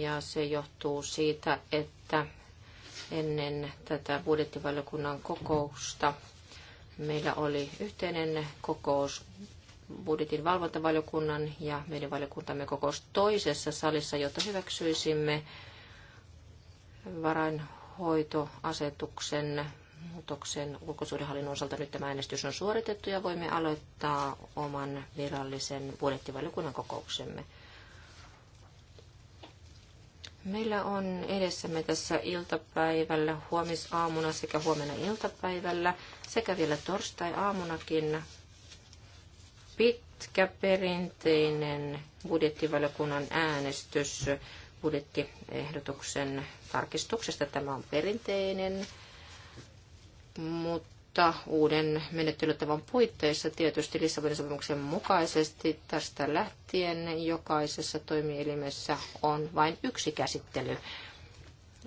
Ja se johtuu siitä, että ennen tätä budjettivaliokunnan kokousta meillä oli yhteinen kokous budjetin valvontavaliokunnan ja meidän valiokuntamme kokous toisessa salissa, jotta hyväksyisimme varainhoitoasetuksen muutoksen ulkosuudenhallinnon osalta. Nyt tämä äänestys on suoritettu ja voimme aloittaa oman virallisen budjettivaliokunnan kokouksemme. Meillä on edessämme tässä iltapäivällä, huomisaamuna sekä huomenna iltapäivällä sekä vielä torstai-aamunakin pitkä perinteinen budjettivaliokunnan äänestys budjettiehdotuksen tarkistuksesta. Tämä on perinteinen, mutta mutta uuden menettelytavan puitteissa tietysti Lissabonin sopimuksen mukaisesti tästä lähtien jokaisessa toimielimessä on vain yksi käsittely.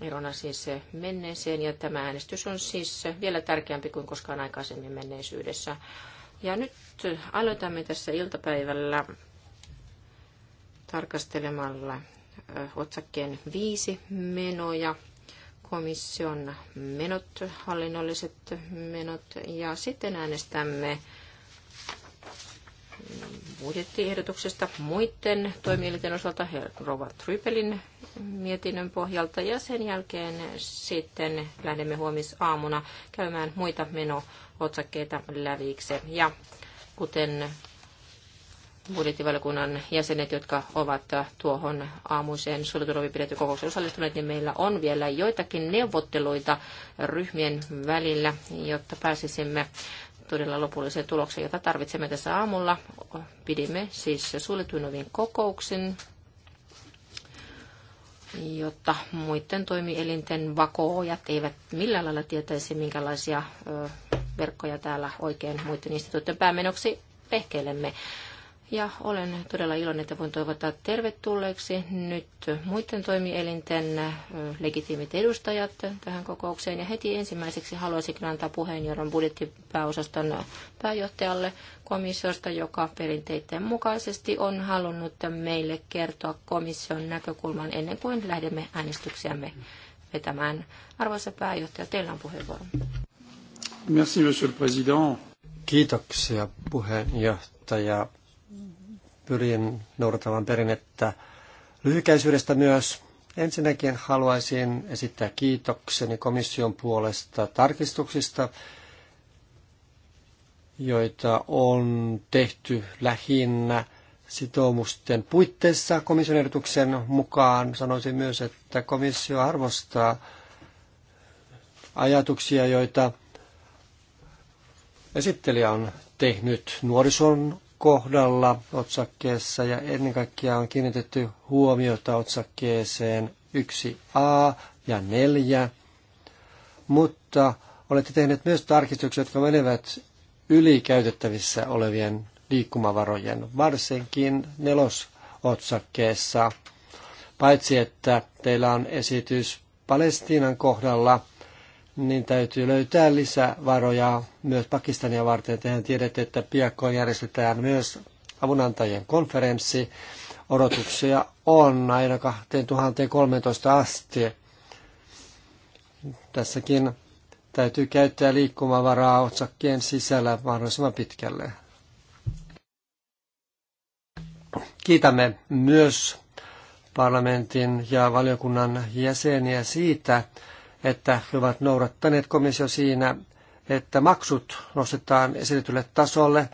Erona siis menneeseen ja tämä äänestys on siis vielä tärkeämpi kuin koskaan aikaisemmin menneisyydessä. Ja nyt aloitamme tässä iltapäivällä tarkastelemalla otsakkeen viisi menoja komission menot, hallinnolliset menot ja sitten äänestämme budjettiehdotuksesta muiden toimielinten osalta Rova Trypelin mietinnön pohjalta ja sen jälkeen sitten lähdemme huomisaamuna käymään muita meno-otsakkeita lävitse. Ja kuten budjettivaliokunnan jäsenet, jotka ovat tuohon aamuiseen suljetulovi pidetty kokoukseen osallistuneet, niin meillä on vielä joitakin neuvotteluita ryhmien välillä, jotta pääsisimme todella lopulliseen tulokseen, jota tarvitsemme tässä aamulla. Pidimme siis suljetuin ovin kokouksen, jotta muiden toimielinten vakoojat eivät millään lailla tietäisi, minkälaisia verkkoja täällä oikein muiden instituutin päämenoksi pehkeilemme. Ja olen todella iloinen, että voin toivottaa tervetulleeksi nyt muiden toimielinten legitiimit edustajat tähän kokoukseen. Ja heti ensimmäiseksi haluaisin antaa puheenjohdon budjettipääosaston pääjohtajalle komissiosta, joka perinteiden mukaisesti on halunnut meille kertoa komission näkökulman ennen kuin lähdemme äänestyksiämme vetämään. Arvoisa pääjohtaja, teillä on puheenvuoro. Merci, monsieur le président. Kiitoksia puheenjohtaja pyrin noudattamaan perinnettä lyhykäisyydestä myös. Ensinnäkin haluaisin esittää kiitokseni komission puolesta tarkistuksista, joita on tehty lähinnä sitoumusten puitteissa komission ehdotuksen mukaan. Sanoisin myös, että komissio arvostaa ajatuksia, joita esittelijä on tehnyt nuorison kohdalla otsakkeessa ja ennen kaikkea on kiinnitetty huomiota otsakkeeseen 1a ja 4, mutta olette tehneet myös tarkistuksia, jotka menevät yli käytettävissä olevien liikkumavarojen, varsinkin nelosotsakkeessa. Paitsi että teillä on esitys Palestiinan kohdalla – niin täytyy löytää lisävaroja myös Pakistania varten. Tehän tiedätte, että piakkoon järjestetään myös avunantajien konferenssi. Odotuksia on aina 2013 asti. Tässäkin täytyy käyttää liikkumavaraa otsakkeen sisällä mahdollisimman pitkälle. Kiitämme myös parlamentin ja valiokunnan jäseniä siitä, että he ovat noudattaneet komissio siinä, että maksut nostetaan esitetylle tasolle.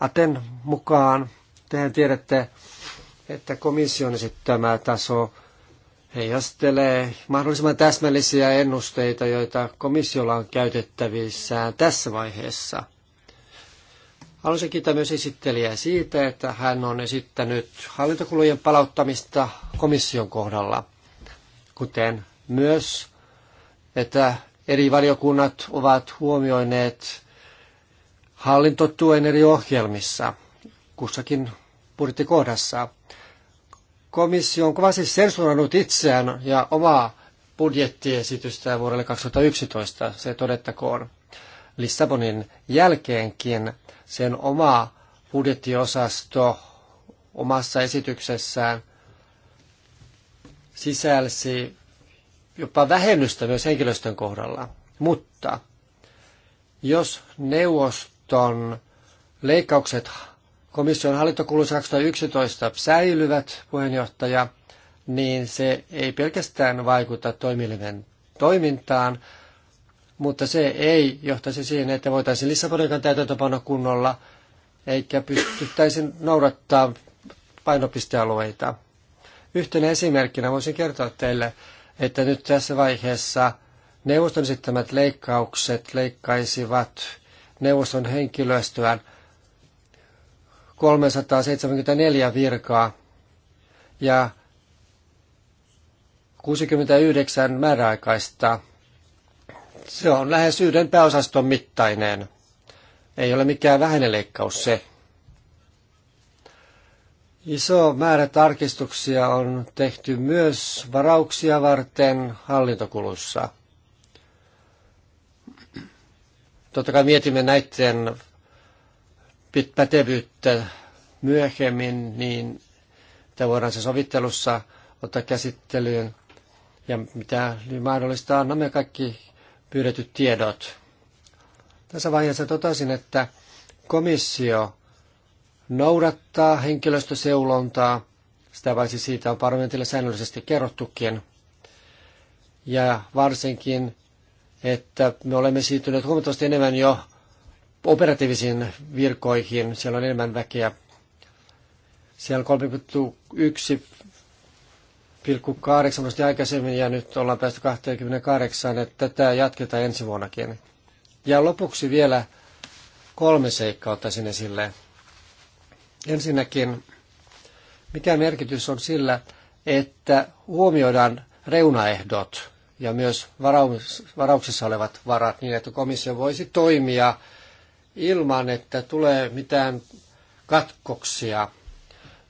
Aten mukaan, tehän tiedätte, että komission esittämä taso heijastelee mahdollisimman täsmällisiä ennusteita, joita komissiolla on käytettävissään tässä vaiheessa. Haluaisin kiittää myös esittelijää siitä, että hän on esittänyt hallintokulujen palauttamista komission kohdalla, kuten myös että eri valiokunnat ovat huomioineet hallintotuen eri ohjelmissa kussakin budjettikohdassa. Komissio on kovasti sensuroinut itseään ja omaa budjettiesitystä vuodelle 2011, se todettakoon. Lissabonin jälkeenkin sen oma budjettiosasto omassa esityksessään sisälsi jopa vähennystä myös henkilöstön kohdalla. Mutta jos neuvoston leikkaukset komission hallintokuluissa 2011 säilyvät, puheenjohtaja, niin se ei pelkästään vaikuta toimilimen toimintaan, mutta se ei johtaisi siihen, että voitaisiin Lissabonin täytäntöpano kunnolla, eikä pystyttäisiin noudattaa painopistealueita. Yhtenä esimerkkinä voisin kertoa teille, että nyt tässä vaiheessa neuvoston esittämät leikkaukset leikkaisivat neuvoston henkilöstöään 374 virkaa ja 69 määräaikaista. Se on lähes yhden pääosaston mittainen. Ei ole mikään vähäinen leikkaus se. Iso määrä tarkistuksia on tehty myös varauksia varten hallintokulussa. Totta kai mietimme näiden pätevyyttä myöhemmin, niin että voidaan se sovittelussa ottaa käsittelyyn. Ja mitä niin mahdollista on, nämä no kaikki pyydetyt tiedot. Tässä vaiheessa totesin, että komissio noudattaa henkilöstöseulontaa. Sitä paitsi siitä on parlamentille säännöllisesti kerrottukin. Ja varsinkin, että me olemme siirtyneet huomattavasti enemmän jo operatiivisiin virkoihin. Siellä on enemmän väkeä. Siellä 31 0,8 prosenttia aikaisemmin ja nyt ollaan päästy 28, että tätä jatketaan ensi vuonnakin. Ja lopuksi vielä kolme seikkaa ottaisin esille. Ensinnäkin, mikä merkitys on sillä, että huomioidaan reunaehdot ja myös varauksissa olevat varat niin, että komissio voisi toimia ilman, että tulee mitään katkoksia,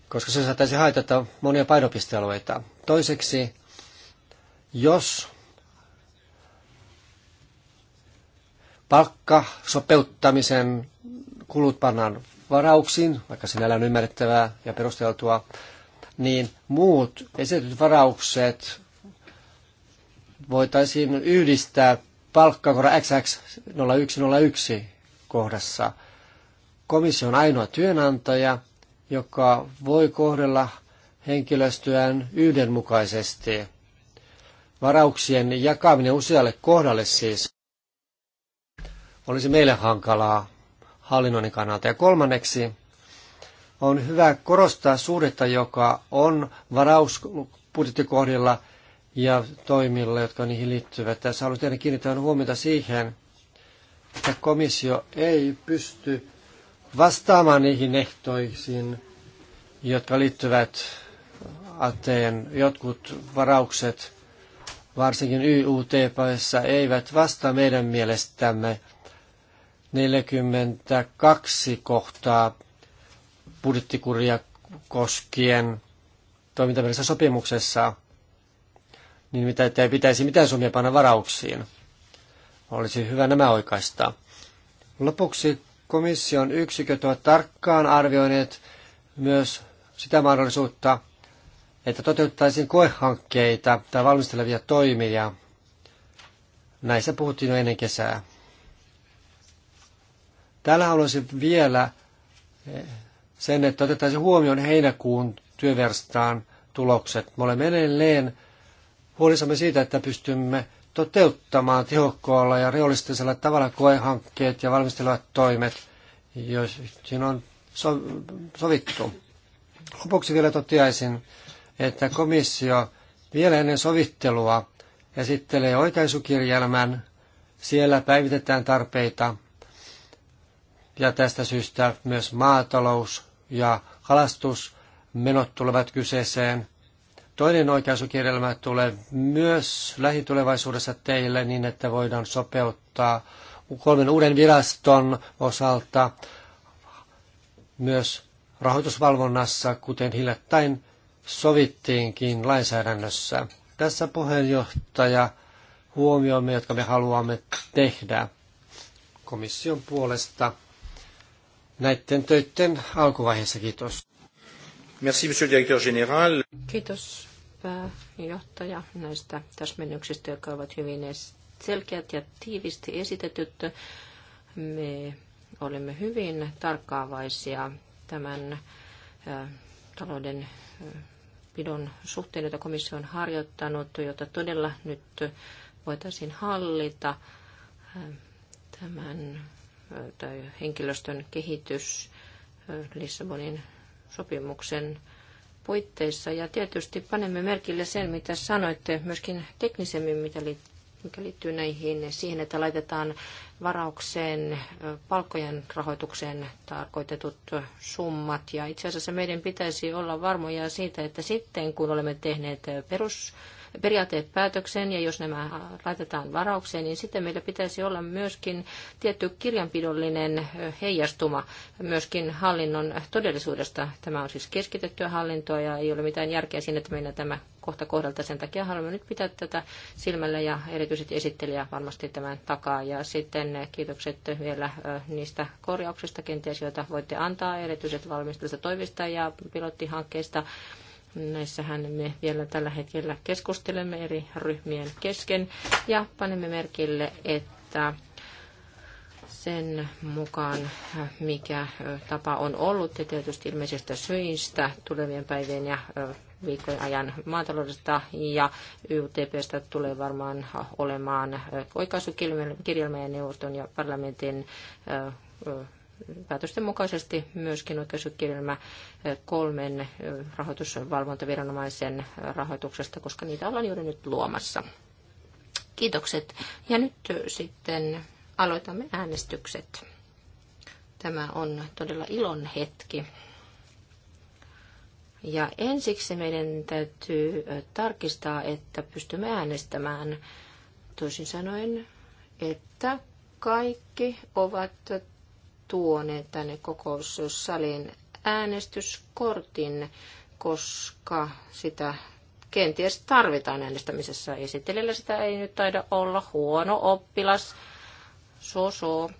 koska se saattaisi haitata monia painopistealueita. Toiseksi, jos palkka sopeuttamisen kulut pannaan varauksin, vaikka sinällä on ymmärrettävää ja perusteltua, niin muut esitetyt varaukset voitaisiin yhdistää palkkakorra XX0101 kohdassa. Komissio on ainoa työnantaja, joka voi kohdella henkilöstöään yhdenmukaisesti. Varauksien jakaminen usealle kohdalle siis olisi meille hankalaa hallinnoinnin kannalta. Ja kolmanneksi on hyvä korostaa suhdetta, joka on varaus budjettikohdilla ja toimilla, jotka niihin liittyvät. Tässä haluan tehdä kiinnittää huomiota siihen, että komissio ei pysty vastaamaan niihin ehtoisiin, jotka liittyvät Ateen jotkut varaukset, varsinkin YUT-paissa, eivät vastaa meidän mielestämme 42 kohtaa budjettikuria koskien toimintamielisessä sopimuksessa, niin mitä, ei pitäisi mitään summia panna varauksiin. Olisi hyvä nämä oikaista. Lopuksi komission yksiköt ovat tarkkaan arvioineet myös sitä mahdollisuutta, että toteuttaisiin koehankkeita tai valmistelevia toimia. Näissä puhuttiin jo ennen kesää. Täällä haluaisin vielä eh, sen, että otettaisiin huomioon heinäkuun työverstaan tulokset. Me olemme edelleen huolissamme siitä, että pystymme toteuttamaan tehokkaalla ja realistisella tavalla koehankkeet ja valmistelevat toimet, jos siinä on sovittu. Lopuksi vielä toteaisin, että komissio vielä ennen sovittelua esittelee oikaisukirjelmän. Siellä päivitetään tarpeita ja tästä syystä myös maatalous ja kalastusmenot tulevat kyseeseen. Toinen oikaisukirjelmä tulee myös lähitulevaisuudessa teille niin, että voidaan sopeuttaa kolmen uuden viraston osalta myös rahoitusvalvonnassa, kuten hiljattain sovittiinkin lainsäädännössä. Tässä puheenjohtaja huomioimme, jotka me haluamme tehdä komission puolesta näiden töiden alkuvaiheessa. Kiitos. Merci, monsieur le directeur général. Kiitos pääjohtaja näistä täsmennyksistä, jotka ovat hyvin selkeät ja tiivisti esitetyt. Me olemme hyvin tarkkaavaisia tämän talouden pidon suhteen, jota komissio on harjoittanut, jota todella nyt voitaisiin hallita tämän tai henkilöstön kehitys Lissabonin sopimuksen puitteissa. Ja tietysti panemme merkille sen, mitä sanoitte, myöskin teknisemmin, mitä liittyy mikä liittyy näihin, siihen, että laitetaan varaukseen, palkkojen rahoitukseen tarkoitetut summat. Ja itse asiassa meidän pitäisi olla varmoja siitä, että sitten kun olemme tehneet perus periaatteet päätökseen ja jos nämä laitetaan varaukseen, niin sitten meillä pitäisi olla myöskin tietty kirjanpidollinen heijastuma myöskin hallinnon todellisuudesta. Tämä on siis keskitettyä hallintoa ja ei ole mitään järkeä siinä, että meillä tämä kohta kohdalta. Sen takia haluamme nyt pitää tätä silmällä ja erityisesti esittelijä varmasti tämän takaa. Ja sitten kiitokset vielä niistä korjauksista kenties, joita voitte antaa, erityiset valmistelusta toivista ja pilottihankkeista. Näissähän me vielä tällä hetkellä keskustelemme eri ryhmien kesken ja panemme merkille, että sen mukaan, mikä tapa on ollut ja tietysti ilmeisistä syistä tulevien päivien ja viikkojen ajan maataloudesta ja YUTPstä tulee varmaan olemaan oikaisukirjelmä ja neuvoston ja parlamentin päätösten mukaisesti myöskin oikeusjuttkirjelmä kolmen rahoitusvalvontaviranomaisen rahoituksesta, koska niitä ollaan juuri nyt luomassa. Kiitokset. Ja nyt sitten aloitamme äänestykset. Tämä on todella ilon hetki. Ja ensiksi meidän täytyy tarkistaa, että pystymme äänestämään. Toisin sanoen, että kaikki ovat tuoneet tänne kokoussaliin äänestyskortin, koska sitä kenties tarvitaan äänestämisessä. Esittelijällä sitä ei nyt taida olla. Huono oppilas. Soso.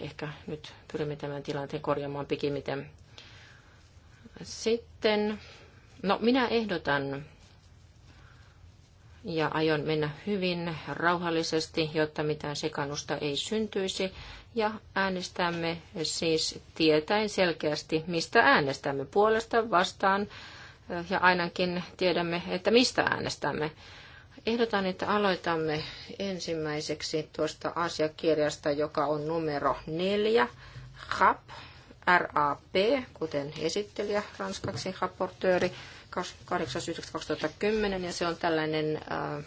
Ehkä nyt pyrimme tämän tilanteen korjaamaan pikimiten. Sitten, no minä ehdotan, ja aion mennä hyvin rauhallisesti, jotta mitään sekannusta ei syntyisi. Ja äänestämme siis tietäen selkeästi, mistä äänestämme puolesta vastaan ja ainakin tiedämme, että mistä äänestämme. Ehdotan, että aloitamme ensimmäiseksi tuosta asiakirjasta, joka on numero 4, HAP, RAP, kuten esittelijä ranskaksi raportööri 8.9.2010 ja se on tällainen, ää, äh,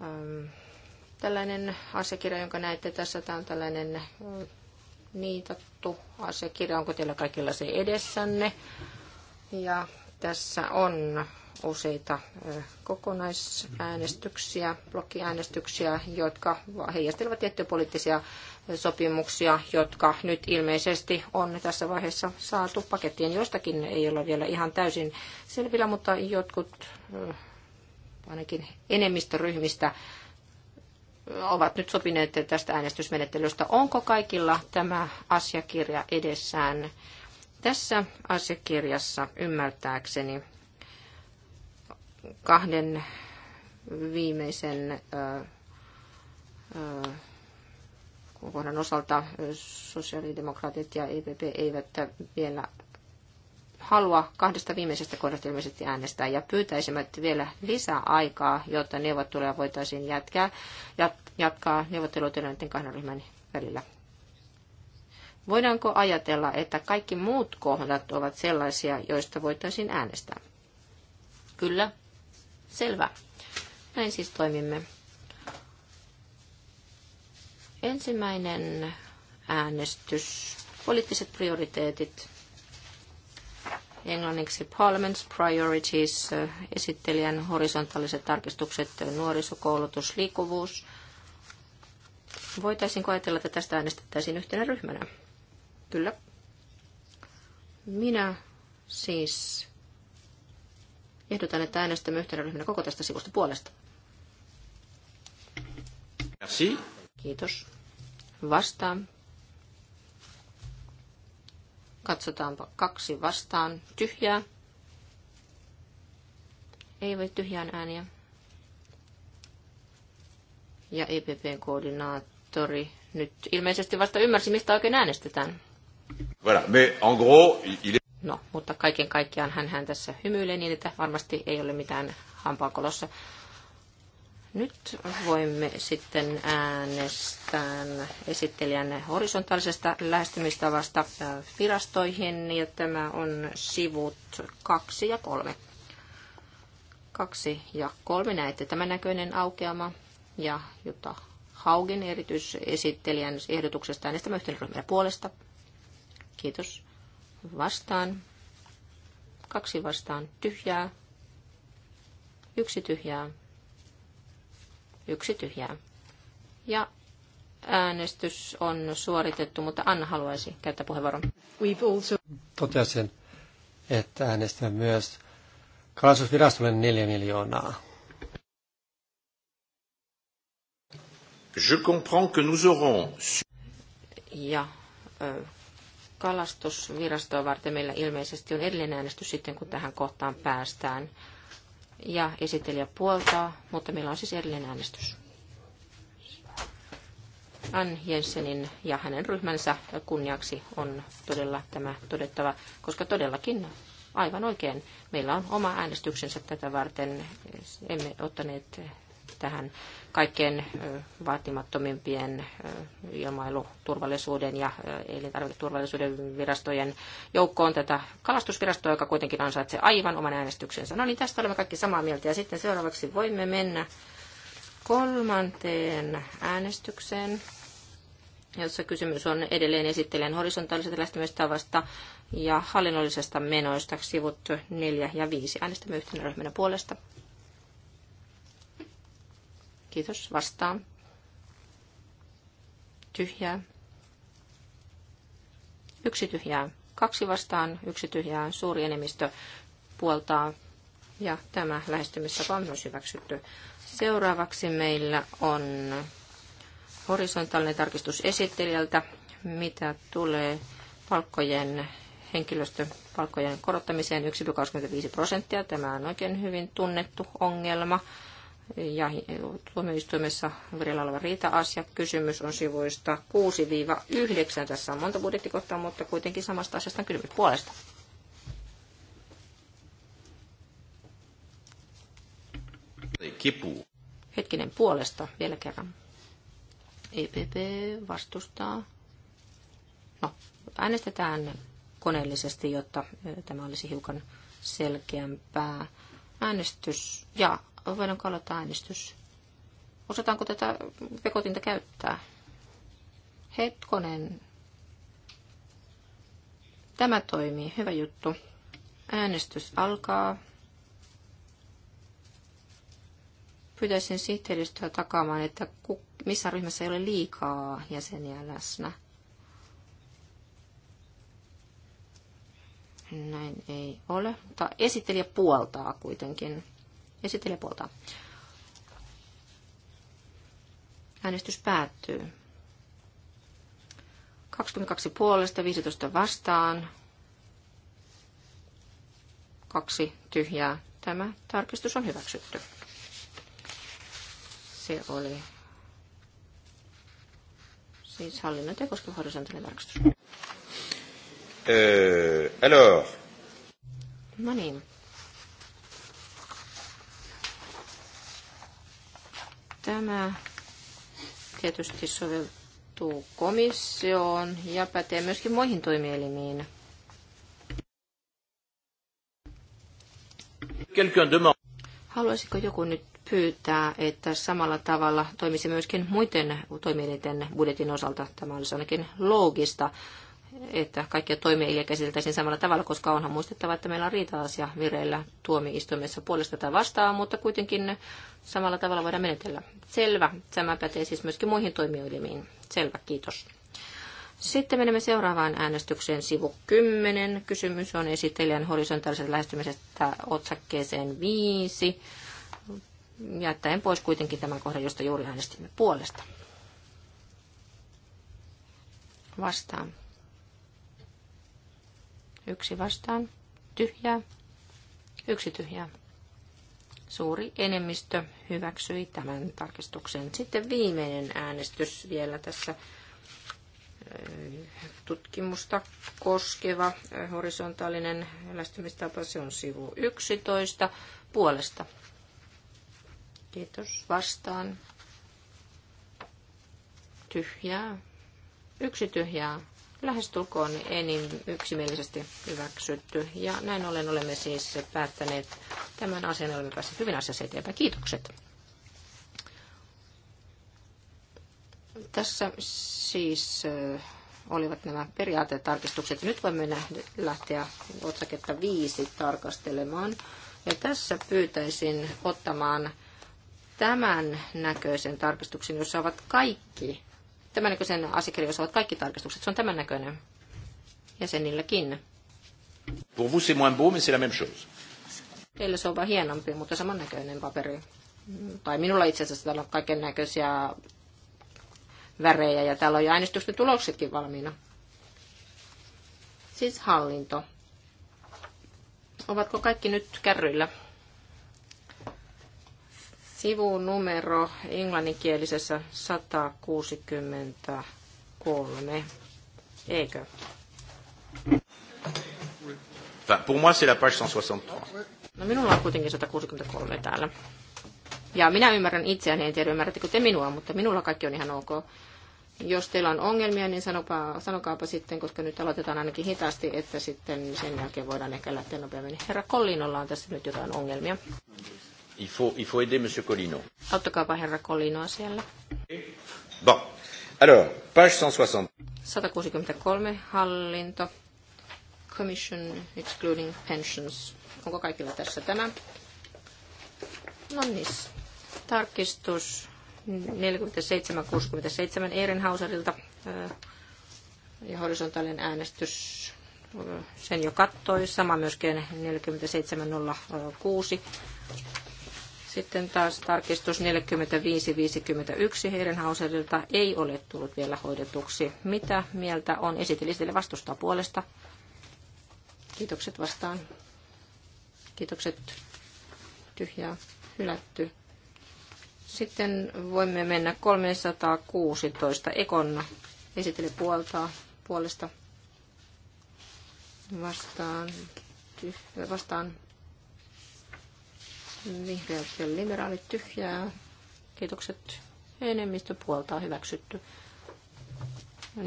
ää, ähm, tällainen asiakirja, jonka näette tässä. Tämä on tällainen ää, äh, niitattu asiakirja. Onko teillä kaikilla se edessänne? Ja tässä on useita kokonaisäänestyksiä, blokkiäänestyksiä, jotka heijastelevat tiettyjä poliittisia sopimuksia, jotka nyt ilmeisesti on tässä vaiheessa saatu pakettiin. Jostakin ei ole vielä ihan täysin selvillä, mutta jotkut ainakin enemmistöryhmistä ovat nyt sopineet tästä äänestysmenettelystä. Onko kaikilla tämä asiakirja edessään? Tässä asiakirjassa ymmärtääkseni kahden viimeisen kohdan osalta sosiaalidemokraatit ja EPP eivät vielä halua kahdesta viimeisestä kohdasta ilmeisesti äänestää ja pyytäisimme vielä lisää aikaa, jotta neuvotteluja voitaisiin jatkaa, jat, jatkaa neuvotteluita kahden ryhmän välillä. Voidaanko ajatella, että kaikki muut kohdat ovat sellaisia, joista voitaisiin äänestää? Kyllä, Selvä. Näin siis toimimme. Ensimmäinen äänestys. Poliittiset prioriteetit. Englanniksi Parliament's Priorities, esittelijän horisontaaliset tarkistukset, nuorisokoulutus, liikkuvuus. Voitaisiinko ajatella, että tästä äänestettäisiin yhtenä ryhmänä? Kyllä. Minä siis Ehdotan, että äänestämme yhtenä ryhmänä koko tästä sivusta puolesta. Merci. Kiitos. Vastaan. Katsotaanpa kaksi vastaan. Tyhjää. Ei voi tyhjään ääniä. Ja EPP-koordinaattori nyt ilmeisesti vasta ymmärsi, mistä oikein äänestetään. Voilà, mais en gros, il No, mutta kaiken kaikkiaan hän, hän tässä hymyilee niin, että varmasti ei ole mitään hampaakolossa. Nyt voimme sitten äänestää esittelijän horisontaalisesta lähestymistavasta virastoihin, ja tämä on sivut 2 ja 3. 2 ja 3 näette tämän näköinen aukeama, ja Jutta Haugin erityisesittelijän ehdotuksesta äänestämä yhteenryhmänä puolesta. Kiitos vastaan, kaksi vastaan tyhjää, yksi tyhjää, yksi tyhjää. Ja äänestys on suoritettu, mutta Anna haluaisi käyttää puheenvuoron. also... Totesin, että äänestämme myös kalastusvirastolle 4 miljoonaa. Je comprends que nous aurons... Ja, kalastusvirastoa varten meillä ilmeisesti on edellinen äänestys sitten, kun tähän kohtaan päästään. Ja esittelijä puoltaa, mutta meillä on siis edellinen äänestys. Ann Jensenin ja hänen ryhmänsä kunniaksi on todella tämä todettava, koska todellakin aivan oikein meillä on oma äänestyksensä tätä varten. Emme ottaneet tähän kaikkein vaatimattomimpien ilmailuturvallisuuden ja elintarviketurvallisuuden virastojen joukkoon tätä kalastusvirastoa, joka kuitenkin ansaitsee aivan oman äänestyksensä. No niin, tästä olemme kaikki samaa mieltä. Ja sitten seuraavaksi voimme mennä kolmanteen äänestykseen jossa kysymys on edelleen esittelijän horisontaalisesta lähtemistavasta ja hallinnollisesta menoista sivut 4 ja 5. Äänestämme yhtenä ryhmänä puolesta Kiitos. Vastaan. Tyhjää. Yksi tyhjää. Kaksi vastaan, yksi tyhjää. Suuri enemmistö puoltaa. Ja tämä lähestymistapa on myös hyväksytty. Seuraavaksi meillä on horisontaalinen tarkistus esittelijältä, mitä tulee palkkojen henkilöstöpalkkojen korottamiseen 1,25 prosenttia. Tämä on oikein hyvin tunnettu ongelma ja tuomioistuimessa vireillä oleva riita-asia. Kysymys on sivuista 6-9. Tässä on monta budjettikohtaa, mutta kuitenkin samasta asiasta on kysymys puolesta. Kipu. Hetkinen puolesta vielä kerran. EPP vastustaa. No, äänestetään koneellisesti, jotta tämä olisi hiukan selkeämpää. Äänestys ja Voidaanko aloittaa äänestys? Osataanko tätä pekotinta käyttää? Hetkonen. Tämä toimii. Hyvä juttu. Äänestys alkaa. Pyytäisin sihteeristöä takaamaan, että missä ryhmässä ei ole liikaa jäseniä läsnä. Näin ei ole, mutta esittelijä puoltaa kuitenkin. Esittelijä puolta. Äänestys päättyy. 22 puolesta, 15 vastaan, kaksi tyhjää. Tämä tarkistus on hyväksytty. Se oli siis ja koskeva horisontaalinen tarkistus. Öö, alors. No niin. Tämä tietysti soveltuu komissioon ja pätee myöskin muihin toimielimiin. Haluaisiko joku nyt pyytää, että samalla tavalla toimisi myöskin muiden toimielinten budjetin osalta? Tämä olisi ainakin loogista että kaikkia toimia käsiteltäisiin samalla tavalla, koska onhan muistettava, että meillä on riita-asia vireillä tuomioistuimessa puolesta tai vastaan, mutta kuitenkin samalla tavalla voidaan menetellä. Selvä. Tämä pätee siis myöskin muihin toimijoilmiin. Selvä, kiitos. Sitten menemme seuraavaan äänestykseen sivu 10. Kysymys on esittelijän horisontaalisesta lähestymisestä otsakkeeseen 5. Jättäen pois kuitenkin tämän kohdan, josta juuri äänestimme puolesta. Vastaan Yksi vastaan. Tyhjää. Yksi tyhjää. Suuri enemmistö hyväksyi tämän tarkistuksen. Sitten viimeinen äänestys vielä tässä eh, tutkimusta koskeva eh, horisontaalinen lähestymistapa, se on sivu 11 puolesta. Kiitos vastaan. Tyhjää. Yksi tyhjää lähestulkoon enin yksimielisesti hyväksytty. Ja näin ollen olemme siis päättäneet tämän asian, olemme päässeet hyvin asiassa eteenpäin. Kiitokset. Tässä siis äh, olivat nämä periaatetarkistukset. Nyt voimme nähdä, lähteä otsaketta viisi tarkastelemaan. Ja tässä pyytäisin ottamaan tämän näköisen tarkistuksen, jossa ovat kaikki Tämän näköisen asiakirjoissa ovat kaikki tarkistukset. Se on tämän näköinen. Jäsenilläkin. Pour vous c'est moins beau, mais c'est la même chose. Teillä se on vähän hienompi, mutta näköinen paperi. Tai minulla itse asiassa täällä on kaiken näköisiä värejä ja täällä on jo äänestysten tuloksetkin valmiina. Siis hallinto. Ovatko kaikki nyt kärryillä? Sivunumero englanninkielisessä 163. Eikö? Enfin, pour moi, c'est la page 163. No minulla on kuitenkin 163 täällä. Ja minä ymmärrän itseäni, en tiedä ymmärrättekö te minua, mutta minulla kaikki on ihan ok. Jos teillä on ongelmia, niin sanopa, sanokaapa sitten, koska nyt aloitetaan ainakin hitaasti, että sitten sen jälkeen voidaan ehkä lähteä nopeammin. Herra Kolliinolla on tässä nyt jotain ongelmia. Il faut, il faut aider Monsieur Colino. Auttakaapa herra Colinoa siellä. Bon. Alors, page 160. 163, hallinto. Commission excluding pensions. Onko kaikilla tässä tämä? No niin. Tarkistus 4767 Ehrenhauserilta ja horisontaalinen äänestys sen jo kattoi. Sama myöskin 4706 sitten taas tarkistus 45-51 ei ole tullut vielä hoidetuksi. Mitä mieltä on esitellisille vastustaa puolesta? Kiitokset vastaan. Kiitokset. Tyhjää. Hylätty. Sitten voimme mennä 316 ekonna. esitelle puolta, puolesta vastaan, tyh, vastaan Vihreät ja liberaalit tyhjää. Kiitokset. Enemmistö puoltaa hyväksytty. 42.21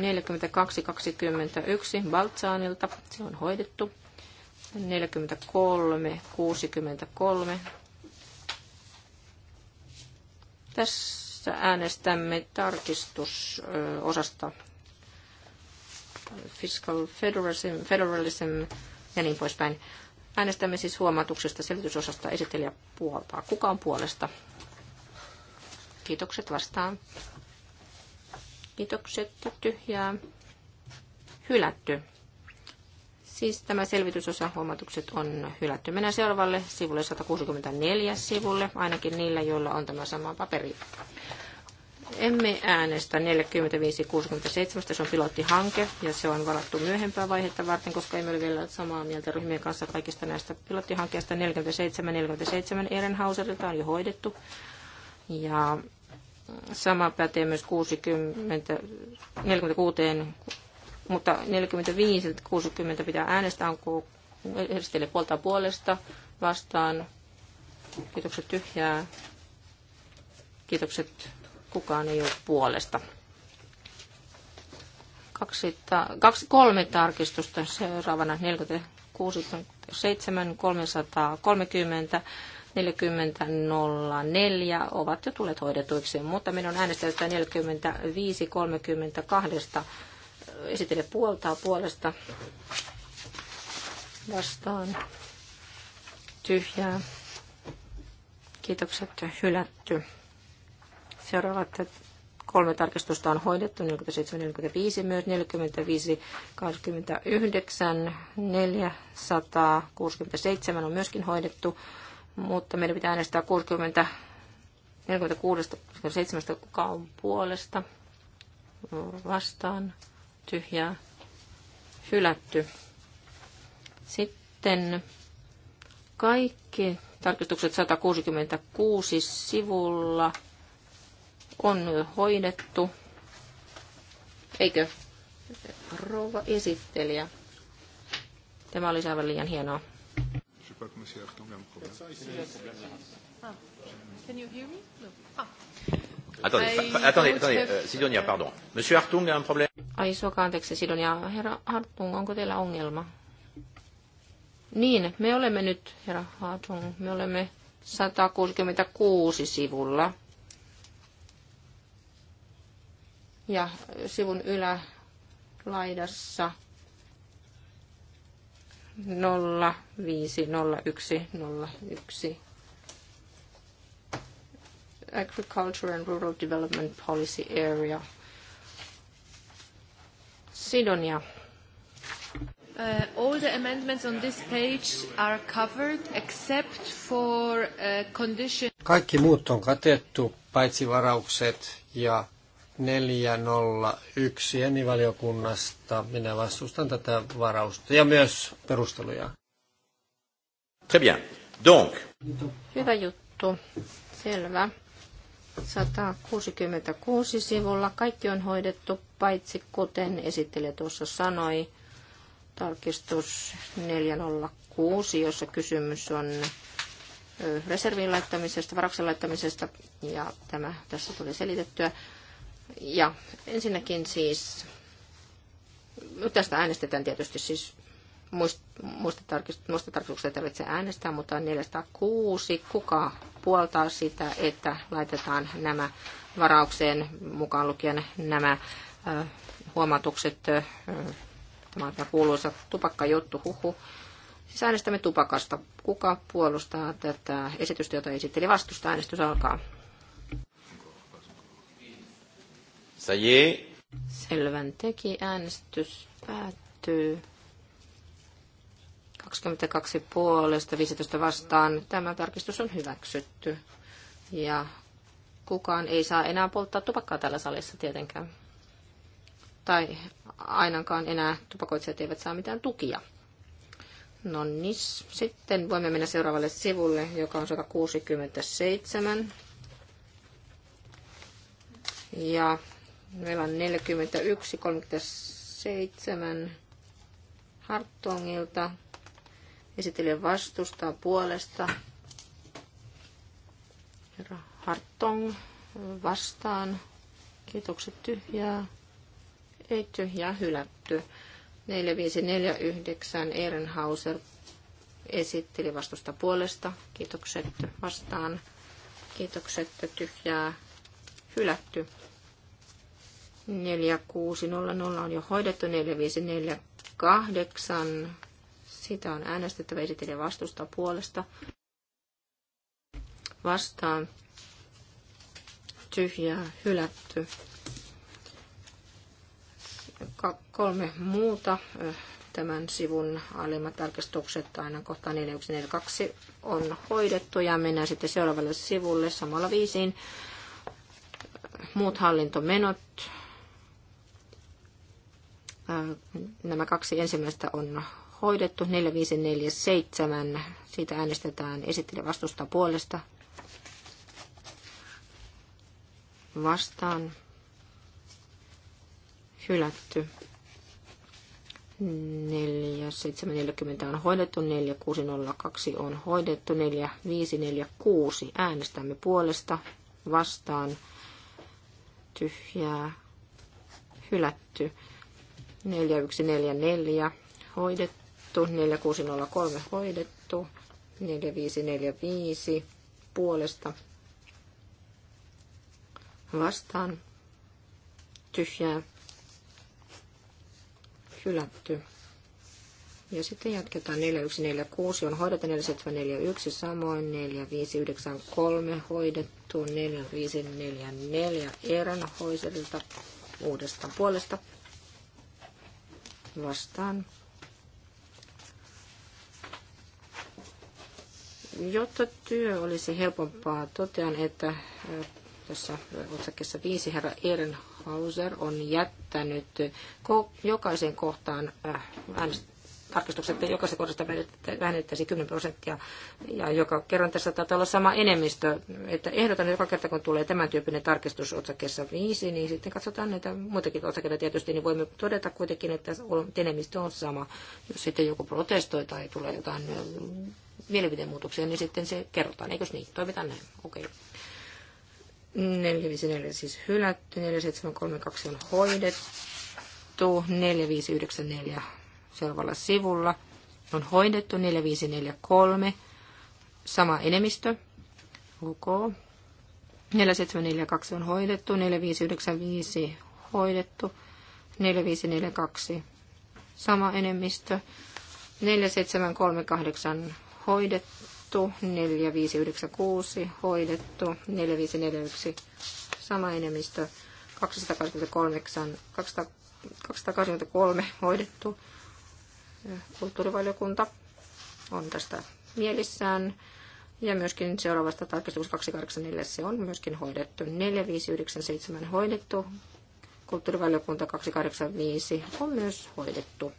Baltsaanilta. Se on hoidettu. 43.63. Tässä äänestämme tarkistusosasta Fiscal Federalism, Federalism ja niin poispäin. Äänestämme siis huomautuksesta selitysosasta esittelijä puoltaa. Kuka on puolesta? Kiitokset vastaan. Kiitokset tyhjää. Hylätty. Siis tämä selvitysosa huomautukset on hylätty. Mennään seuraavalle sivulle 164 sivulle, ainakin niillä, joilla on tämä sama paperi emme äänestä 45-67, se on pilottihanke ja se on varattu myöhempää vaihetta varten, koska emme ole vielä samaa mieltä ryhmien kanssa kaikista näistä pilottihankkeista. 47-47 Ehrenhauserilta on jo hoidettu ja sama pätee myös 60, 46, mutta 45-60 pitää äänestää, onko edistelee puolta puolesta vastaan. Kiitokset tyhjää. Kiitokset Kukaan ei ole puolesta. Kaksi, ta- kaksi kolme tarkistusta seuraavana 46, 7, 330, 40.04 ovat jo tulleet hoidetuiksi, mutta minun on 45, 32, esitele puoltaa puolesta vastaan tyhjää. Kiitokset hylätty. Seuraavat kolme tarkistusta on hoidettu, 47, 45, myös 45, 29, 467 on myöskin hoidettu, mutta meidän pitää äänestää 60, 46, 47 on puolesta vastaan, tyhjää, hylätty. Sitten kaikki tarkistukset 166 sivulla on hoidettu. Eikö rouva esittelijä? Tämä oli aivan liian hienoa. Ah, no. ah. euh, Sidonia, pardon. Monsieur Ai suoka, anteeksi Sidonia. Herra Hartung, onko teillä ongelma? Niin, me olemme nyt, herra Hartung, me olemme 166 sivulla. ja sivun ylälaidassa 050101 Agriculture and Rural Development Policy Area. Sidonia. Uh, all the amendments on this page are covered except for uh, condition. Kaikki muut on katettu, paitsi varaukset ja 401 enivaliokunnasta. Minä vastustan tätä varausta ja myös perusteluja. Très bien. Donc. Hyvä juttu. Selvä. 166 sivulla. Kaikki on hoidettu, paitsi kuten esittelijä tuossa sanoi, tarkistus 406, jossa kysymys on reserviin laittamisesta, varauksen laittamisesta, ja tämä tässä tuli selitettyä. Ja ensinnäkin siis, tästä äänestetään tietysti siis muista tarkistuksista ei tarvitse äänestää, mutta 406. Kuka puoltaa sitä, että laitetaan nämä varaukseen mukaan lukien nämä äh, huomautukset, äh, tämä on tämä kuuluisa tupakkajuttu, huhu. Siis äänestämme tupakasta. Kuka puolustaa tätä esitystä, jota esitteli vastusta? Äänestys alkaa. Saji. Selvän teki. Äänestys päättyy. 22 puolesta, 15 vastaan. Tämä tarkistus on hyväksytty. Ja kukaan ei saa enää polttaa tupakkaa täällä salissa tietenkään. Tai ainakaan enää tupakoitsijat eivät saa mitään tukia. No niin, sitten voimme mennä seuraavalle sivulle, joka on 167. Ja Meillä on 41.37 Hartongilta. Esittelijä vastustaa puolesta. Herra Hartong vastaan. Kiitokset tyhjää. Ei tyhjää hylätty. 4549 Ehrenhauser esitteli vastusta puolesta. Kiitokset vastaan. Kiitokset tyhjää hylätty. 4600 on jo hoidettu, 4548. Sitä on äänestettävä esitelijä vastusta puolesta. Vastaan tyhjää hylätty. kolme muuta tämän sivun alimmat tarkistukset aina kohta 4142 on hoidettu ja mennään sitten seuraavalle sivulle samalla viisiin. Muut hallintomenot Äh, nämä kaksi ensimmäistä on hoidettu. 4547. Siitä äänestetään esittelijä vastusta puolesta. Vastaan. Hylätty. 4740 on hoidettu, 4602 on hoidettu, 4546 äänestämme puolesta, vastaan, tyhjää, hylätty, 4144 hoidettu, 4603 hoidettu, 4545 puolesta vastaan tyhjää hylätty. Ja sitten jatketaan 4146 on hoidettu 4741 samoin 4593 hoidettu 4544 Eeran hoiselta uudesta puolesta vastaan. Jotta työ olisi helpompaa, totean, että tässä otsakkeessa viisi herra Ehrenhauser on jättänyt jokaisen kohtaan äänestys tarkistukset jokaisen kohdasta vähennettäisiin 10 prosenttia. Ja joka kerran tässä taitaa olla sama enemmistö. Että ehdotan, että joka kerta kun tulee tämän tyyppinen tarkistus otsakkeessa 5, niin sitten katsotaan näitä muitakin otsakkeita tietysti, niin voimme todeta kuitenkin, että enemmistö on sama. Jos sitten joku protestoi tai tulee jotain mielipiteen muutoksia, niin sitten se kerrotaan. Eikös niin? Toimitaan näin. Okei. Okay. 454 siis hylätty, 4732 on hoidettu, 4594 seuraavalla sivulla on hoidettu 4543, sama enemmistö, UK. 4742 on hoidettu, 4595 hoidettu, 4542 sama enemmistö, 4738 hoidettu, 4596 hoidettu, 4541 sama enemmistö, 223, 200, hoidettu, kulttuurivaliokunta on tästä mielissään. Ja myöskin seuraavasta tarkistuksesta 284 se on myöskin hoidettu. 4597 hoidettu. Kulttuurivaliokunta 285 on myös hoidettu.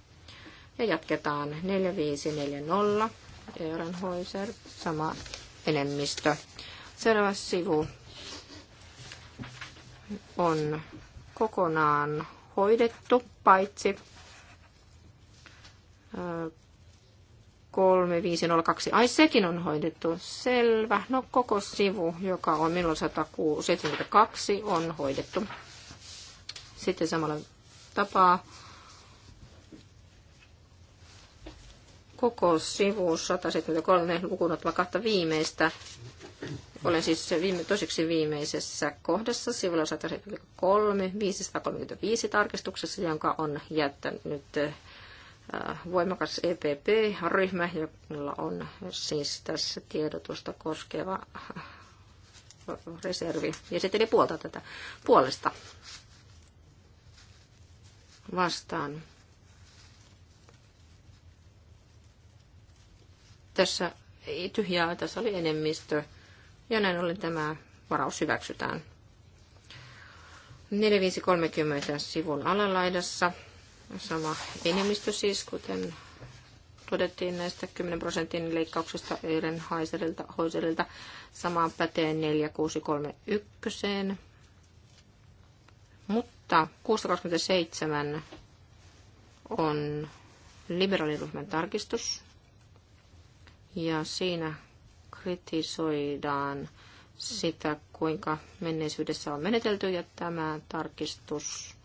Ja jatketaan 4540. Euronhoiser, sama enemmistö. Seuraava sivu on kokonaan hoidettu, paitsi 3502. Ai sekin on hoidettu. Selvä. No koko sivu, joka on minulla 172, on hoidettu. Sitten samalla tapaa koko sivu 173 lukuun kahta viimeistä. Olen siis viime, toiseksi viimeisessä kohdassa sivulla 173 535 tarkistuksessa, jonka on jättänyt eh, Äh, voimakas EPP-ryhmä, jolla on siis tässä tiedotusta koskeva reservi. Ja sitten ne puolta tätä puolesta vastaan. Tässä ei tyhjää, tässä oli enemmistö. Ja näin ollen tämä varaus hyväksytään. 4530 sivun alalaidassa sama enemmistö siis, kuten todettiin näistä 10 prosentin leikkauksista Eilen Haiserilta, Hoiserilta. Samaan pätee 4631. Mutta 627 on liberaaliryhmän tarkistus. Ja siinä kritisoidaan sitä, kuinka menneisyydessä on menetelty, ja tämä tarkistus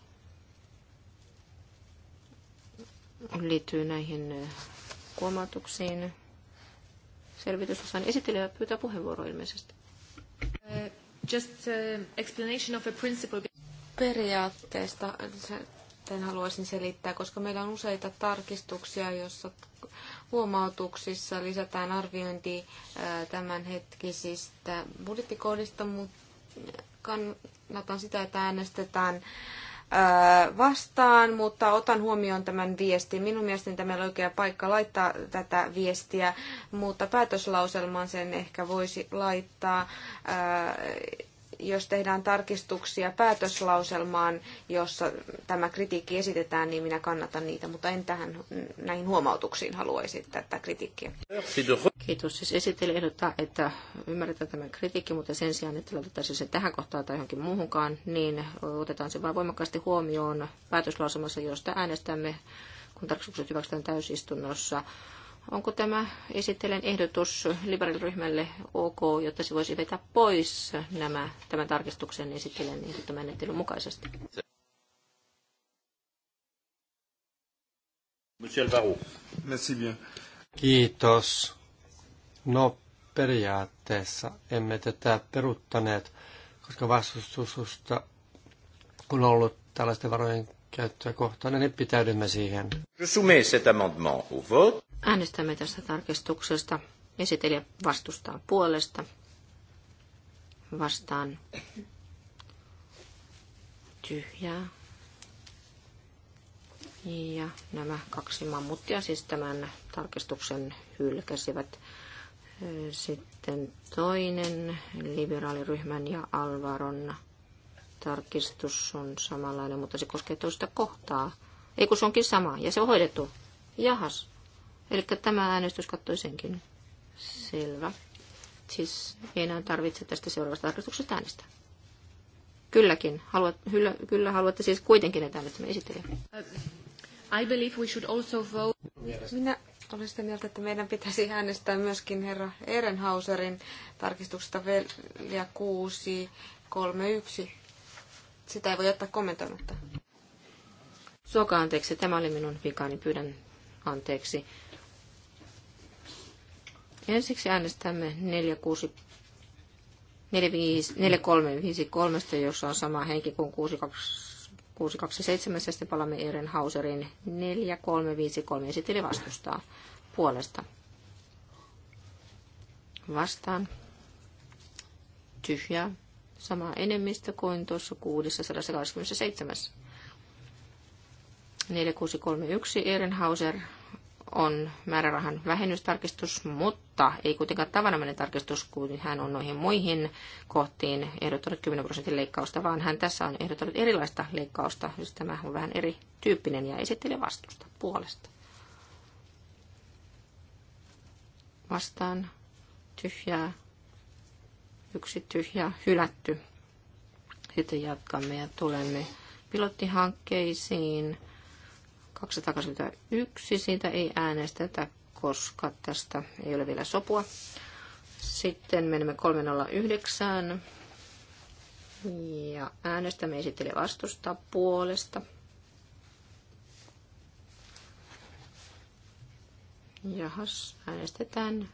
liittyy näihin huomautuksiin. Eh, Selvitysosan esittelijä pyytää puheenvuoroa ilmeisesti. Uh, just eh, explanation of a principle. Periaatteesta sen haluaisin selittää, koska meillä on useita tarkistuksia, joissa huomautuksissa lisätään arviointi tämänhetkisistä budjettikohdista, mutta kannatan sitä, että äänestetään vastaan, mutta otan huomioon tämän viestin. Minun mielestäni tämä ei ole oikea paikka laittaa tätä viestiä, mutta päätöslauselman sen ehkä voisi laittaa jos tehdään tarkistuksia päätöslauselmaan, jossa tämä kritiikki esitetään, niin minä kannatan niitä, mutta en tähän näihin huomautuksiin haluaisi esittää tätä kritiikkiä. Kiitos. Siis esittely ehdottaa, että ymmärretään tämän kritiikki, mutta sen sijaan, että laitettaisiin se tähän kohtaan tai johonkin muuhunkaan, niin otetaan se vain voimakkaasti huomioon päätöslauselmassa, josta äänestämme, kun tarkistukset hyväksytään täysistunnossa Onko tämä esittelen ehdotus liberaaliryhmälle ok, jotta se voisi vetää pois nämä, tämän tarkistuksen esittelen ehdottamenettelyn mukaisesti? Monsieur Merci bien. Kiitos. No periaatteessa emme tätä peruttaneet koska vastustusta on ollut tällaisten varojen käyttöä kohtaan, niin pitäydymme siihen. Je soumets cet amendement au vote. Äänestämme tästä tarkistuksesta. Esitelijä vastustaa puolesta. Vastaan tyhjää. Ja nämä kaksi mammuttia siis tämän tarkistuksen hylkäsivät. Sitten toinen liberaaliryhmän ja Alvaron tarkistus on samanlainen, mutta se koskee toista kohtaa. Ei kun se onkin sama, ja se on hoidettu. Jahas, Eli tämä äänestys kattoi senkin. Selvä. Siis ei enää tarvitse tästä seuraavasta tarkastuksesta äänestää. Kylläkin. Haluat, hyllä, kyllä haluatte siis kuitenkin, että äänestämme esittelijä. I believe we should also vote. Minä olen sitä mieltä, että meidän pitäisi äänestää myöskin herra Ehrenhauserin tarkistuksesta velja 631. Sitä ei voi jättää kommentoimatta. Suoka anteeksi, tämä oli minun vikani, pyydän anteeksi. Ensiksi äänestämme 4353, jossa on sama henki kuin 627, ja sitten palaamme Eren Hauserin 4353 esitteli vastustaa puolesta. Vastaan. Tyhjää. Sama enemmistö kuin tuossa 627. 4631 Ehrenhauser on määrärahan vähennystarkistus, mutta ei kuitenkaan tavanomainen tarkistus, kuin hän on noihin muihin kohtiin ehdottanut 10 prosentin leikkausta, vaan hän tässä on ehdottanut erilaista leikkausta, siis tämä on vähän erityyppinen ja esittelee vastusta puolesta. Vastaan tyhjää, yksi tyhjä, hylätty. Sitten jatkamme ja tulemme pilottihankkeisiin 221, siitä ei äänestetä, koska tästä ei ole vielä sopua. Sitten menemme 309 ja äänestämme esittelee vastustaa puolesta. Jahas, äänestetään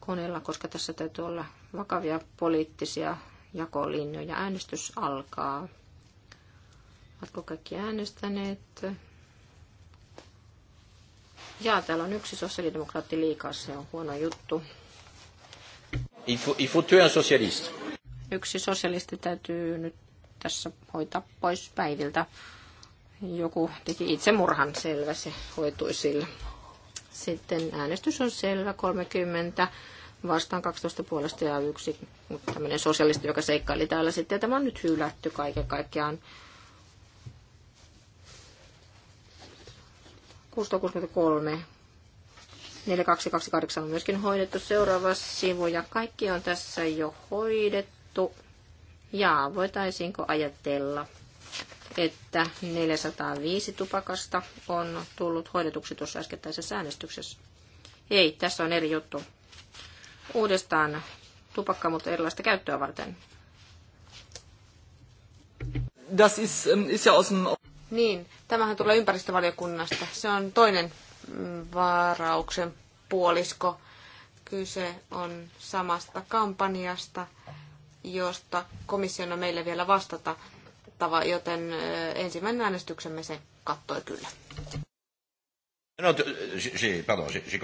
koneella, koska tässä täytyy olla vakavia poliittisia jakolinjoja. Äänestys alkaa. Oletko kaikki äänestäneet? Jaa, täällä on yksi sosiaalidemokraatti liikaa, se on huono juttu. Il faut, il faut tuer un socialiste. Yksi sosialisti täytyy nyt tässä hoitaa pois päiviltä. Joku teki murhan selvä se hoitui sillä. Sitten äänestys on selvä, 30 vastaan 12 puolesta ja yksi tämmöinen sosialisti, joka seikkaili täällä sitten. Tämä on nyt hylätty kaiken kaikkiaan. 663. 4228 on myöskin hoidettu. Seuraava sivu ja kaikki on tässä jo hoidettu. Ja voitaisiinko ajatella, että 405 tupakasta on tullut hoidetuksi tuossa äskettäisessä äänestyksessä? Ei, tässä on eri juttu. Uudestaan tupakka, mutta erilaista käyttöä varten. Das ist, ähm, ist ja aus dem... Niin, tämähän tulee ympäristövaliokunnasta. Se on toinen mm, varauksen puolisko. Kyse on samasta kampanjasta, josta komission on meille vielä vastata, joten ensimmäinen äänestyksemme se kattoi kyllä. No, si, pardon, si,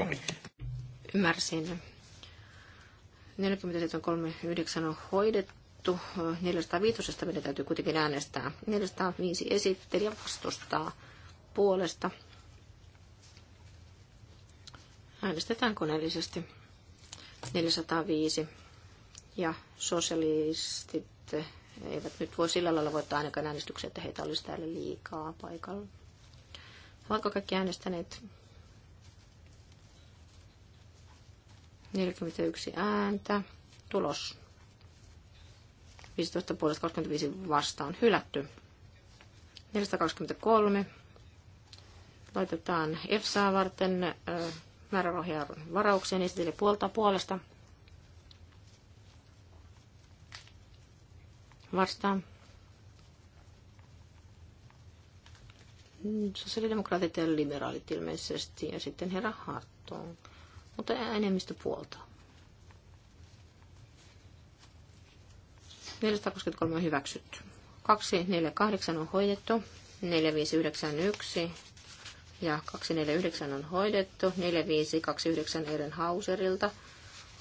Ymmärsin. 47.39 on hoidettu puhuttu. 405. Eh, meidän täytyy kuitenkin äänestää. 405 ja vastustaa puolesta. Äänestetään koneellisesti. 405. Ja sosialistit eivät nyt voi sillä lailla voittaa ainakaan äänestyksiä, että heitä olisi täällä liikaa paikalla. Ovatko kaikki äänestäneet? 41 ääntä. Tulos 15 puolesta 25 vastaan hylätty. 423 laitetaan EFSA varten määrärahoja varaukseen esitelle puolta puolesta. Vastaan. Sosiaalidemokraatit ja liberaalit ilmeisesti ja sitten herra Hartong, mutta enemmistö puolta. 423 on hyväksytty. 248 on hoidettu. 4591 ja 249 on hoidettu. 4529 Eren Hauserilta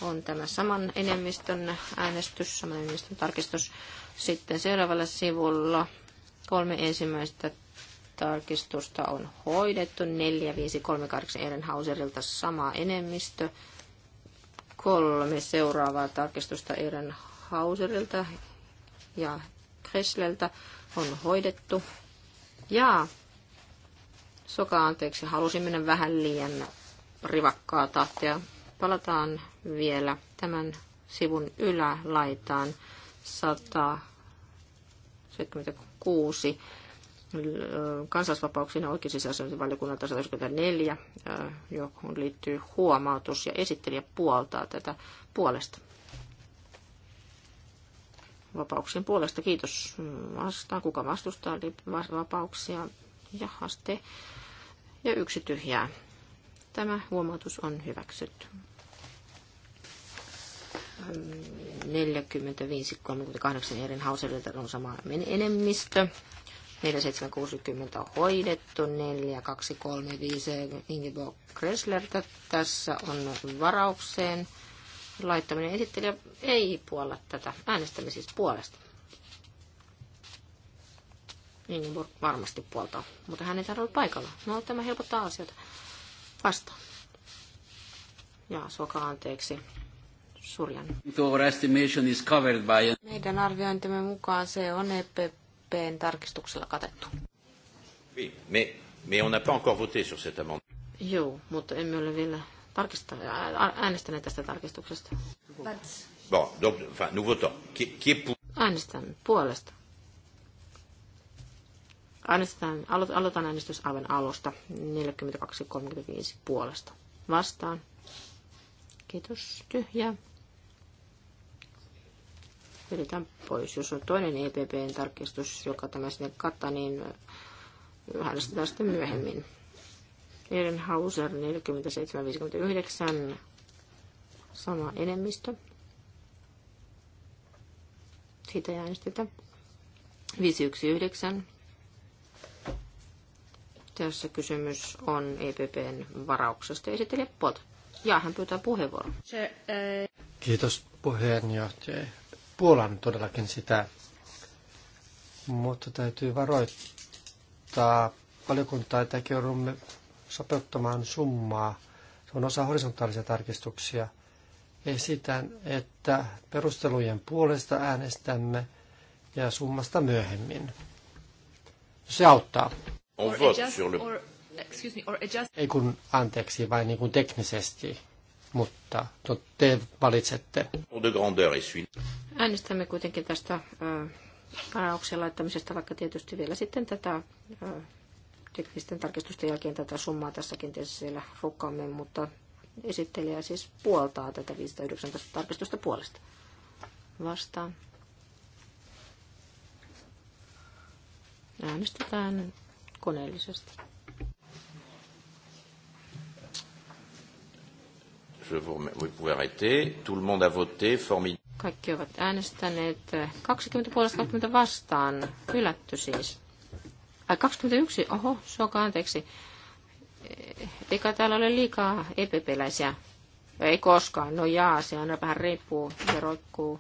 on tämä saman enemmistön äänestys, saman enemmistön tarkistus. Sitten seuraavalla sivulla kolme ensimmäistä tarkistusta on hoidettu. 4538 Hauserilta sama enemmistö. Kolme seuraavaa tarkistusta eren Hauserilta ja Kressleltä on hoidettu. Ja soka anteeksi, halusin mennä vähän liian rivakkaa tahtia. Palataan vielä tämän sivun ylälaitaan 176 kansallisvapauksien ja oikeusisäisen valiokunnalta 194, johon liittyy huomautus ja esittelijä puoltaa tätä puolesta vapauksien puolesta. Kiitos. Vastaan, kuka vastustaa vapauksia. Ja haste. Ja yksi tyhjää. Tämä huomautus on hyväksytty. 45-38 eri hauselilta on sama enemmistö. 4760 on hoidettu, 4235 Ingeborg Kresslertä. Tässä on varaukseen laittaminen. Esittelijä ei puolla tätä. Äänestämme siis puolesta. Ingeborg varmasti puolta, mutta hän ei täällä paikalla. No, tämä helpottaa asioita. Vastaan. Ja suoka anteeksi. Surjan. Meidän arviointimme mukaan se on EPPn tarkistuksella katettu. Oui, mais, mais on n'a pas encore voté sur cet amendement. Joo, mutta emme ole vielä äänestäneet tästä tarkistuksesta. Bon, donc, enfin, nous votons. Qui, qui est pour... Äänestän puolesta. Äänestän, aloitan äänestys aivan alusta. 42.35 puolesta. Vastaan. Kiitos. Tyhjä. Vedetään pois. Jos on toinen EPPn tarkistus, joka tämä sinne kattaa, niin äänestetään sitten myöhemmin. Niiden Hauser 47-59, sama enemmistö. Siitä ei äänestetä. 519. Tässä kysymys on EPPn varauksesta. Esittelijä Pot. Ja hän pyytää puheenvuoron. Se, ei... Eh, Kiitos puheenjohtaja. Puolan todellakin sitä, mutta täytyy varoittaa valiokuntaa, että joudumme sopeuttamaan summaa. Se on osa horisontaalisia tarkistuksia. Esitän, että perustelujen puolesta äänestämme ja summasta myöhemmin. Se auttaa. On excuse me, or adjust... Ei kun anteeksi, vain niin kuin teknisesti, mutta to, te valitsette. Äänestämme kuitenkin tästä äh, varauksien laittamisesta, vaikka tietysti vielä sitten tätä teknisten tarkistusten jälkeen tätä summaa tässäkin kenties siellä rukkaamme, mutta esittelijä siis puoltaa tätä 519 tarkistusta puolesta. Vastaan. Äänestetään koneellisesti. Je vous, vous pouvez arrêter. Tout le monde a voté. Formidable. Kaikki ovat äänestäneet 20 puolesta 20 vastaan. Hylätty siis. Ai 21, oho, suokaa anteeksi. E, eikä täällä ole liikaa epepeläisiä. Ei koskaan, no jaa, se aina vähän riippuu ja roikkuu.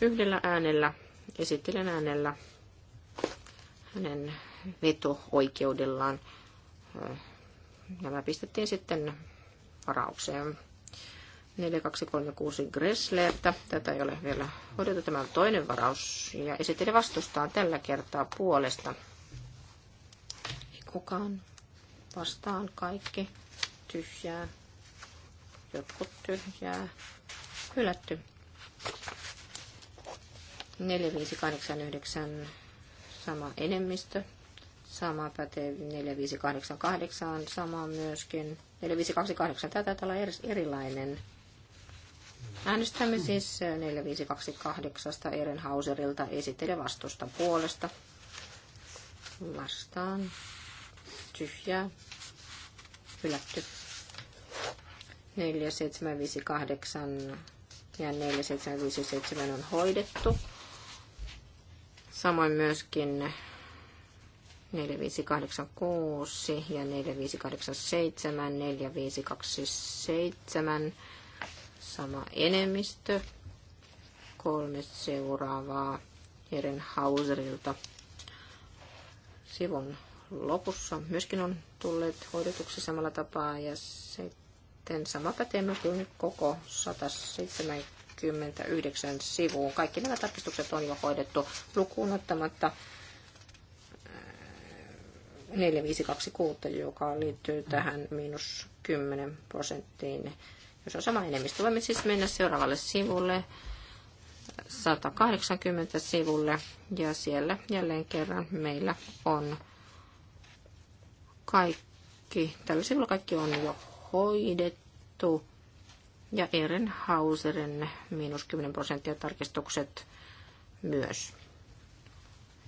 Yhdellä äänellä, esittelen äänellä, hänen veto-oikeudellaan. Nämä pistettiin sitten varaukseen. 4236 Gresslertä. Tätä ei ole vielä hoidettu. Tämä on toinen varaus. Ja esittely vastustaan tällä kertaa puolesta. Ei kukaan vastaan kaikki tyhjää. Jotkut tyhjää. Hylätty. 4589 sama enemmistö. Sama pätee 4588 sama myöskin. 4528 tätä olla erilainen Äänestämme siis 4528 Eren Hauserilta esittele vastusta puolesta. Vastaan. Tyhjää. Hylätty. 4758 ja 4757 on hoidettu. Samoin myöskin 4586 ja 4587, 4527 sama enemmistö. Kolme seuraavaa Hauserilta sivun lopussa myöskin on tulleet hoidetuksi samalla tapaa ja sitten sama pätee kuin koko 179 sivuun. Kaikki nämä tarkistukset on jo hoidettu lukuun ottamatta 4526, joka liittyy tähän miinus 10 prosenttiin jos on sama enemmistö, voimme siis mennä seuraavalle sivulle, 180 sivulle, ja siellä jälleen kerran meillä on kaikki, tällä sivulla kaikki on jo hoidettu, ja Ehrenhauserin miinus 10 prosenttia tarkistukset myös.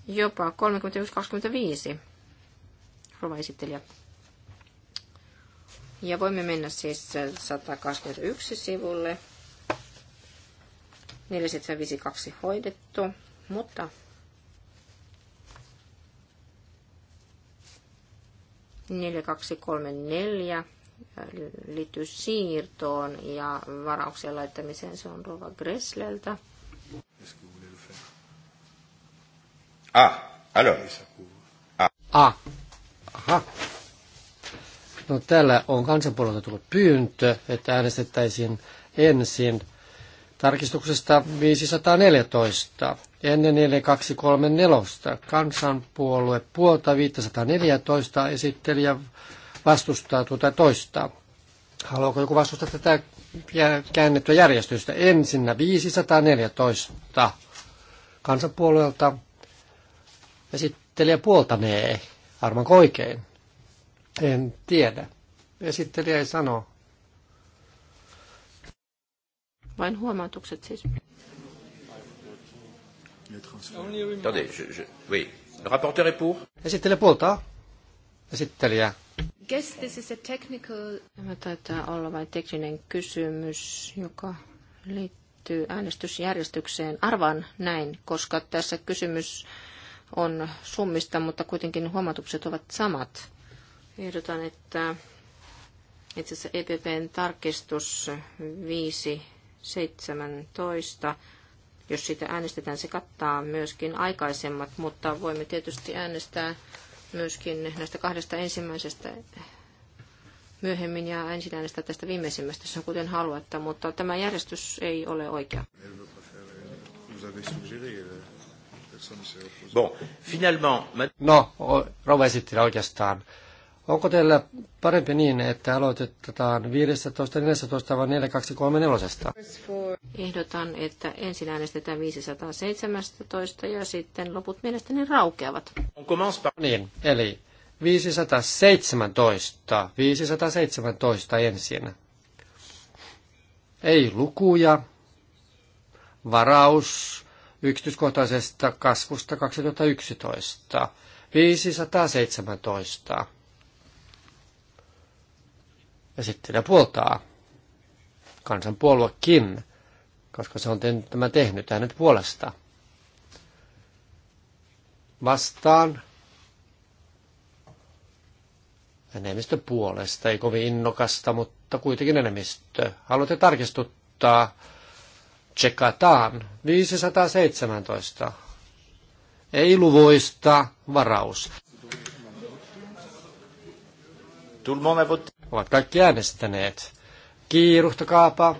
Jopa 31.25. Rova esittelijä ja voimme mennä siis 121 sivulle. 4752 hoidettu, mutta neljä kaksi kolme neljä liittyy siirtoon ja varauksien laittamiseen. Se on Rova Gressleltä. Ah, alors. Ah. ah. Aha. No täällä on kansanpuolelta tullut pyyntö, että äänestettäisiin ensin tarkistuksesta 514 ennen 4234. Kansanpuolue puolta 514 esittelijä vastustaa tuota toista. Haluaako joku vastustaa tätä käännettyä järjestystä? Ensinnä 514 kansanpuolueelta esittelijä puoltanee. Armanko oikein? En tiedä. Esittelijä ei sano. Vain huomautukset siis. Attendez, je, je, oui. Le rapporteur est pour. Esittelijä puolta. Esittelijä. Guess this is a technical... Tämä taitaa olla vain tekninen kysymys, joka liittyy äänestysjärjestykseen. Arvan näin, koska tässä kysymys on summista, mutta kuitenkin huomautukset ovat samat. Ehdotan, että itse asiassa EPPn tarkistus 517, jos sitä äänestetään, se kattaa myöskin aikaisemmat, mutta voimme tietysti äänestää myöskin näistä kahdesta ensimmäisestä myöhemmin ja ensin äänestää tästä viimeisimmästä, jos on kuten haluatta, mutta tämä järjestys ei ole oikea. Bon, finalement... No, rouva esittää oikeastaan Onko teillä parempi niin, että aloitetaan 15, 14 vai 4, 2, 3, 4? Ehdotan, että ensin äänestetään 517 ja sitten loput mielestäni raukeavat. Onko no Niin, eli 517, 517 ensin. Ei lukuja, varaus yksityiskohtaisesta kasvusta 2011, 517. Ja sitten ne puoltaa kansanpuoluekin, koska se on tämä tehnyt hänet puolesta. Vastaan enemmistö puolesta, ei kovin innokasta, mutta kuitenkin enemmistö. Haluatte tarkistuttaa, tsekataan, 517, ei luvuista varaus. Ovat kaikki äänestäneet. Kiiruhtakaapa.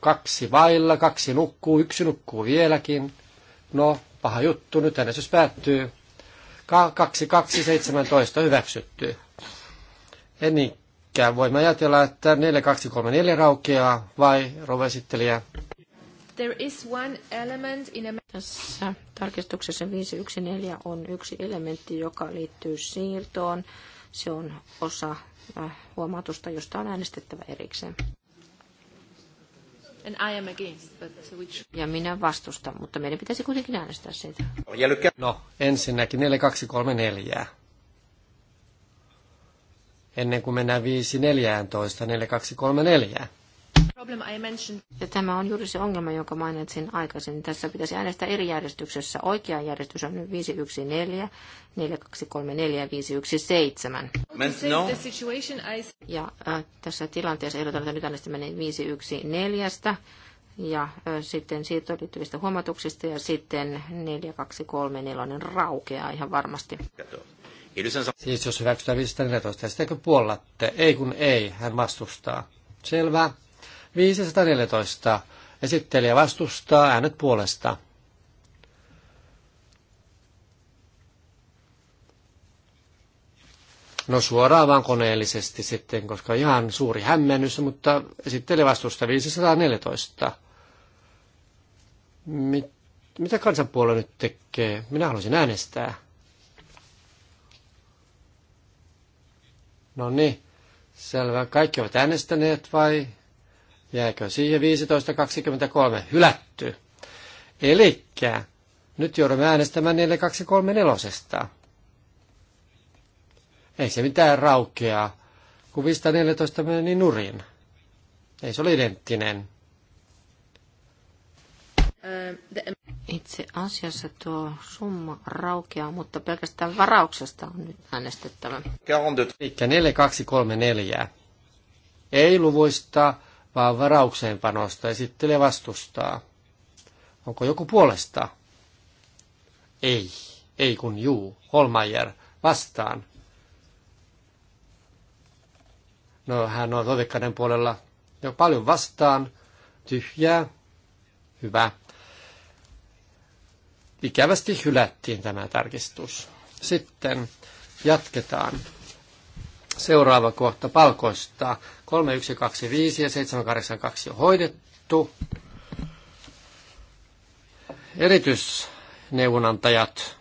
Kaksi vailla, kaksi nukkuu, yksi nukkuu vieläkin. No, paha juttu, nyt äänestys päättyy. seitsemäntoista, hyväksytty. Enikään voimme ajatella, että neljä raukeaa vai rovesittelijä? There is one element in a... Tässä tarkistuksessa 514 on yksi elementti, joka liittyy siirtoon. Se on osa äh, huomautusta, josta on äänestettävä erikseen. And I am against, but which... Ja minä vastustan, mutta meidän pitäisi kuitenkin äänestää siitä. No, ensinnäkin 4234. Ennen kuin mennään 514, 4234. Ja tämä on juuri se ongelma, jonka mainitsin aikaisin. Tässä pitäisi äänestää eri järjestyksessä. Oikea järjestys on 514, 4234 ja 517. No. Ja äh, tässä tilanteessa ehdotan, että nyt äänestämme 514 ja sitten siirtoon liittyvistä huomautuksista ja sitten 4234 raukeaa ihan varmasti. Siis jos hyväksytään 514, sitten puollatte? Ei kun ei, hän vastustaa. Selvä. 514 esittelijä vastustaa äänet puolesta. No suoraan vaan koneellisesti sitten, koska ihan suuri hämmennys, mutta esittelijä vastustaa 514. Mit, mitä kansanpuolue nyt tekee? Minä haluaisin äänestää. No niin, selvä. Kaikki ovat äänestäneet vai Jääkö siihen 15.23? Hylätty. Eli nyt joudumme äänestämään 4234. Ei se mitään raukeaa, kun 514 meni niin nurin. Ei se ole identtinen. Itse asiassa tuo summa raukeaa, mutta pelkästään varauksesta on nyt äänestettävä. Eli 4234. Ei luvuista vaan varaukseen panosta esittelee vastustaa. Onko joku puolesta? Ei, ei kun juu, Holmajer, vastaan. No hän on toivekkaiden puolella jo paljon vastaan, tyhjää, hyvä. Ikävästi hylättiin tämä tarkistus. Sitten jatketaan. Seuraava kohta palkoista. 3125 ja 782 on hoidettu. Erityisneuvonantajat.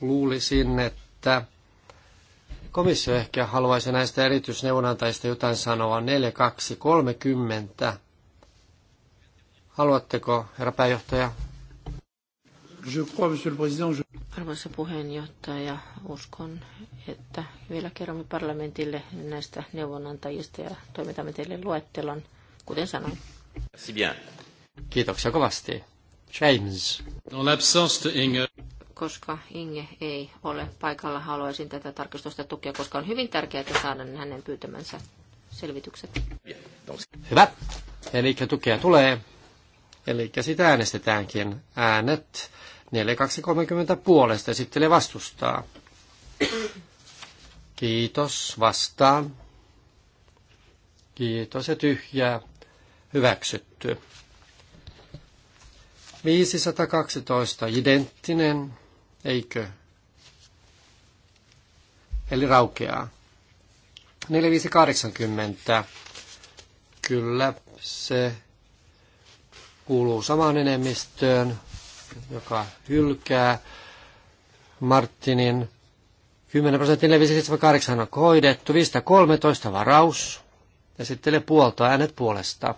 Luulisin, että komissio ehkä haluaisi näistä erityisneuvonantajista jotain sanoa. 4230. Haluatteko, herra pääjohtaja, Arvoisa puheenjohtaja, uskon, että vielä kerromme parlamentille näistä neuvonantajista ja toimitamme teille luettelon, kuten sanoin. Kiitoksia kovasti. James. Koska Inge ei ole paikalla, haluaisin tätä tarkistusta tukea, koska on hyvin tärkeää saada hänen pyytämänsä selvitykset. Hyvä. Eli tukea tulee. Eli sitä äänestetäänkin. Äänet 4230 puolesta esittelee vastustaa. Kiitos, vastaa. Kiitos ja tyhjää. Hyväksytty. 512, identtinen, eikö? Eli raukeaa. 4580, kyllä se kuuluu samaan enemmistöön joka hylkää Martinin. 10 prosenttia 478 on hoidettu, 513 varaus. Esittelee puolta äänet puolesta.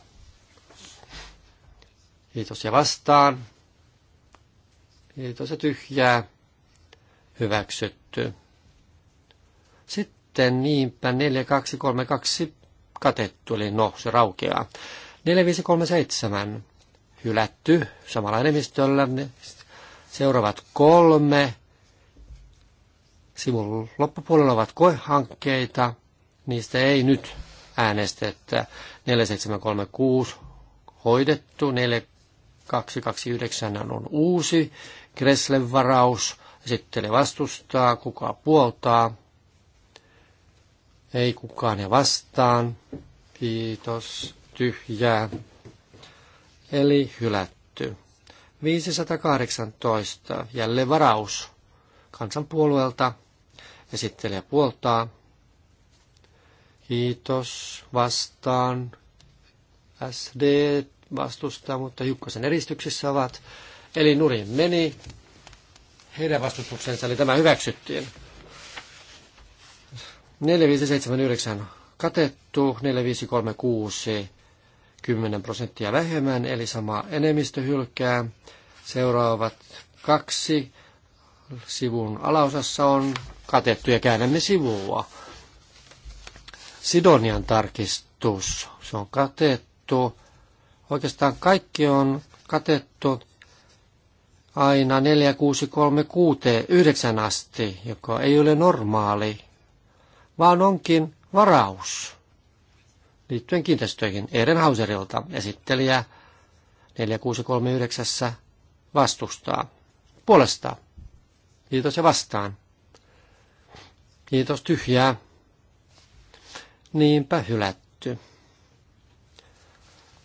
Kiitos ja vastaan. Kiitos ja tyhjää. Hyväksytty. Sitten niinpä 4232 katettu, eli no, se raukeaa. 4537 hylätty samalla enemmistöllä. Seuraavat kolme sivun loppupuolella ovat koehankkeita. Niistä ei nyt äänestetä. 4736 hoidettu, 4229 on uusi, Kresslen varaus, sitten vastustaa, kuka puoltaa, ei kukaan ja vastaan, kiitos, tyhjää, eli hylätty. 518, jälleen varaus kansanpuolueelta, esittelijä puoltaa. Kiitos, vastaan. SD vastustaa, mutta hiukkasen eristyksissä ovat. Eli nurin meni. Heidän vastustuksensa, eli tämä hyväksyttiin. 4579 katettu, 4536 10 prosenttia vähemmän, eli sama enemmistö hylkää. Seuraavat kaksi sivun alaosassa on katettu ja käännämme sivua. Sidonian tarkistus, se on katettu. Oikeastaan kaikki on katettu aina 9 asti, joka ei ole normaali, vaan onkin varaus liittyen kiinteistöihin. Hauserilta esittelijä 4639 vastustaa. Puolesta. Kiitos ja vastaan. Kiitos tyhjää. Niinpä hylätty.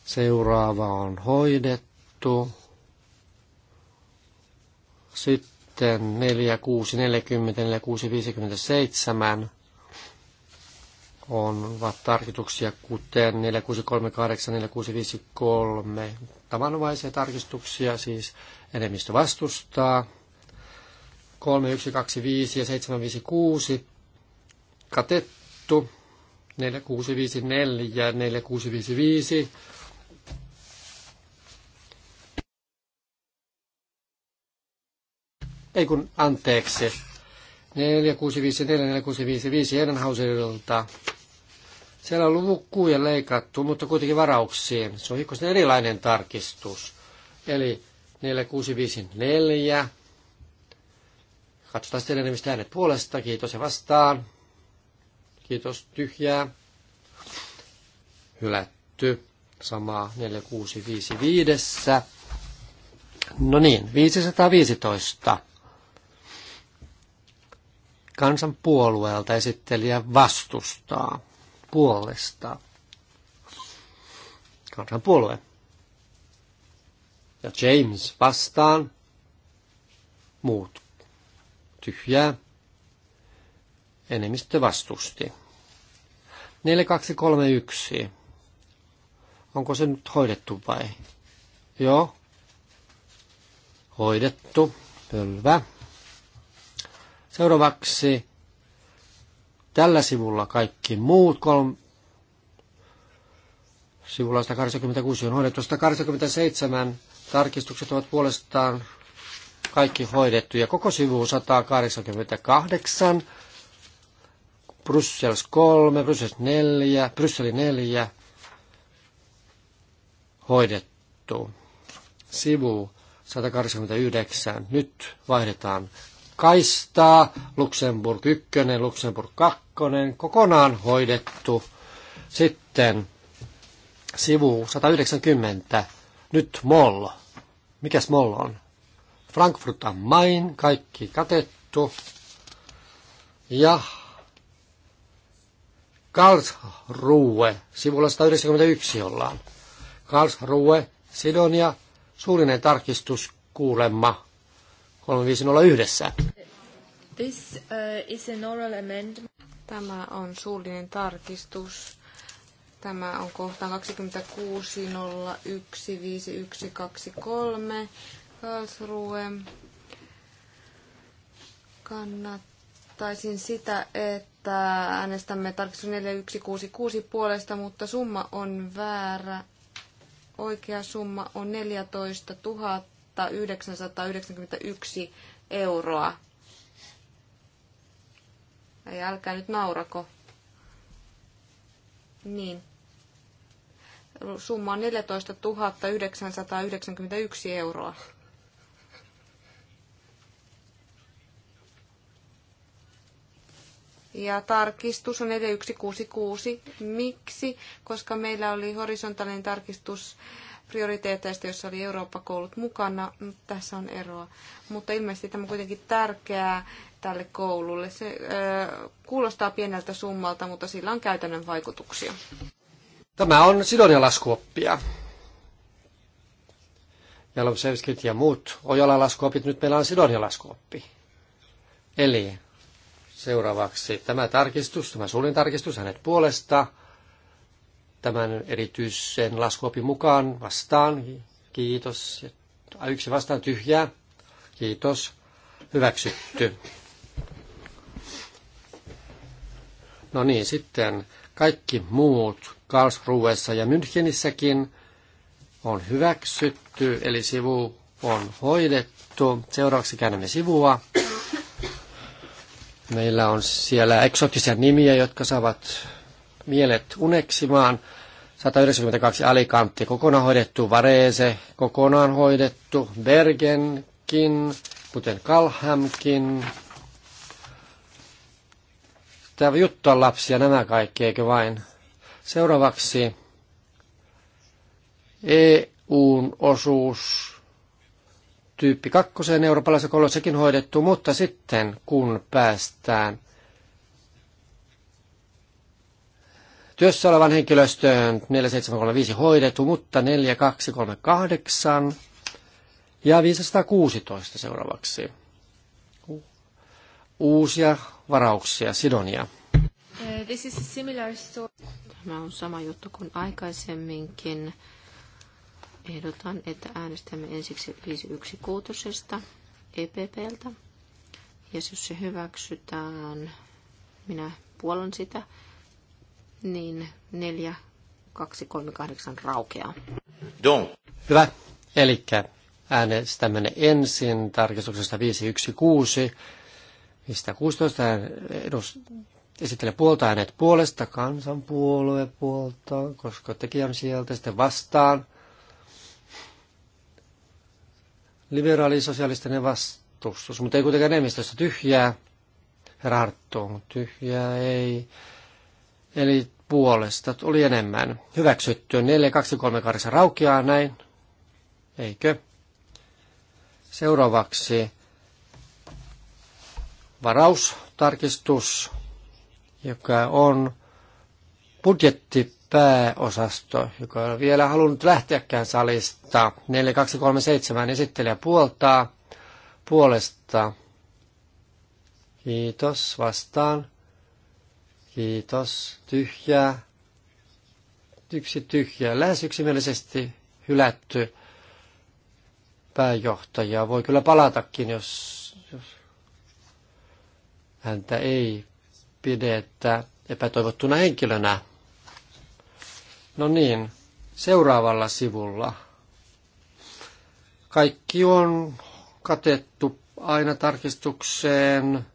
Seuraava on hoidettu. Sitten 4640 4657 on tarkistuksia kuten 4638, 4653, tavanomaisia tarkistuksia, siis enemmistö vastustaa, 3125 ja 756 katettu, 4654 ja 4655 ei kun anteeksi, 4654, Siellä on luvukkuja leikattu, mutta kuitenkin varauksiin. Se on hikkoisen erilainen tarkistus. Eli 4654. Katsotaan sitten enemmistä äänet puolesta. Kiitos ja vastaan. Kiitos tyhjää. Hylätty. Samaa 4655. No niin, 515 kansanpuolueelta esittelijä vastustaa puolesta. Kansanpuolue. Ja James vastaan. Muut. Tyhjää. Enemmistö vastusti. 4231. Onko se nyt hoidettu vai? Joo. Hoidettu. Pölvä. Seuraavaksi tällä sivulla kaikki muut kolm sivulla 186 on hoidettu. 187 tarkistukset ovat puolestaan kaikki hoidettu ja koko sivu 188, Brussels 3, Brussels 4, Brysseli 4 hoidettu. Sivu 189. Nyt vaihdetaan kaistaa, Luxemburg 1, Luxemburg 2 kokonaan hoidettu. Sitten sivu 190, nyt Moll. Mikäs Moll on? Frankfurt am Main, kaikki katettu. Ja Karlsruhe, sivulla 191 ollaan. Karlsruhe, Sidonia, suullinen tarkistus kuulemma yhdessä. This, uh, is an oral amendment. Tämä on suullinen tarkistus. Tämä on kohta 26.01.5123 Karlsruhe. Kannattaisin sitä, että äänestämme tarkistus 4166 puolesta, mutta summa on väärä. Oikea summa on 14 000 991 euroa. Ei älkää nyt naurako. Niin. Summa on 14 991 euroa. Ja tarkistus on 4166. Miksi? Koska meillä oli horisontaalinen tarkistus prioriteeteista, joissa oli Eurooppa-koulut mukana. Tässä on eroa. Mutta ilmeisesti tämä on kuitenkin tärkeää tälle koululle. Se ö, kuulostaa pieneltä summalta, mutta sillä on käytännön vaikutuksia. Tämä on Sidonia laskuoppia. Jalomsevskit ja muut Ojola laskuopit, nyt meillä on Sidonia laskuoppi. Eli seuraavaksi tämä tarkistus, tämä suurin tarkistus hänet puolesta tämän erityisen laskuopin mukaan vastaan. Kiitos. Yksi vastaan tyhjää. Kiitos. Hyväksytty. No niin, sitten kaikki muut Karlsruessa ja Münchenissäkin on hyväksytty, eli sivu on hoidettu. Seuraavaksi käännämme sivua. Meillä on siellä eksotisia nimiä, jotka saavat mielet uneksimaan. 192 Alikantti kokonaan hoidettu, Varese kokonaan hoidettu, Bergenkin, kuten Kalhamkin. Tämä juttu on lapsia, nämä kaikki, eikö vain? Seuraavaksi EUn osuus tyyppi kakkoseen eurooppalaisen koulussa sekin hoidettu, mutta sitten kun päästään – työssä olevan henkilöstöön 4735 hoidettu, mutta 4238 ja 516 seuraavaksi. Uusia varauksia, Sidonia. Eh, this is a similar story. Tämä on sama juttu kuin aikaisemminkin. Ehdotan, että äänestämme ensiksi 516 EPPltä. Ja jos se hyväksytään, minä puolon sitä niin 4, 2, 3, 8 raukeaa. Don. Hyvä. Eli äänestämme ensin tarkistuksesta 516, mistä 16 edus, esittelee puolta äänet puolesta, kansanpuolue puolta, koska tekijä on sieltä sitten vastaan. Liberaali sosialistinen vastustus, mutta ei kuitenkaan enemmistössä tyhjää. Herra Harttu, tyhjää ei. Eli puolesta tuli enemmän. Hyväksytty 8 raukeaa näin, eikö? Seuraavaksi varaustarkistus, joka on budjettipääosasto, joka on vielä halunnut lähteäkään salista. 7 esittelijä puoltaa puolesta. Kiitos vastaan. Kiitos. Tyhjää. Yksi tyhjää. Lähes yksimielisesti hylätty pääjohtaja. Voi kyllä palatakin, jos, jos häntä ei pidetä epätoivottuna henkilönä. No niin, seuraavalla sivulla. Kaikki on katettu aina tarkistukseen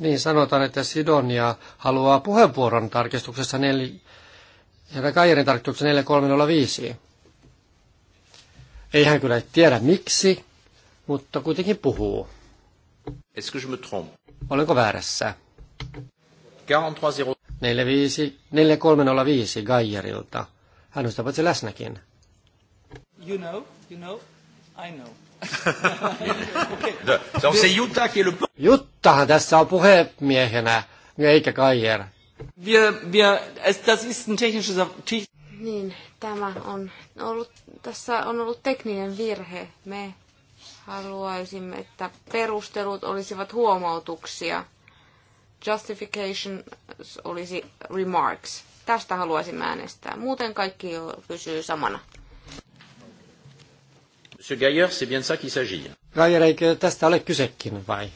niin sanotaan, että Sidonia haluaa puheenvuoron tarkistuksessa 4, herra Kajerin tarkistuksessa 4305. Ei hän kyllä tiedä miksi, mutta kuitenkin puhuu. Est-ce que je me Olenko väärässä? 4305 45, 4305 Gaijerilta. Hän on sitä paitsi läsnäkin. You know, you know, I know. se on se Jutta kilpailu. Juttahan tässä on puhemiehenä, eikä Kaijer. Wir, wir, es, das ist ein technisches... Niin, tämä on ollut, tässä on ollut tekninen virhe. Me haluaisimme, että perustelut olisivat huomautuksia. Justification olisi remarks. Tästä haluaisin äänestää. Muuten kaikki pysyy samana. Monsieur Geyer, c'est bien ça qu'il s'agit. Geyer, tästä ole kysekin vai?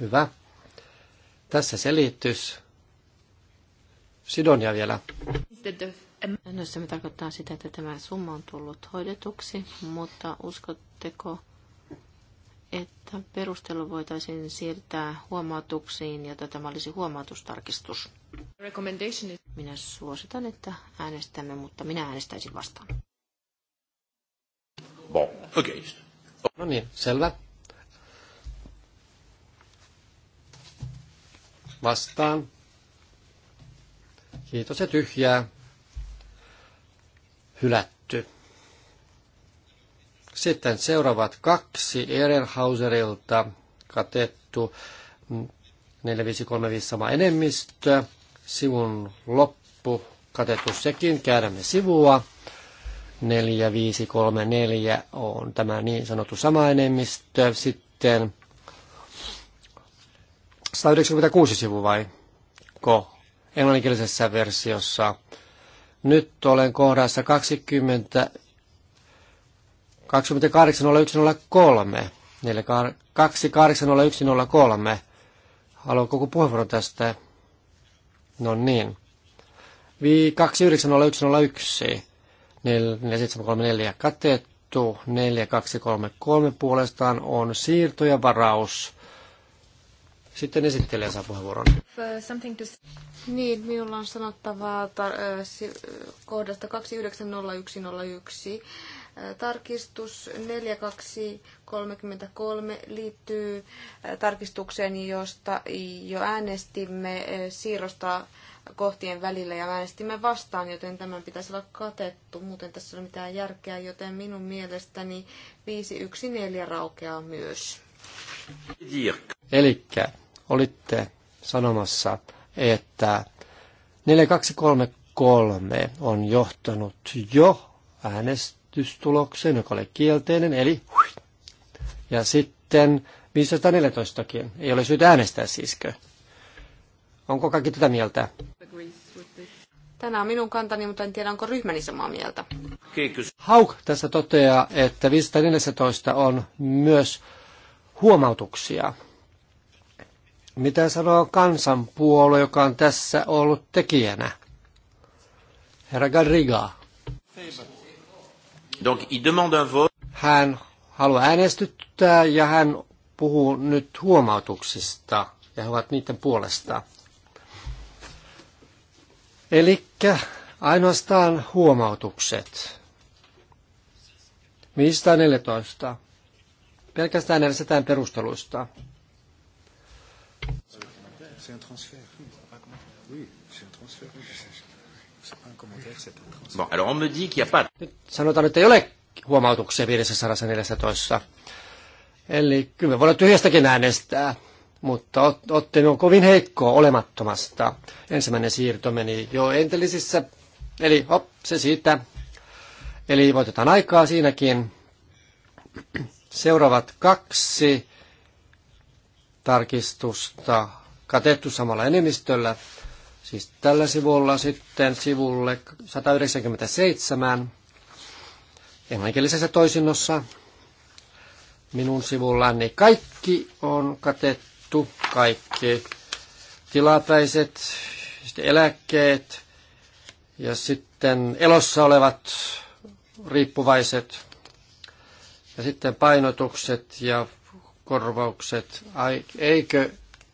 Hyvä. Tässä selitys. Sidonia vielä. No se tarkoittaa sitä, että tämä summa on tullut hoidetuksi, mutta uskotteko, että perustelu voitaisiin siirtää huomautuksiin ja tämä olisi huomautustarkistus? Minä suositan, että äänestämme, mutta minä äänestäisin vastaan. Bon, against. No niin, selvä. Vastaan. Kiitos ja tyhjää. Hylätty. Sitten seuraavat kaksi Ehrenhauserilta katettu 4535 sama enemmistö. Sivun loppu katettu sekin. Käydämme sivua. 4534 on tämä niin sanottu sama enemmistö. Sitten 196 sivu vai ko englanninkielisessä versiossa. Nyt olen kohdassa 20, 28.01.03. 28.01.03. Haluatko koko puheenvuoron tästä? No niin. 29.01.01. 4734 katettu, 4233 puolestaan on siirto ja varaus. Sitten esittelijä saa puheenvuoron. Niin, minulla on sanottavaa kohdasta 290101. Tarkistus 4233 liittyy tarkistukseen, josta jo äänestimme siirrosta kohtien välillä ja äänestimme vastaan, joten tämän pitäisi olla katettu. Muuten tässä ei ole mitään järkeä, joten minun mielestäni 514 raukeaa myös. Eli olitte sanomassa, että 4233 on johtanut jo äänestystulokseen, joka oli kielteinen, eli ja sitten 514kin. Ei ole syytä äänestää siiskö? Onko kaikki tätä mieltä? Tänään on minun kantani, mutta en tiedä, onko ryhmäni samaa mieltä. Kiitos. Hauk tässä toteaa, että 514 on myös huomautuksia. Mitä sanoo kansanpuolue, joka on tässä ollut tekijänä? Herra Garriga. Donc, il demande un vote. Hän haluaa äänestyttää ja hän puhuu nyt huomautuksista ja he ovat niiden puolesta. Eli ainoastaan huomautukset. 514. Pelkästään äänestetään perusteluista. Bon, alors on me dit qu'il a pas... Nyt sanotaan, että ei ole huomautuksia 514. Eli kyllä me voidaan tyhjästäkin äänestää mutta ottelu on kovin heikkoa olemattomasta. Ensimmäinen siirto meni jo entelisissä, eli hop, se siitä. Eli voitetaan aikaa siinäkin. Seuraavat kaksi tarkistusta katettu samalla enemmistöllä. Siis tällä sivulla sitten sivulle 197 englanninkielisessä toisinnossa minun sivullani. Kaikki on katettu katettu kaikki tilapäiset, sitten eläkkeet ja sitten elossa olevat riippuvaiset ja sitten painotukset ja korvaukset. Ai, eikö,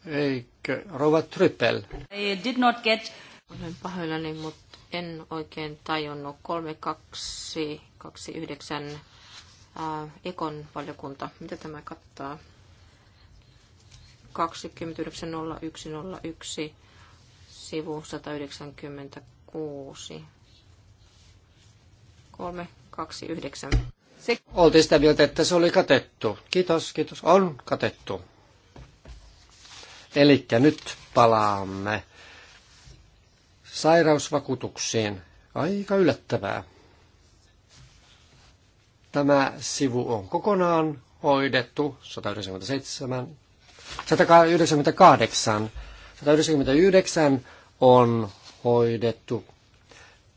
eikö, rouva Trypel? I did not get... Olen pahoillani, mutta en oikein tajunnut. 3229 Ekon valiokunta. Mitä tämä kattaa? 29.01.01 sivu 196. 329. Se... Oltiin sitä mieltä, että se oli katettu. Kiitos, kiitos. On katettu. Eli nyt palaamme sairausvakuutuksiin. Aika yllättävää. Tämä sivu on kokonaan hoidettu, 197 198. 199 on hoidettu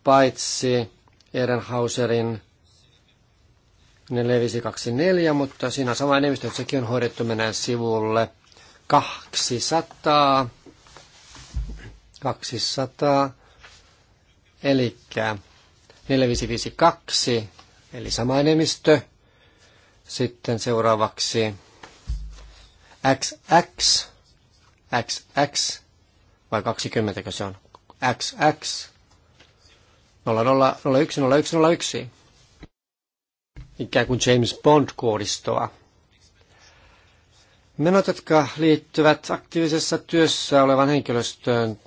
paitsi Ehrenhauserin 4524, mutta siinä on sama enemmistö, että sekin on hoidettu. Mennään sivulle 200. 200. Eli 4552, eli sama enemmistö. Sitten seuraavaksi XX, XX, vai 20 se on, XX, 01, ikään kuin James Bond-koodistoa. Menot, jotka liittyvät aktiivisessa työssä olevan henkilöstöön.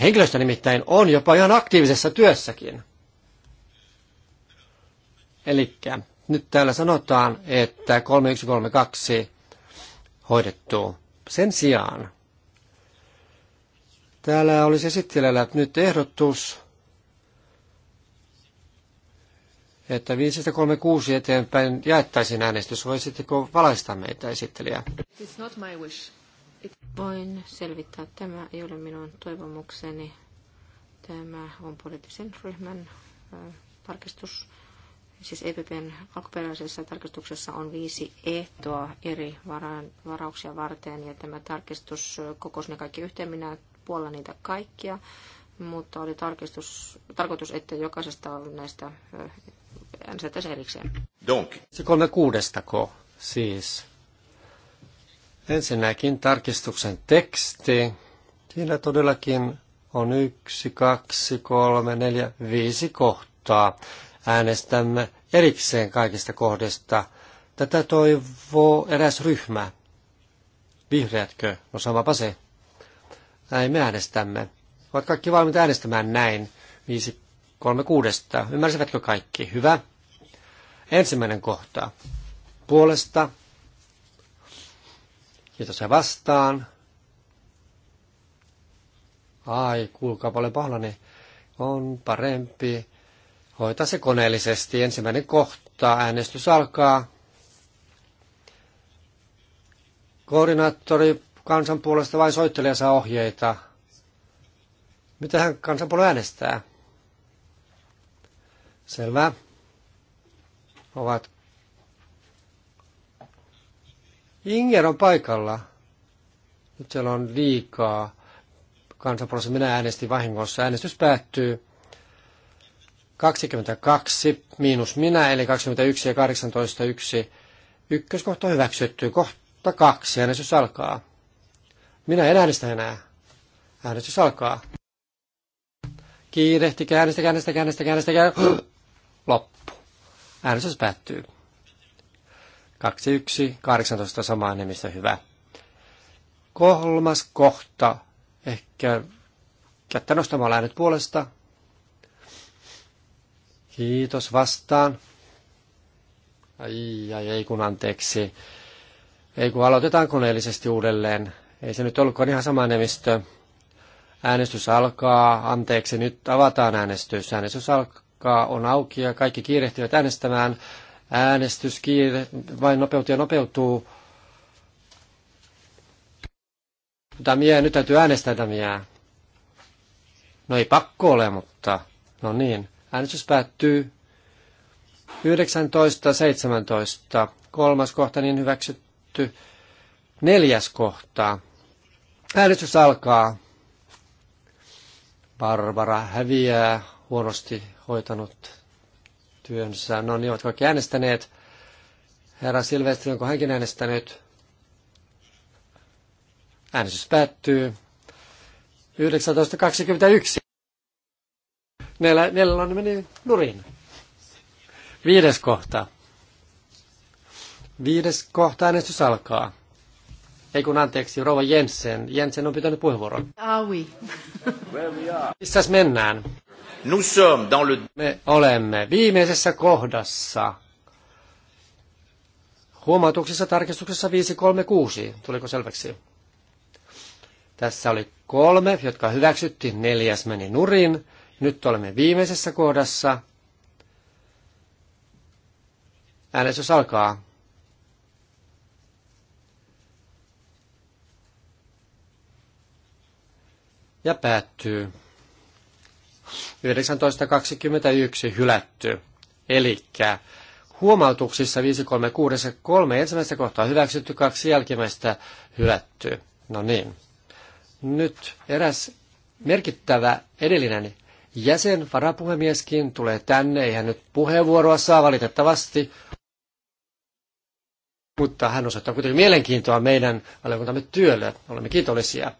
Henkilöstö nimittäin on jopa ihan aktiivisessa työssäkin. Eli nyt täällä sanotaan, että 3132 hoidettua. Sen sijaan täällä olisi esittelellä nyt ehdotus, että 536 eteenpäin jaettaisiin äänestys. Voisitteko valaista meitä esittelijää? Voin selvittää. Tämä ei ole minun toivomukseni. Tämä on poliittisen ryhmän tarkistus. Siis EPPn alkuperäisessä tarkistuksessa on viisi ehtoa eri varauksia varten, ja tämä tarkistus kokosi ne kaikki yhteen. Minä puolla niitä kaikkia, mutta oli tarkistus, tarkoitus, että jokaisesta näistä äänestettäisiin erikseen. Donk. Se kolme ko, siis. Ensinnäkin tarkistuksen teksti. Siinä todellakin on yksi, kaksi, kolme, neljä, viisi kohtaa, äänestämme erikseen kaikista kohdista. Tätä toivoo eräs ryhmä. Vihreätkö? No samapa se. Näin me äänestämme. Ovat kaikki valmiita äänestämään näin. Viisi, kolme, kuudesta. Ymmärsivätkö kaikki? Hyvä. Ensimmäinen kohta. Puolesta. Kiitos ja vastaan. Ai, kuulkaa paljon pahlani. On parempi hoitaa se koneellisesti. Ensimmäinen kohta, äänestys alkaa. Koordinaattori kansan puolesta vai soittelija saa ohjeita? Mitä hän kansanpuolue äänestää? Selvä. Ovat. Inger on paikalla. Nyt siellä on liikaa kansanpuolessa. Minä äänestin vahingossa. Äänestys päättyy. 22 miinus minä, eli 21 ja 18, 1. Ykköskohta on hyväksytty. Kohta kaksi. Äänestys alkaa. Minä en äänestä enää. Äänestys alkaa. käännestä, käännestä, käännestä, käännestä, käännestä. Loppu. Äänestys päättyy. 21, 18 samaa enemmistö, hyvä. Kolmas kohta, ehkä kättä nostamalla äänet puolesta, Kiitos vastaan. Ai, ai, ei kun anteeksi. Ei kun aloitetaan koneellisesti uudelleen. Ei se nyt ollutkaan ihan sama enemmistö. Äänestys alkaa. Anteeksi, nyt avataan äänestys. Äänestys alkaa, on auki ja kaikki kiirehtivät äänestämään. Äänestys kiire, vain nopeutuu ja nopeutuu. Damia, nyt täytyy äänestää Damia. No ei pakko ole, mutta no niin. Äänestys päättyy 19.17. Kolmas kohta niin hyväksytty. Neljäs kohta. Äänestys alkaa. Barbara häviää huonosti hoitanut työnsä. No niin, ovat kaikki äänestäneet. Herra Silvestri, onko hänkin äänestänyt? Äänestys päättyy. 19.21. Meillä nelonen meni nurin. Viides kohta. Viides kohta äänestys alkaa. Ei kun anteeksi, Rova Jensen. Jensen on pitänyt puheenvuoron. Ah oui. Missäs mennään? Nous sommes dans le... Me olemme viimeisessä kohdassa. Huomautuksessa tarkistuksessa 536. Tuliko selväksi? Tässä oli kolme, jotka hyväksyttiin. Neljäs meni nurin. Nyt olemme viimeisessä kohdassa. Äänestys alkaa. Ja päättyy. 19.21 hylätty. Eli huomautuksissa 5363 kolme ensimmäistä kohtaa hyväksytty, kaksi jälkimmäistä hylätty. No niin. Nyt eräs merkittävä edellinen jäsen, varapuhemieskin, tulee tänne. Ei hän nyt puheenvuoroa saa valitettavasti, mutta hän osoittaa kuitenkin mielenkiintoa meidän valiokuntamme työlle. Olemme kiitollisia.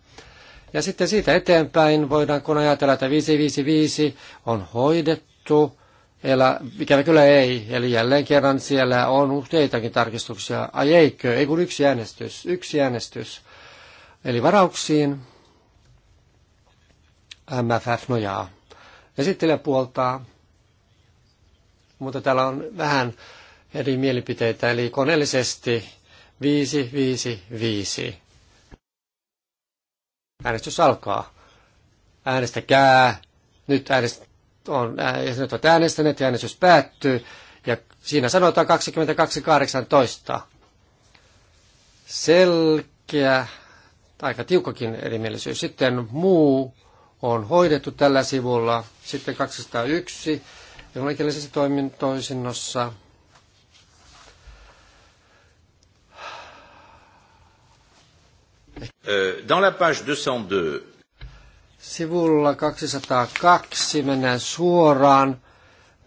Ja sitten siitä eteenpäin voidaan, kun ajatella, että 555 on hoidettu, Elä, ikävä kyllä ei, eli jälleen kerran siellä on useitakin tarkistuksia. Ai eikö, ei kun yksi äänestys, yksi äänestys. Eli varauksiin MFF nojaa esittelijä puoltaa, mutta täällä on vähän eri mielipiteitä, eli koneellisesti 5, 5, 5. Äänestys alkaa. Äänestäkää. Nyt äänest... on, nyt olet äänestäneet ja äänestys päättyy. Ja siinä sanotaan 22.18. Selkeä, aika tiukkakin erimielisyys. Sitten muu on hoidettu tällä sivulla. Sitten 201 jonkinlaisessa toimintoisinnossa. Euh, dans la page 202. Sivulla 202 mennään suoraan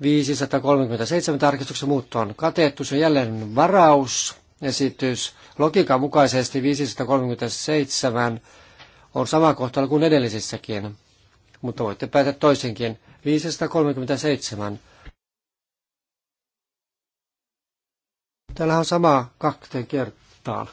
537 tarkistuksen on katettu. Se on jälleen varaus Esitys Logiikan mukaisesti 537 on sama kohtalo kuin edellisissäkin mutta voitte päätä toisenkin. 537. Täällä on sama kahteen kertaan.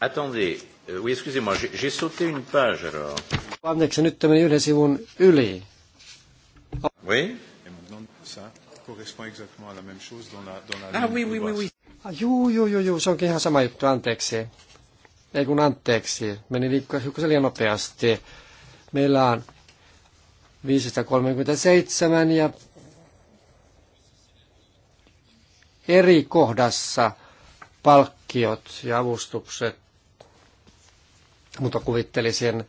Attendez, euh, oui excusez-moi, j'ai sauté une page alors. Anteeksi, nyt tämän yhden sivun yli. Oui. Et maintenant, ça correspond exactement à la la, la même chose dans dans Ah, oui, oui, oui, oui. Ah, juu, joo, joo, joo, se onkin ihan sama juttu, anteeksi. Ei kun anteeksi, meni liikkua hiukkasen liian nopeasti. Meillä on 537 ja eri kohdassa palkkiot ja avustukset, mutta kuvittelisin,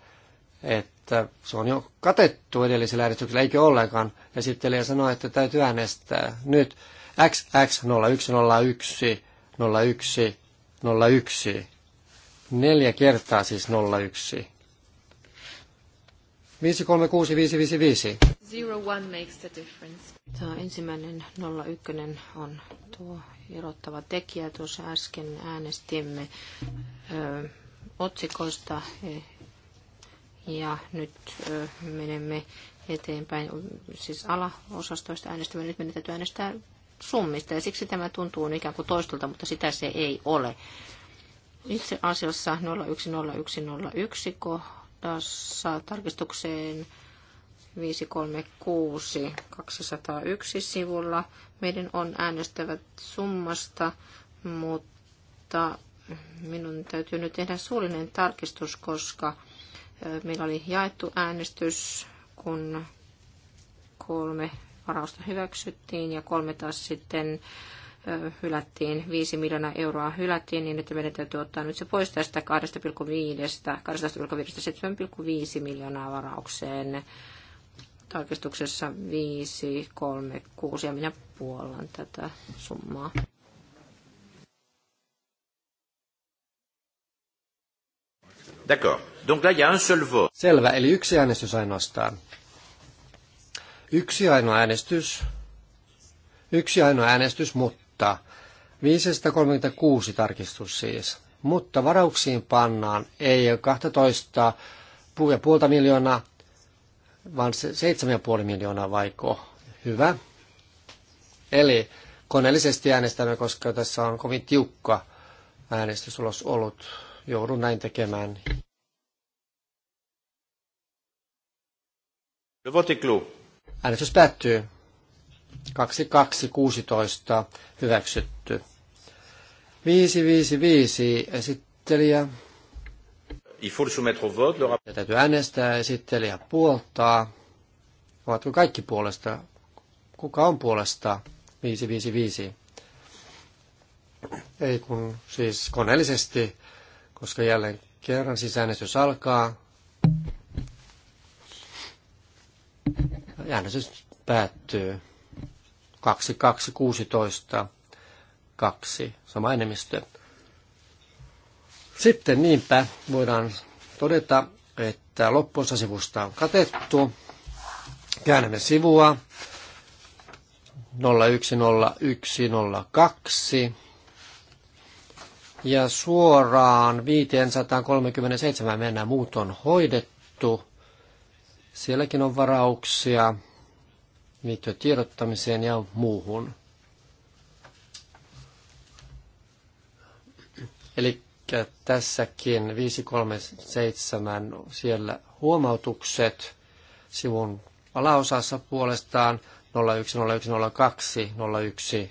että että se on jo katettu edellisellä äänestyksellä, eikö ollenkaan. Esittelijä sanoi, että täytyy äänestää nyt XX0101 01 01. Neljä kertaa siis 01. 536555. Tämä ensimmäinen 01 on tuo erottava tekijä. Tuossa äsken äänestimme ö, otsikoista ja nyt menemme eteenpäin, siis alaosastoista äänestämme. Nyt meidän äänestää summista ja siksi tämä tuntuu ikään kuin toistolta, mutta sitä se ei ole. Itse asiassa 010101 kohdassa tarkistukseen 536 201 sivulla meidän on äänestävät summasta, mutta minun täytyy nyt tehdä suullinen tarkistus, koska Meillä oli jaettu äänestys, kun kolme varausta hyväksyttiin ja kolme taas sitten hylättiin, 5 miljoonaa euroa hylättiin, niin että meidän täytyy ottaa nyt se pois tästä 2,5, 12,5, 7,5 miljoonaa varaukseen tarkistuksessa 5, 3, 6 ja minä puollan tätä summaa. D'accord. Donc là, il y a un seul vote. Selvä, eli yksi äänestys ainoastaan. Yksi ainoa äänestys. Yksi ainoa äänestys, mutta 536 tarkistus siis. Mutta varauksiin pannaan ei 12 ja puolta miljoonaa, vaan 7,5 miljoonaa vaiko. Hyvä. Eli koneellisesti äänestämme, koska tässä on kovin tiukka äänestysulos ollut joudun näin tekemään. Le vote Äänestys päättyy. 2216 hyväksytty. 555 esittelijä. Il faut le au vote. Le... Ja täytyy äänestää esittelijä puoltaa. Ovatko kaikki puolesta? Kuka on puolesta? 555. Ei kun siis koneellisesti koska jälleen kerran sisäänestys alkaa. Äänestys päättyy 2216 2, sama enemmistö. Sitten niinpä voidaan todeta, että loppuosa sivusta on katettu. Käännämme sivua 010102 ja suoraan 537 mennään muut on hoidettu. Sielläkin on varauksia liittyen tiedottamiseen ja muuhun. Eli tässäkin 537 siellä huomautukset sivun alaosassa puolestaan 01010201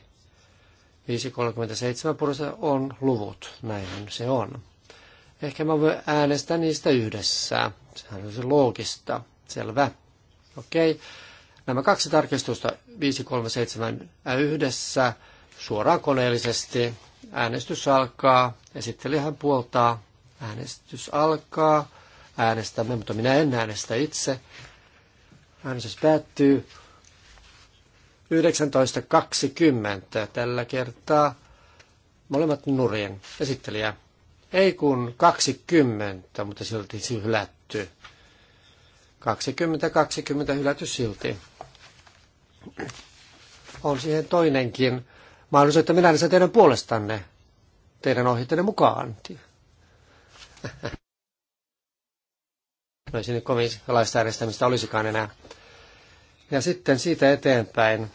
537 puolesta on luvut, näinhän se on. Ehkä mä voin äänestää niistä yhdessä. Sehän on se loogista. Selvä. Okei. Nämä kaksi tarkistusta 537 äh, yhdessä suoraan koneellisesti. Äänestys alkaa. Esittelijähän puoltaa. Äänestys alkaa. Äänestämme, mutta minä en äänestä itse. Äänestys päättyy. 19.20 tällä kertaa. Molemmat nurien Esittelijä. Ei kun 20, mutta silti hylätty. 20-20 hylätty silti. On siihen toinenkin mahdollisuus, että minä sen teidän puolestanne, teidän ohjeiden mukaan. No ei siinä kovin laista olisikaan enää. Ja sitten siitä eteenpäin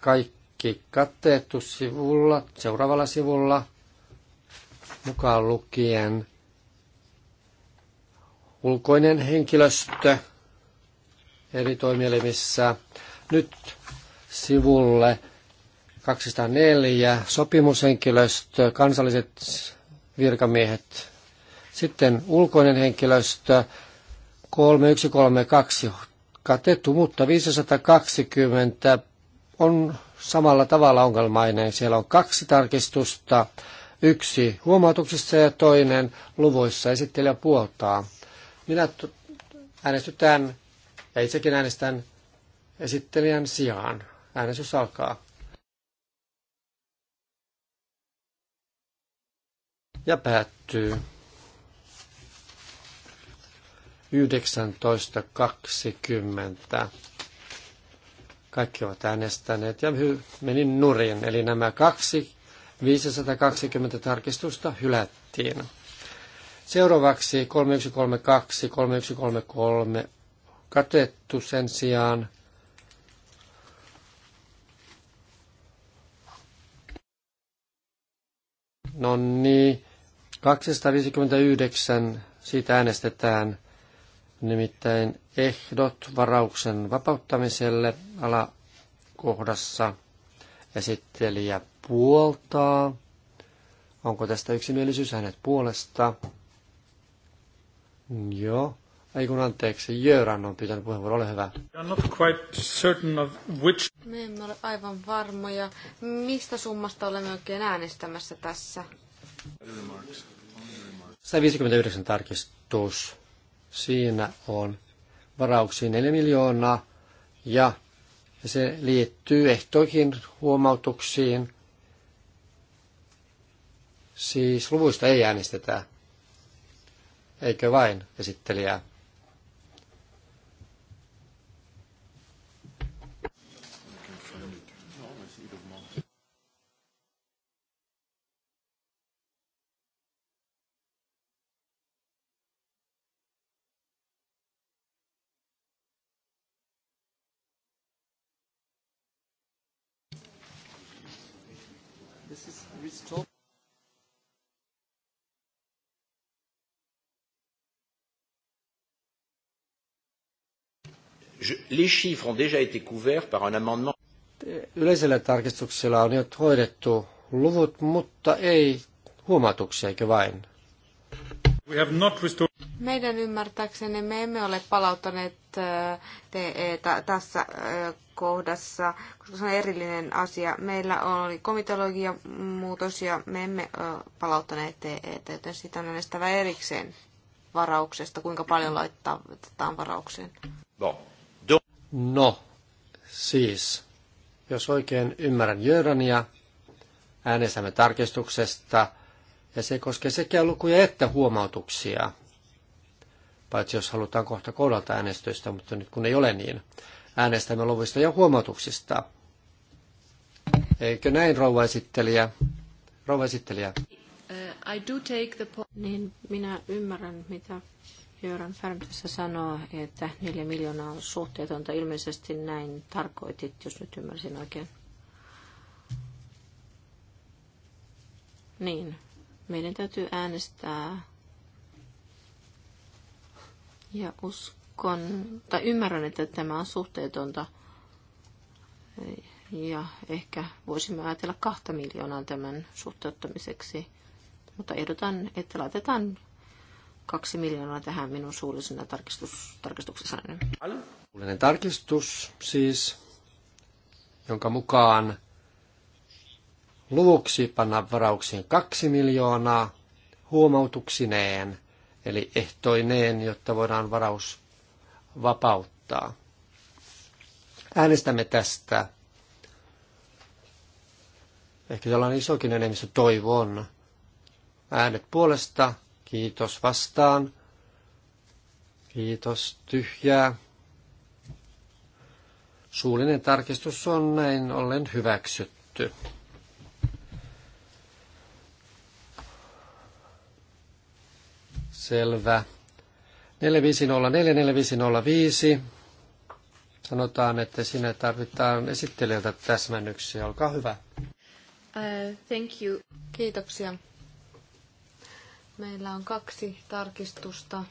kaikki katteettu sivulla, seuraavalla sivulla, mukaan lukien ulkoinen henkilöstö eri toimielimissä. Nyt sivulle 204 sopimushenkilöstö, kansalliset virkamiehet, sitten ulkoinen henkilöstö 3132 katettu, mutta 520 on samalla tavalla ongelmainen. Siellä on kaksi tarkistusta, yksi huomautuksissa ja toinen luvuissa esittelijä puoltaa. Minä äänestytään ja itsekin äänestän esittelijän sijaan. Äänestys alkaa. Ja päättyy. 19.20. Kaikki ovat äänestäneet ja menin nurin. Eli nämä kaksi 520 tarkistusta hylättiin. Seuraavaksi 3132, 3133 katettu sen sijaan. No niin, 259 siitä äänestetään nimittäin ehdot varauksen vapauttamiselle alakohdassa esittelijä puoltaa. Onko tästä yksimielisyys hänet puolesta? Joo. Ei kun anteeksi, Jöran on pitänyt puheenvuoro, ole hyvä. Not quite certain of which... Me emme ole aivan varmoja. Mistä summasta olemme oikein äänestämässä tässä? 159 tarkistus. Siinä on varauksia 4 miljoonaa ja se liittyy ehtoihin huomautuksiin. Siis luvuista ei äänestetä. Eikö vain esittelijää? Les chiffres ont déjà été couverts par un amendement. Yleisellä tarkistuksella on jo hoidettu luvut, mutta ei huomautuksia, eikö vain? Meidän ymmärtääkseni me emme ole palauttaneet äh, te, tässä äh, kohdassa, koska se on erillinen asia. Meillä oli komitologia muutos ja me emme äh, palauttaneet TET, e joten siitä on äänestävä erikseen varauksesta, kuinka paljon laittaa varaukseen. Bon. No, siis, jos oikein ymmärrän Jörania, äänestämme tarkistuksesta, ja se koskee sekä lukuja että huomautuksia, paitsi jos halutaan kohta kohdalta äänestystä, mutta nyt kun ei ole niin, äänestämme luvuista ja huomautuksista. Eikö näin, rouva esittelijä? Rouva esittelijä. Uh, niin minä ymmärrän, mitä Jöran Färmtössä sanoo, että 4 miljoonaa on suhteetonta. Ilmeisesti näin tarkoitit, jos nyt ymmärsin oikein. Niin, meidän täytyy äänestää. Ja uskon, tai ymmärrän, että tämä on suhteetonta. Ja ehkä voisimme ajatella kahta miljoonaa tämän suhteuttamiseksi. Mutta ehdotan, että laitetaan kaksi miljoonaa tähän minun suullisena tarkistus, tarkistuksessa. Suullinen tarkistus siis, jonka mukaan luvuksi panna varauksiin kaksi miljoonaa huomautuksineen, eli ehtoineen, jotta voidaan varaus vapauttaa. Äänestämme tästä. Ehkä tällainen isokin enemmistö toivon. Äänet puolesta Kiitos vastaan. Kiitos tyhjää. Suullinen tarkistus on näin ollen hyväksytty. Selvä. 450, 4505. Sanotaan, että sinne tarvitaan esittelijältä täsmennyksiä. Olkaa hyvä. Uh, thank you. Kiitoksia. Meillä on kaksi tarkistusta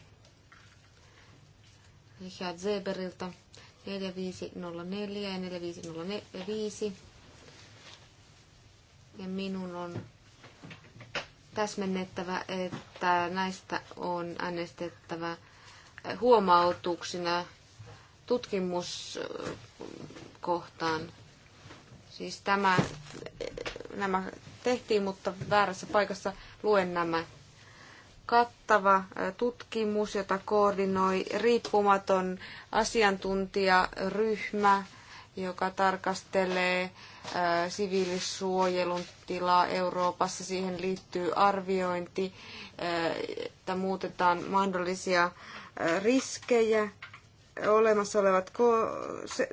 Richard Zeberilta 4504 ja 4505. Ja minun on täsmennettävä, että näistä on äänestettävä huomautuksina tutkimuskohtaan. Äh, siis tämä, äh, nämä tehtiin, mutta väärässä paikassa luen nämä kattava tutkimus, jota koordinoi riippumaton asiantuntijaryhmä, joka tarkastelee siviilissuojelun tilaa Euroopassa. Siihen liittyy arviointi, että muutetaan mahdollisia riskejä, olemassa olevat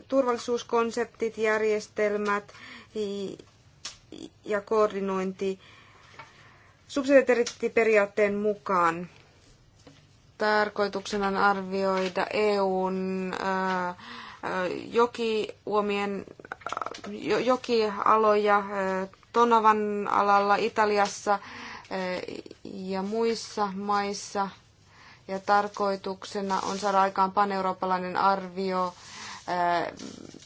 turvallisuuskonseptit, järjestelmät ja koordinointi subsidiariteettiperiaatteen mukaan tarkoituksena on arvioida EUn jokiuomien, jokialoja Tonavan alalla Italiassa ja muissa maissa. Ja tarkoituksena on saada aikaan paneurooppalainen arvio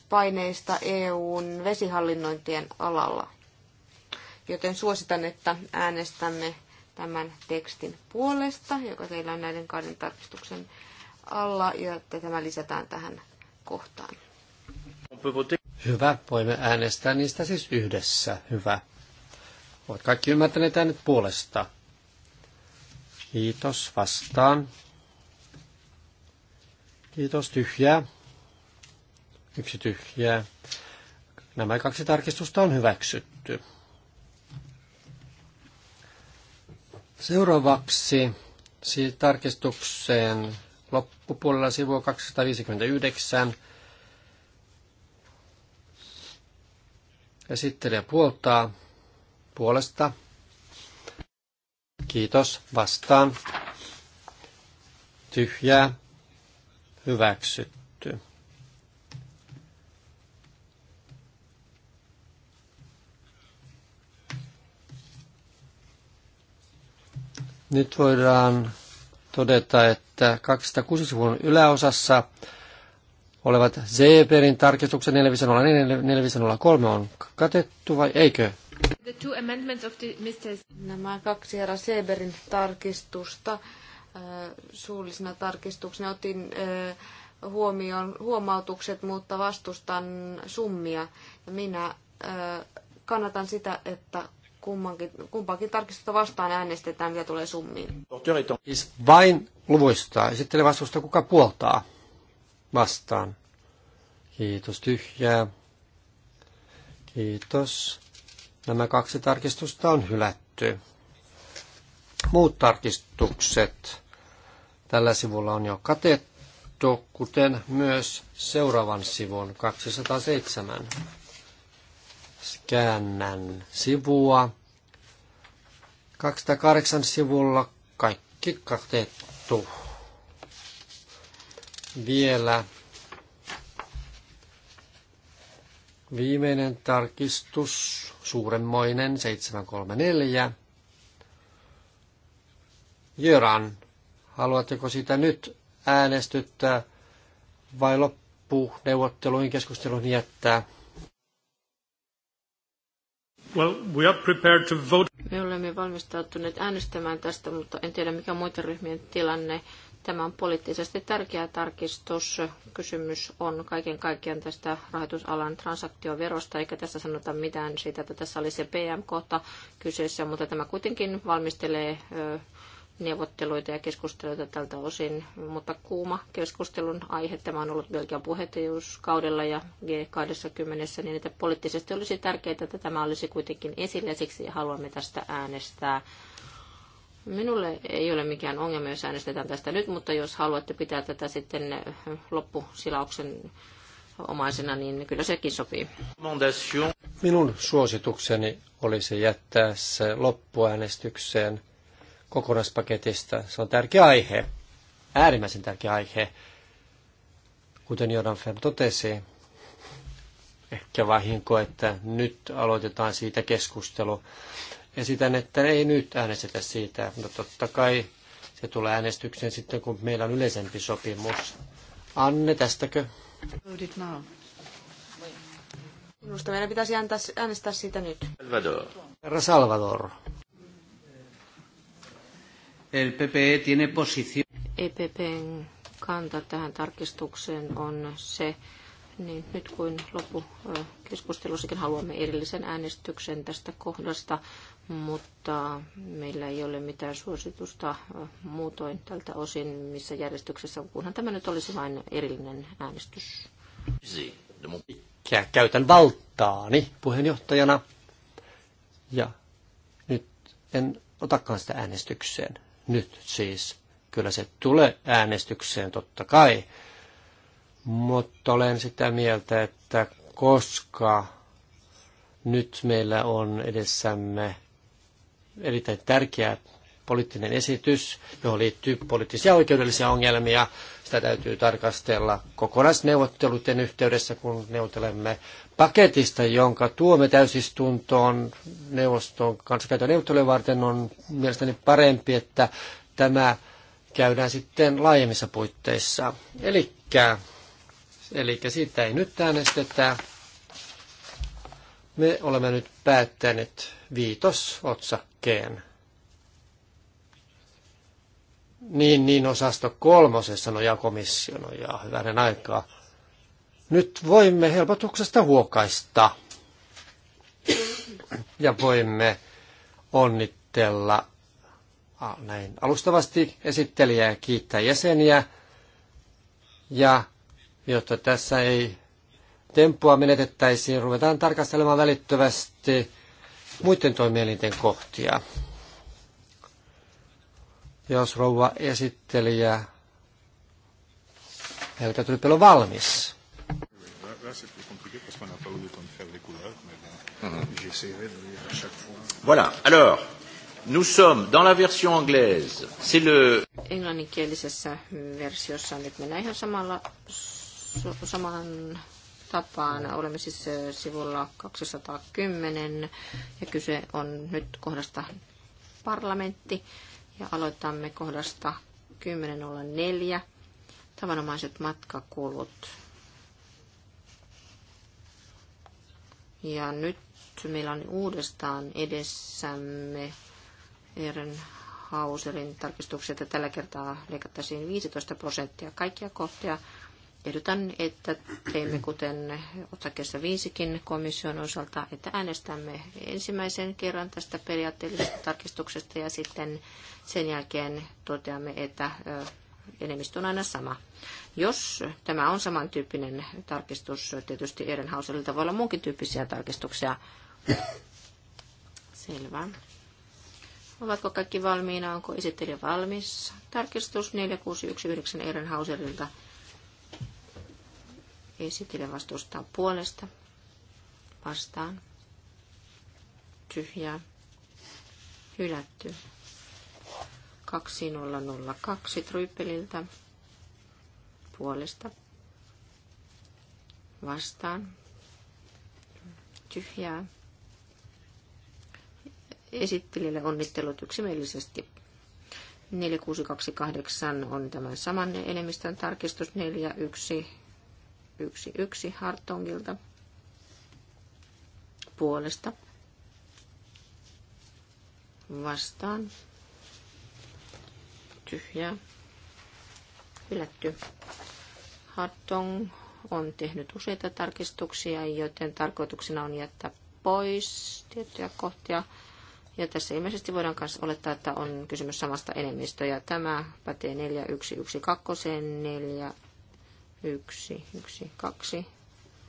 paineista EUn vesihallinnointien alalla joten suositan, että äänestämme tämän tekstin puolesta, joka teillä on näiden kahden tarkistuksen alla, ja että tämä lisätään tähän kohtaan. Hyvä, voimme äänestää niistä siis yhdessä. Hyvä. Olet kaikki ymmärtäneet äänet puolesta. Kiitos vastaan. Kiitos tyhjää. Yksi tyhjää. Nämä kaksi tarkistusta on hyväksytty. Seuraavaksi siis tarkistukseen loppupuolella sivu 259. Esittelijä puoltaa puolesta. Kiitos. Vastaan. Tyhjää. Hyväksytty. Nyt voidaan todeta, että 206 luvun yläosassa olevat Zeeperin tarkistuksen 404 403 on katettu vai eikö? The two amendments of the Mr. Nämä kaksi herra Zeeberin tarkistusta suullisena tarkistuksena otin huomioon huomautukset, mutta vastustan summia. Ja minä kannatan sitä, että kummankin, tarkistusta vastaan äänestetään, mitä tulee summiin. Siis vain luvuista. esittelee vastusta, kuka puoltaa vastaan. Kiitos, tyhjää. Kiitos. Nämä kaksi tarkistusta on hylätty. Muut tarkistukset tällä sivulla on jo katettu, kuten myös seuraavan sivun 207 käännän sivua 208 sivulla kaikki katettu. Vielä viimeinen tarkistus, suuremmoinen 734. Jöran, haluatteko sitä nyt äänestyttää vai loppuneuvotteluihin keskusteluun jättää? Well, we are prepared to vote. Me olemme valmistautuneet äänestämään tästä, mutta en tiedä mikä muiden ryhmien tilanne. Tämä on poliittisesti tärkeä tarkistus. Kysymys on kaiken kaikkiaan tästä rahoitusalan transaktioverosta, eikä tässä sanota mitään siitä, että tässä oli se PM-kohta kyseessä, mutta tämä kuitenkin valmistelee neuvotteluita ja keskusteluita tältä osin, mutta kuuma keskustelun aihe tämä on ollut Belgian puheenjohtajuuskaudella ja G20, niin että poliittisesti olisi tärkeää, että tämä olisi kuitenkin esillä, siksi haluamme tästä äänestää. Minulle ei ole mikään ongelma, jos äänestetään tästä nyt, mutta jos haluatte pitää tätä sitten loppusilauksen omaisena, niin kyllä sekin sopii. Minun suositukseni olisi jättää se loppuäänestykseen kokonaispaketista. Se on tärkeä aihe, äärimmäisen tärkeä aihe, kuten Jordan Fer totesi. Ehkä vahinko, että nyt aloitetaan siitä keskustelu. Esitän, että ei nyt äänestetä siitä. No totta kai se tulee äänestykseen sitten, kun meillä on yleisempi sopimus. Anne, tästäkö? Minusta meidän pitäisi äänestää siitä nyt. Salvador. Herra Salvador. El e tiene posición. EPPn kanta tähän tarkistukseen on se, niin nyt kuin loppu keskustelussakin haluamme erillisen äänestyksen tästä kohdasta, mutta meillä ei ole mitään suositusta muutoin tältä osin, missä järjestyksessä, kunhan tämä nyt olisi vain erillinen äänestys. Käytän valtaani puheenjohtajana ja nyt en otakaan sitä äänestykseen nyt siis. Kyllä se tulee äänestykseen totta kai, mutta olen sitä mieltä, että koska nyt meillä on edessämme erittäin tärkeä poliittinen esitys, johon liittyy poliittisia oikeudellisia ongelmia, sitä täytyy tarkastella kokonaisneuvotteluiden yhteydessä, kun neuvotelemme paketista, jonka tuomme täysistuntoon neuvoston kanssa käytön neuvottelujen varten. On mielestäni parempi, että tämä käydään sitten laajemmissa puitteissa. Eli Eli siitä ei nyt äänestetä. Me olemme nyt päättäneet viitos otsakkeen. Niin, niin osasto kolmosessa no jakomissio komissio no ja hyvänen aikaa. Nyt voimme helpotuksesta huokaista ja voimme onnitella näin alustavasti esittelijää ja kiittää jäseniä. Ja jotta tässä ei temppua menetettäisiin, ruvetaan tarkastelemaan välittömästi muiden toimielinten kohtia jos rouva esittelijä Helga Tryppel on valmis. Voilà, alors, nous sommes dans la version anglaise. C'est le... Englanninkielisessä versiossa nyt mennään ihan samalla, saman tapaan. Olemme siis sivulla 210 ja kyse on nyt kohdasta parlamentti ja aloitamme kohdasta 10.04. Tavanomaiset matkakulut. Ja nyt meillä on uudestaan edessämme Eren Hauserin tarkistuksia, että tällä kertaa leikattaisiin 15 prosenttia. Kaikkia kohtia ehdotan, että teemme kuten otsakkeessa viisikin komission osalta, että äänestämme ensimmäisen kerran tästä periaatteellisesta tarkistuksesta ja sitten sen jälkeen toteamme, että enemmistö on aina sama. Jos tämä on samantyyppinen tarkistus, tietysti Ehrenhauselilta voi olla muunkin tyyppisiä tarkistuksia. Selvä. Ovatko kaikki valmiina? Onko esittelijä valmis? Tarkistus 4619 Ehrenhauselilta. Esittelijä vastustaa puolesta. Vastaan. Tyhjää. Hylätty. 2002 Tryppeliltä. Puolesta. Vastaan. Tyhjää. Esittelijälle onnittelut yksimielisesti 4628 on tämän saman enemmistön tarkistus 41 yksi yksi Hartongilta puolesta vastaan tyhjä hylätty. Hartong on tehnyt useita tarkistuksia, joten tarkoituksena on jättää pois tiettyjä kohtia. Ja tässä ilmeisesti voidaan myös olettaa, että on kysymys samasta enemmistöä. Tämä pätee 4112, 1, 1, 2,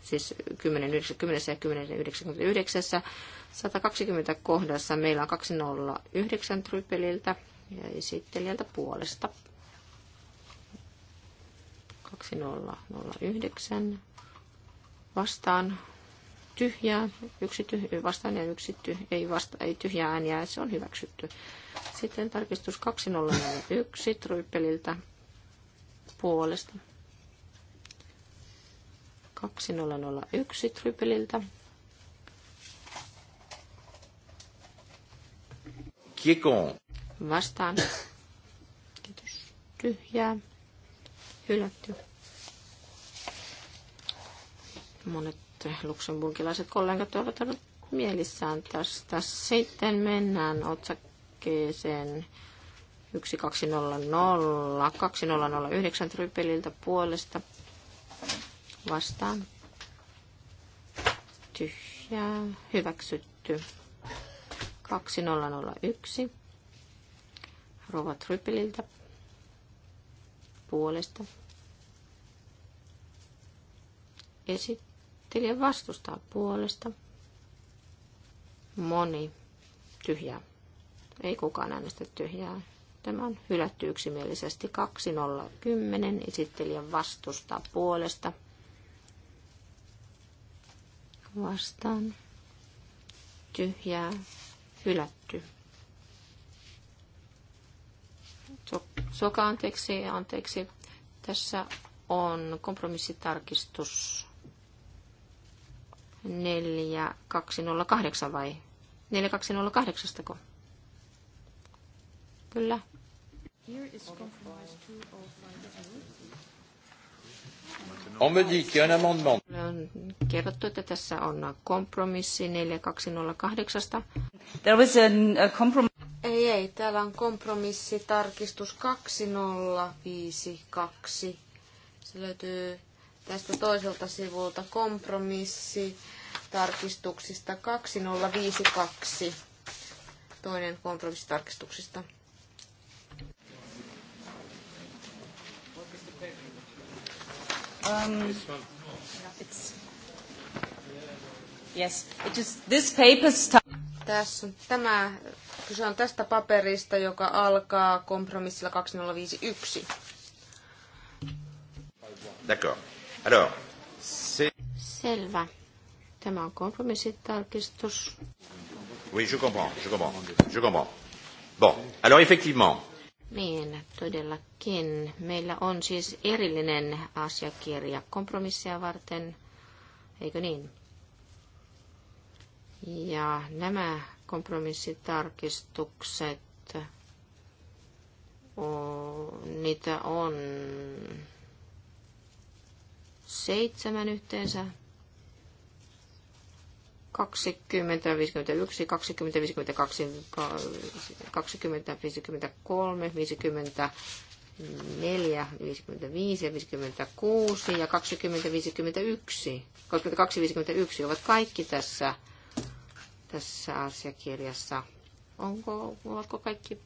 siis 10, 10 ja 10, 99. 120 kohdassa meillä on 209 trypeliltä ja esittelijältä puolesta. 2009 vastaan tyhjää, yksi tyhjä, vastaan ja yksi tyh- ei, vasta- ei tyhjää ääniä, se on hyväksytty. Sitten tarkistus 2041 trypeliltä puolesta 2001 Trypeliltä. Kikon. Vastaan. Kiitos. Tyhjää. Hylätty. Monet luksemburgilaiset kollegat ovat olleet mielissään tästä. Sitten mennään otsakkeeseen 1200 2009 Trypeliltä puolesta vastaan tyhjää hyväksytty. 2001 Rova Trypililtä. puolesta. Esittelijä vastustaa puolesta. Moni tyhjää. Ei kukaan äänestä tyhjää. Tämä on hylätty yksimielisesti 2010. esittelijän vastustaa puolesta vastaan tyhjää hylätty. soka anteeksi, anteeksi. Tässä on kompromissitarkistus 4208 vai 4208 ko? Kyllä. Here is compromise 205. On me dit qu'il y a un amendement. kerrottu, että tässä on kompromissi 4208. There was a Ei, ei, täällä on kompromissi tarkistus 2052. Se löytyy tästä toiselta sivulta kompromissi tarkistuksista 2052. Toinen kompromissi tarkistuksista. Um, it's, yes, it is, this paper Tässä, tämä, kyse on tästä paperista, joka alkaa kompromissilla 2051. D'accord. Alors, c'est... Selvä. Tämä on kompromissitarkistus. Oui, je comprends, je comprends, je comprends. Bon, alors effectivement, niin, todellakin. Meillä on siis erillinen asiakirja kompromissia varten, eikö niin? Ja nämä kompromissitarkistukset, niitä on seitsemän yhteensä 20, 51, 20, 52, 20, 53, 54, 55 ja 56 ja 20, 51, 22, 51 ovat kaikki tässä, tässä asiakirjassa. Onko, ovatko kaikki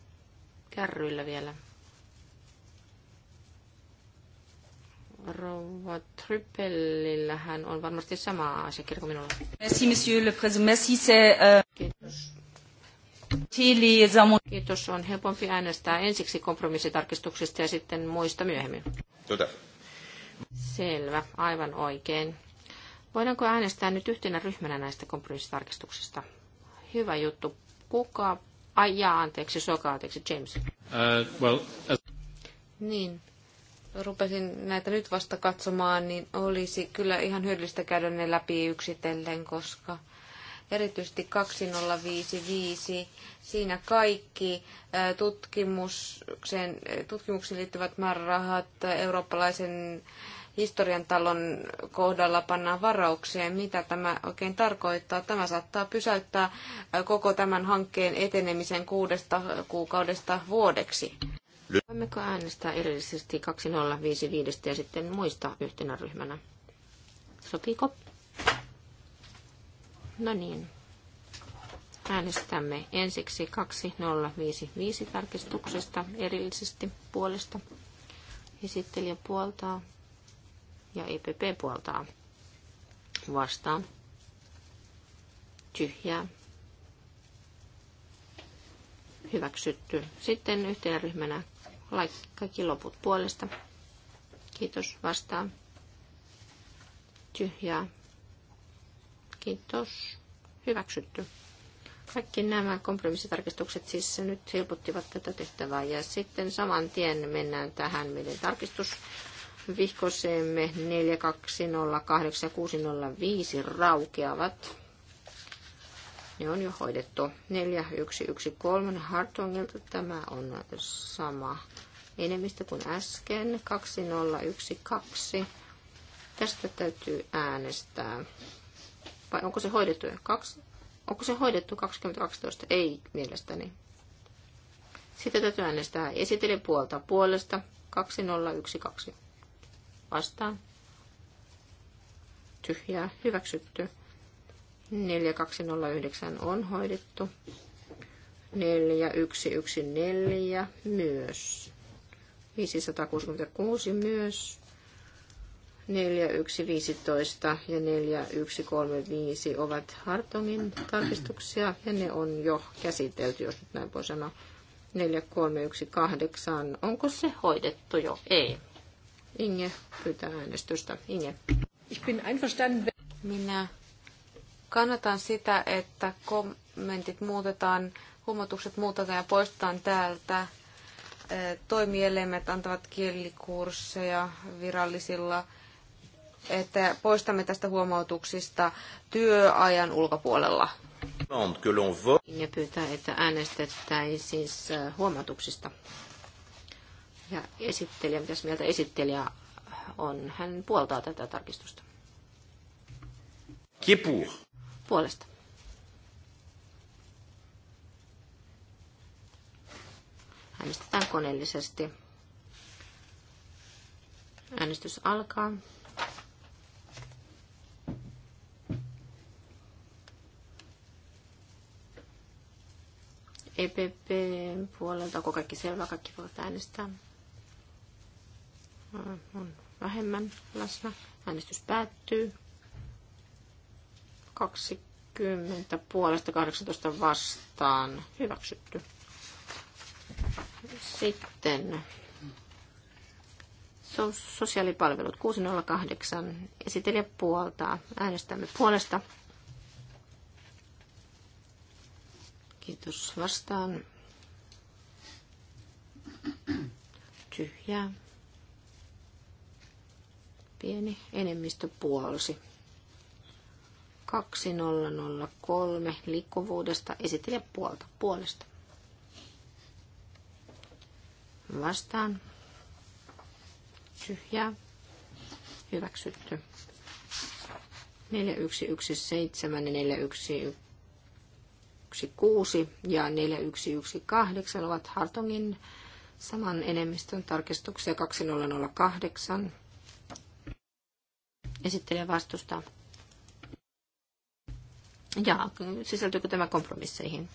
kärryillä vielä? Rouva Tryppellillähän on varmasti sama asiakirja kuin minulla. Merci, monsieur le président. Merci, c'est... Euh, Kiitos. Kiitos. On helpompi äänestää ensiksi kompromissitarkistuksista ja sitten muista myöhemmin. Tota. Selvä. Aivan oikein. Voidaanko äänestää nyt yhtenä ryhmänä näistä kompromissitarkistuksista? Hyvä juttu. Kuka? Ai jaa, anteeksi, Soka, anteeksi, James. Uh, well, as... Niin, rupesin näitä nyt vasta katsomaan, niin olisi kyllä ihan hyödyllistä käydä ne läpi yksitellen, koska erityisesti 2055, siinä kaikki tutkimukseen, tutkimuksiin liittyvät määrärahat eurooppalaisen historian talon kohdalla pannaan varaukseen, mitä tämä oikein tarkoittaa. Tämä saattaa pysäyttää koko tämän hankkeen etenemisen kuudesta kuukaudesta vuodeksi. Voimmeko äänestää erillisesti 2055 ja sitten muista yhtenä ryhmänä? Sopiiko? No niin. Äänestämme ensiksi 2055 tarkistuksesta erillisesti puolesta. Esittelijä puoltaa ja EPP puoltaa vastaan. Tyhjää. Hyväksytty. Sitten yhtenä ryhmänä kaikki loput puolesta. Kiitos vastaan. Tyhjää. Kiitos. Hyväksytty. Kaikki nämä kompromissitarkistukset siis nyt helpottivat tätä tehtävää. Ja sitten saman tien mennään tähän meidän tarkistus vihkoseemme 420865 raukeavat ne on jo hoidettu. 4113 Hartongilta tämä on sama enemmistö kuin äsken. 2012. Tästä täytyy äänestää. Vai onko se hoidettu? Kaksi, onko se hoidettu 2012? Ei mielestäni. Sitä täytyy äänestää Esitelen puolta puolesta 2012. Vastaan. Tyhjää. Hyväksytty. 4209 on hoidettu. 4114 myös. 566 myös. 4115 ja 4135 ovat Hartongin tarkistuksia ja ne on jo käsitelty, jos nyt näin voi sanoa. 4318, onko se hoidettu jo? Ei. Inge pyytää äänestystä. Inge. Ich bin einverstanden. Minä Kannatan sitä, että kommentit muutetaan, huomautukset muutetaan ja poistetaan täältä. Toimielimet antavat kielikursseja virallisilla että poistamme tästä huomautuksista työajan ulkopuolella. Ja pyytää, että äänestettäisiin siis huomautuksista. Ja esittelijä, mitäs mieltä esittelijä on? Hän puoltaa tätä tarkistusta. Kipu puolesta. Äänestetään koneellisesti. Äänestys alkaa. EPP puolelta, onko kaikki selvä, kaikki voivat äänestää. Äh, on vähemmän läsnä. Äänestys päättyy. 20 puolesta 18 vastaan hyväksytty. Sitten sosiaalipalvelut 608 Esitelijä puoltaa. Äänestämme puolesta. Kiitos vastaan. Tyhjää. Pieni enemmistö puolsi. 2003 liikkuvuudesta esittelijä puolta puolesta. Vastaan. Tyhjää. Hyväksytty. 4117 ja 4116 ja 4118 ovat Hartongin saman enemmistön tarkistuksia 2008. Esittelijä vastustaa ja sisältyykö tämä kompromisseihin?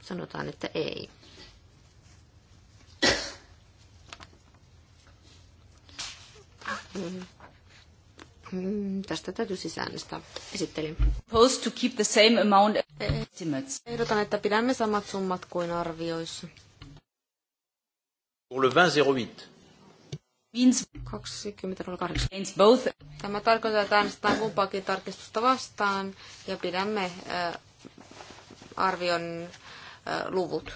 Sanotaan, että ei. Mm, tästä täytyy sisäännöstä. Esittelin. to keep the same amount eh, eh. estimates. Ehdotan, että pidämme samat summat kuin arvioissa. Pour le 20.08. Tämä tarkoittaa, että äänestetään kumpaakin tarkistusta vastaan ja pidämme äh, arvion äh, luvut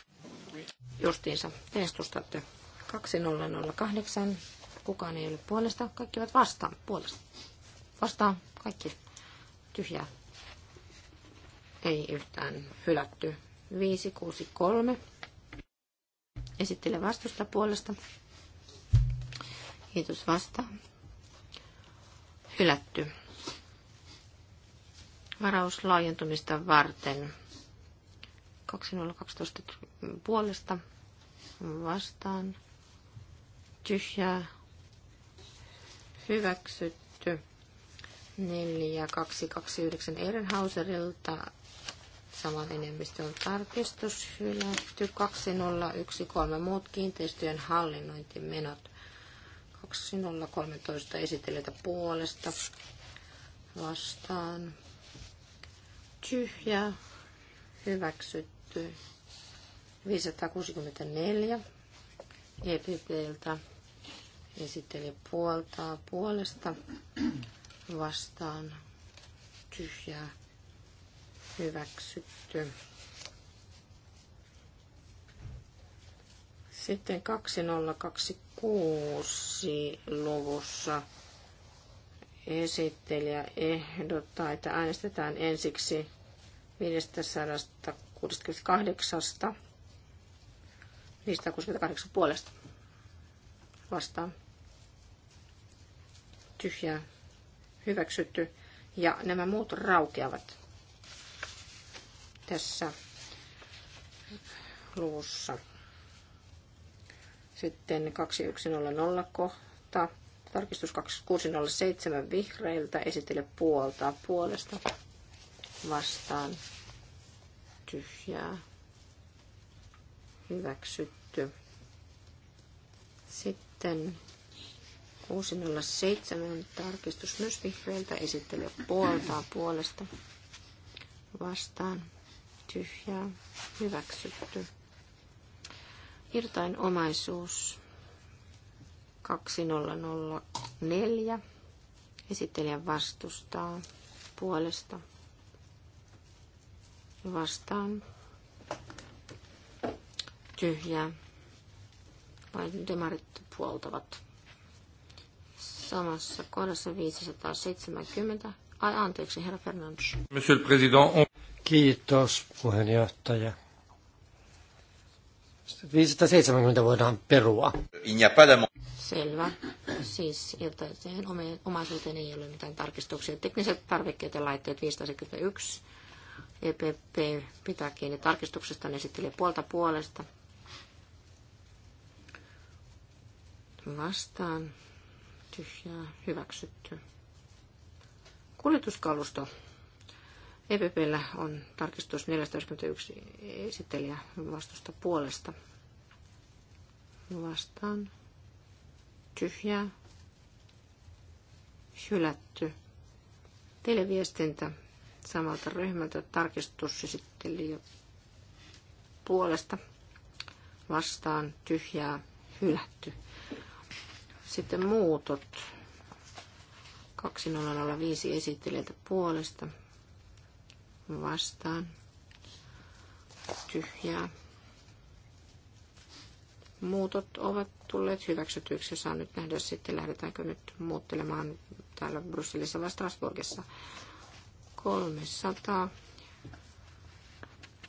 justiinsa. Testustatte 2008. Kukaan ei ole puolesta. Kaikki ovat vastaan. Puolesta. Vastaan. Kaikki. Tyhjää. Ei yhtään hylätty. 563. Esittele vastusta puolesta Jeesus vastaa, Hylätty. Varaus laajentumista varten. 2012 puolesta vastaan. Tyhjää. Hyväksytty. 4229 Ehrenhauserilta saman enemmistön tarkistus hylätty. 2013 muut kiinteistöjen hallinnointimenot 2013 esitellytä puolesta vastaan. Tyhjä, hyväksytty. 564 EPPltä esitteli puoltaa puolesta vastaan. Tyhjä, hyväksytty. Sitten 2020 6 luvussa esittelijä ehdottaa, että äänestetään ensiksi 568 568 puolesta vastaan tyhjää hyväksytty ja nämä muut raukeavat tässä luvussa. Sitten 2100 kohta. Tarkistus 2607 vihreiltä esittele puolta puolesta vastaan tyhjää. Hyväksytty. Sitten 607 tarkistus myös vihreiltä esittele puoltaa puolesta vastaan tyhjää hyväksytty. Irtain omaisuus 2004. Esittelijä vastustaa puolesta vastaan tyhjää. Vain demarit puoltavat. Samassa kohdassa 570. Ai anteeksi, herra Fernandes. Monsieur le Président. Kiitos, puheenjohtaja. 570 voidaan perua. Selvä. Siis iltaiseen omaisuuteen ei ole mitään tarkistuksia. Tekniset tarvikkeet ja laitteet 571. EPP pitää kiinni tarkistuksesta, ne esittelee puolta puolesta. Vastaan. Tyhjää. Hyväksytty. Kuljetuskalusto EPPllä on tarkistus 491 esittelijä vastusta puolesta. Vastaan. Tyhjää. Hylätty. Televiestintä samalta ryhmältä tarkistusesittelijä puolesta. Vastaan. Tyhjää. Hylätty. Sitten muutot. 2005 esittelijältä puolesta vastaan tyhjää. Muutot ovat tulleet hyväksytyiksi. Saa nyt nähdä sitten, lähdetäänkö nyt muuttelemaan täällä Brysselissä vai Strasbourgissa. 300.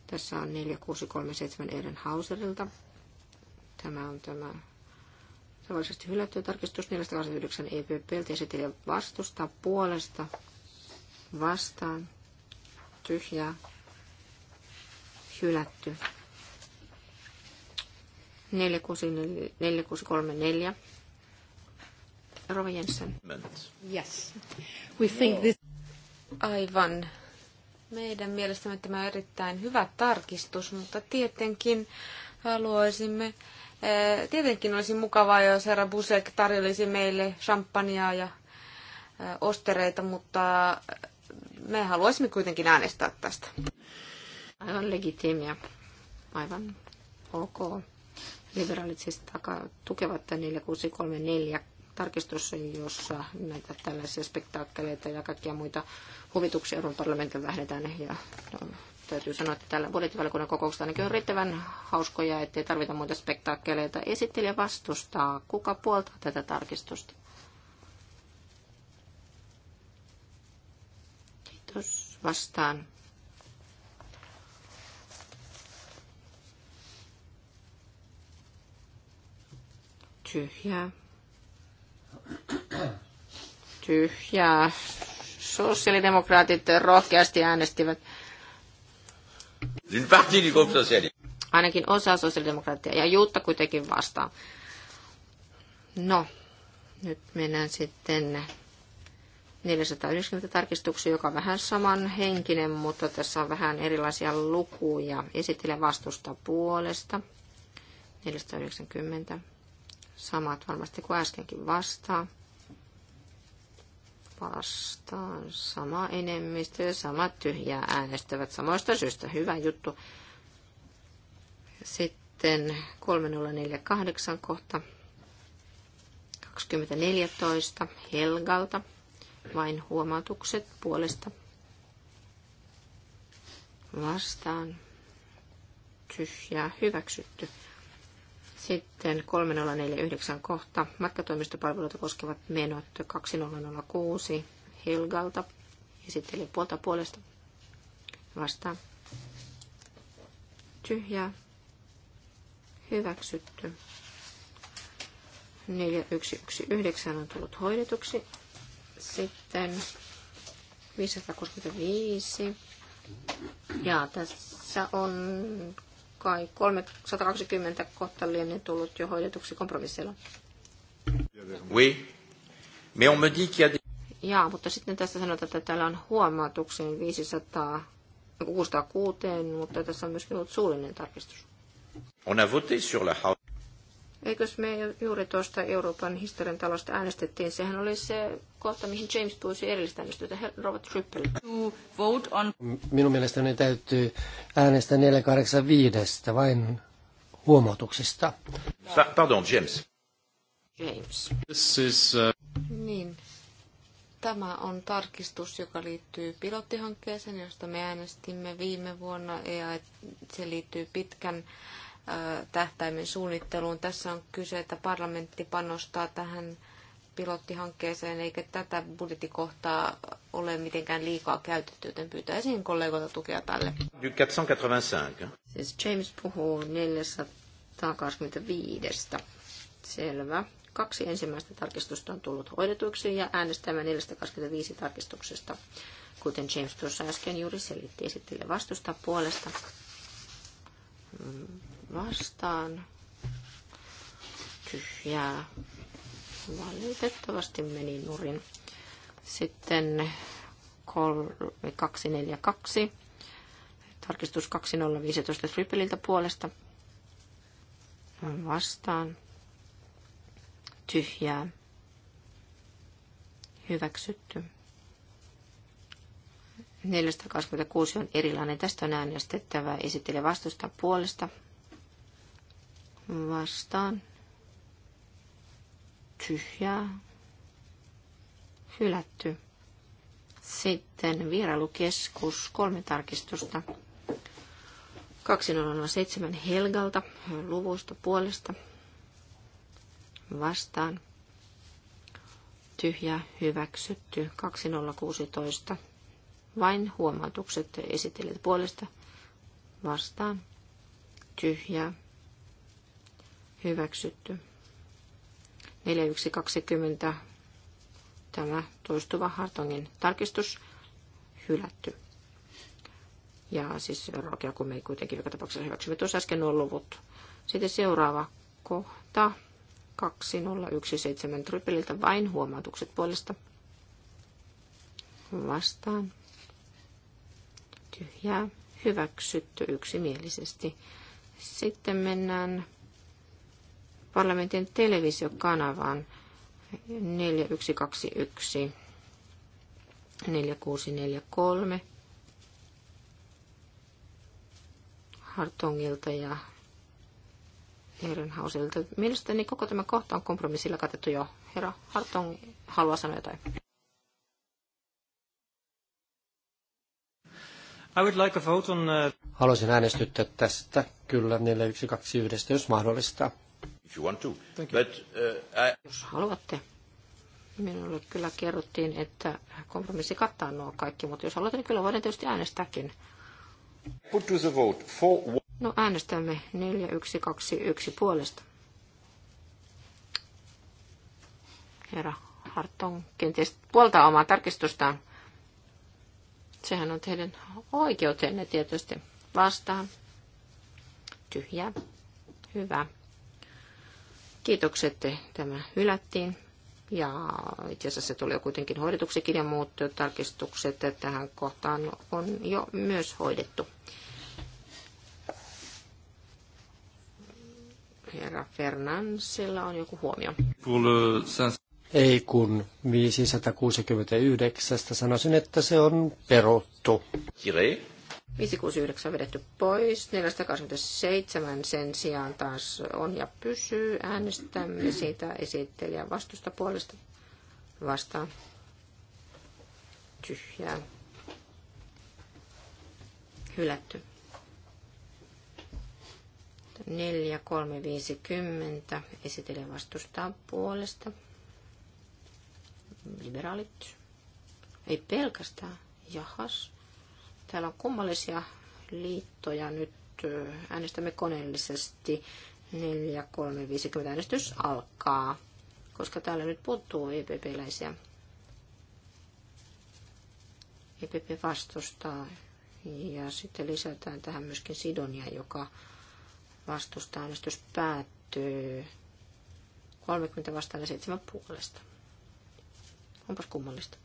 Tässä on 4637 Eren Hauserilta. Tämä on tämä tavallisesti hylätty tarkistus 429 EPPltä. E esittelijä vastustaa puolesta vastaan tyhjää hylätty. 4634. Rovi Jensen. Yes. We think this... Aivan. Meidän mielestämme tämä on erittäin hyvä tarkistus, mutta tietenkin haluaisimme, eh, tietenkin olisi mukavaa, jos herra Busek tarjolisi meille champagnea ja eh, ostereita, mutta me haluaisimme kuitenkin äänestää tästä. Aivan legitiimiä. Aivan ok. Liberaalit siis tukevat 4634 tarkistossa, jossa näitä tällaisia spektaakkeleita ja kaikkia muita huvituksia Euroopan parlamentin lähdetään. Ja no, täytyy sanoa, että tällä budjettivaliokunnan kokouksessa ainakin on riittävän hauskoja, ettei tarvita muita spektaakkeleita. Esittelijä vastustaa. Kuka puoltaa tätä tarkistusta? Kiitos vastaan. Tyhjää. Tyhjää. Sosiaalidemokraatit rohkeasti äänestivät. Ainakin osa sosiaalidemokraattia ja Juutta kuitenkin vastaan. No, nyt mennään sitten 490 tarkistuksia, joka on vähän samanhenkinen, mutta tässä on vähän erilaisia lukuja. Esittele vastusta puolesta. 490. Samat varmasti kuin äskenkin vastaa. Vastaan sama enemmistö ja sama tyhjää äänestävät samoista syistä. Hyvä juttu. Sitten 3048 2014 Helgalta vain huomautukset puolesta vastaan tyhjää hyväksytty. Sitten 3049 kohta matkatoimistopalveluita koskevat menot 2006 Helgalta Esittelee puolta puolesta vastaan tyhjää hyväksytty. 4119 on tullut hoidetuksi sitten 565. Ja tässä on kai 320 kohta lienee tullut jo hoidetuksi kompromissilla. Oui. Mais on me dit qu'il y a des... Jaa, mutta sitten tässä sanotaan, että täällä on huomautuksen 500, 606, mutta tässä on myöskin ollut suullinen tarkistus. On a voté sur la Eikös me juuri tuosta Euroopan historian talosta äänestettiin? Sehän oli se kohta, mihin James pyysi erillistä äänestystä. Robert Trippel. Minun mielestäni täytyy äänestää 485 vain huomautuksista. Pardon, James. James. This is, uh... Niin. Tämä on tarkistus, joka liittyy pilottihankkeeseen, josta me äänestimme viime vuonna, ja se liittyy pitkän tähtäimen suunnitteluun. Tässä on kyse, että parlamentti panostaa tähän pilottihankkeeseen, eikä tätä budjettikohtaa ole mitenkään liikaa käytetty, joten pyytäisin kollegoita tukea tälle. 485. Siis James puhuu 425. Selvä. Kaksi ensimmäistä tarkistusta on tullut hoidetuiksi ja äänestämme 425 tarkistuksesta. Kuten James tuossa äsken juuri selitti, esittelee vastusta puolesta mm vastaan. Tyhjää. Valitettavasti meni nurin. Sitten 242. Tarkistus 2015 Frippeliltä puolesta. Vastaan. Tyhjää. Hyväksytty. 426 on erilainen. Tästä on äänestettävä esittele vastusta puolesta vastaan tyhjää hylätty. Sitten vierailukeskus, kolme tarkistusta. 2007 Helgalta luvusta puolesta vastaan tyhjä hyväksytty 2016. Vain huomautukset esitellyt puolesta vastaan tyhjä hyväksytty. 4120 tämä toistuva Hartongin tarkistus hylätty. Ja siis raukia, kun me ei kuitenkin joka tapauksessa hyväksymme tuossa äsken nuo luvut. Sitten seuraava kohta. 2017 trypeliltä vain huomautukset puolesta. Vastaan. Tyhjää. Hyväksytty yksimielisesti. Sitten mennään parlamentin televisiokanavaan 4121 4643 Hartongilta ja Ehrenhauselta. Mielestäni koko tämä kohta on kompromissilla katettu jo. Herra Hartong haluaa sanoa jotain. I would like a vote on, uh... Haluaisin äänestyttää tästä kyllä 4121, jos mahdollista if you want to. Thank you. But, uh, I... Jos haluatte. Minulle kyllä kerrottiin, että kompromissi kattaa nuo kaikki, mutta jos haluatte, niin kyllä voidaan tietysti äänestääkin. Put to the vote for... No äänestämme yksi puolesta. Herra Harton kenties puolta omaa tarkistustaan. Sehän on teidän oikeutenne tietysti vastaan. Tyhjä. Hyvä. Kiitokset, tämä hylättiin. Ja itse asiassa se jo kuitenkin hoidetuksikin ja muut tarkistukset tähän kohtaan on jo myös hoidettu. Herra Fernansilla on joku huomio. Ei kun 569 sanoisin, että se on peruttu. Kirei. 569 vedetty pois, 427 sen sijaan taas on ja pysyy. Äänestämme siitä esittelijän vastusta puolesta vastaan. Tyhjää. Hylätty. 4350 esitelijän vastustaa puolesta. Liberaalit. Ei pelkästään. Jahas. Täällä on kummallisia liittoja nyt. Äänestämme koneellisesti. 4350 äänestys alkaa, koska täällä nyt puuttuu EPP-läisiä. EPP vastustaa ja sitten lisätään tähän myöskin Sidonia, joka vastustaa. Äänestys päättyy 30 vastaan ja 7 puolesta. Onpas kummallista.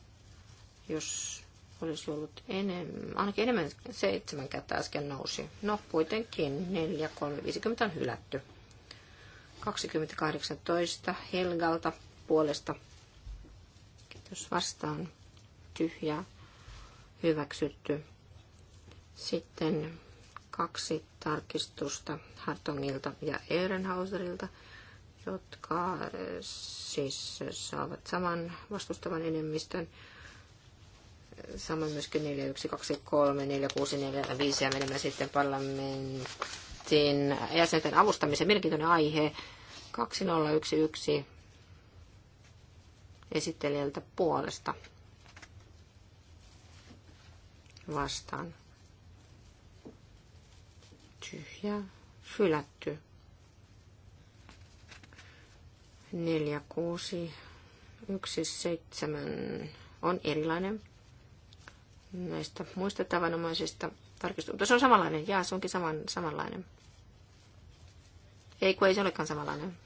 Jos olisi ollut enemmän, ainakin enemmän seitsemän kättä äsken nousi. No, kuitenkin 4, 3, 50 on hylätty. 2018 Helgalta puolesta. Kiitos vastaan. Tyhjä. Hyväksytty. Sitten kaksi tarkistusta Hartongilta ja Ehrenhauserilta, jotka eh, siis eh, saavat saman vastustavan enemmistön. Samoin myöskin 4123, 4645 ja menemme sitten parlamentin jäsenten avustamiseen. Mielenkiintoinen aihe. 2011 esittelijältä puolesta vastaan. Tyhjä, hylätty. 4, 6, 1, 7 on erilainen näistä muista tavanomaisista tarkistuksista. se on samanlainen. Jaa, se onkin saman, samanlainen. Ei, kun ei se olekaan samanlainen.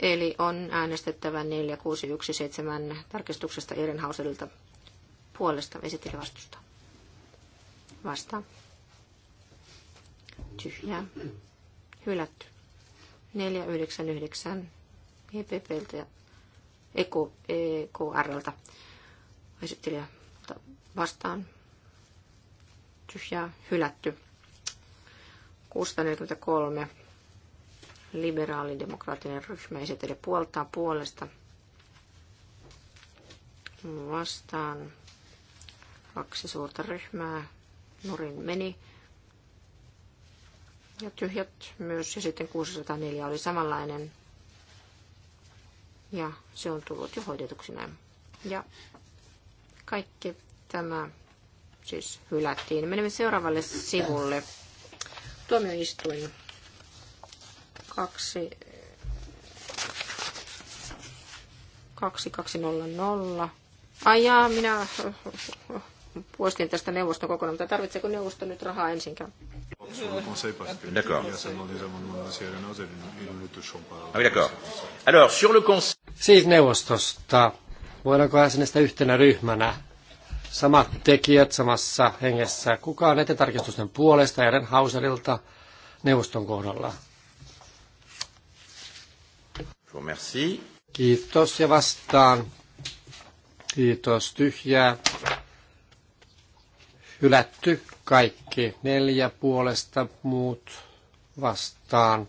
Eli on äänestettävä 4617 tarkistuksesta Ehrenhauselilta puolesta esitteli vastusta. Vasta. Tyhjää. Hylätty. 499 EPPltä ja EK, e esittelijä vastaan. Tyhjää hylätty. 643 liberaalidemokraattinen ryhmä esittelee puoltaa puolesta vastaan. Kaksi suurta ryhmää. Nurin meni. Ja tyhjät myös. Ja sitten 604 oli samanlainen. Ja se on tullut jo hoidetuksi näin. Ja kaikki tämä siis hylättiin. Menemme seuraavalle sivulle. Tuomioistuin. Kaksi 2200. Ai jaa, minä puistin tästä neuvoston kokonaan, mutta tarvitseeko neuvosto nyt rahaa ensinkään? Ah siis neuvostosta Voidaanko äänestää yhtenä ryhmänä? Samat tekijät samassa hengessä. Kuka on puolesta ja Hauserilta neuvoston kohdalla? Merci. Kiitos ja vastaan. Kiitos tyhjää. Hylätty kaikki neljä puolesta muut vastaan.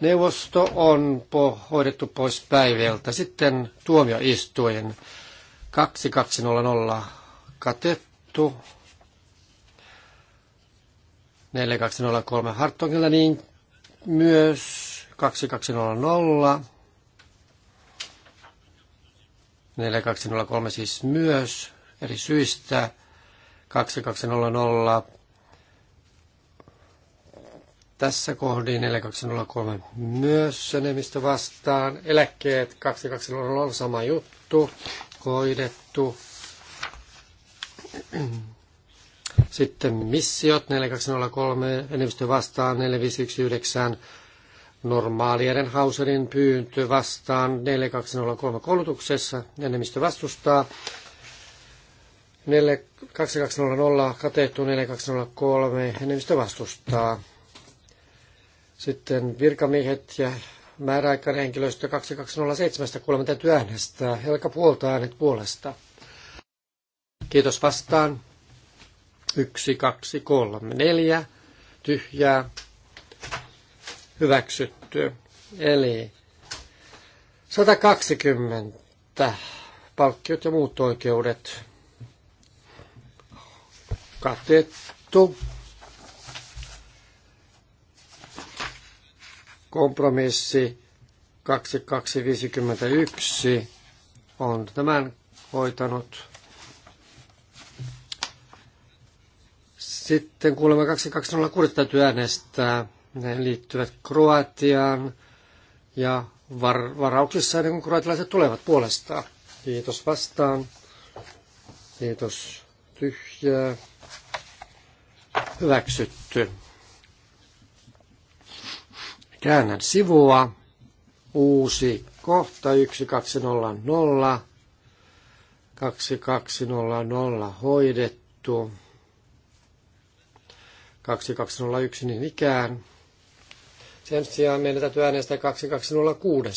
Neuvosto on po, hoidettu pois päiviltä. Sitten tuomioistuin 2200 katettu. 4203 Hartongilla, niin myös 2200 4203 siis myös eri syistä 2200 tässä kohdin 4203 myös enemmistö vastaan. Eläkkeet 2200 on sama juttu, hoidettu. Sitten missiot 4203 enemmistö vastaan 4519 normaalien Hauserin pyyntö vastaan 4203 koulutuksessa, enemmistö vastustaa. 4200 katehtuu 4203, enemmistö vastustaa. Sitten virkamiehet ja määräaikainen henkilöstö 2207 kuulemma täytyy äänestää. Helka puolta äänet puolesta. Kiitos vastaan. Yksi, kaksi, kolme, neljä. Tyhjää. Hyväksytty. Eli 120 palkkiot ja muut oikeudet katettu. Kompromissi 2251 on tämän hoitanut. Sitten kuulemma 2206 täytyy äänestää. Ne liittyvät Kroatiaan ja var- varauksissa ennen kuin kroatilaiset tulevat puolestaan. Kiitos vastaan. Kiitos tyhjää. Hyväksytty. Käännän sivua. Uusi kohta 1200. 2200 hoidettu. 2201 niin ikään. Sen sijaan meidän täytyy äänestää 2206.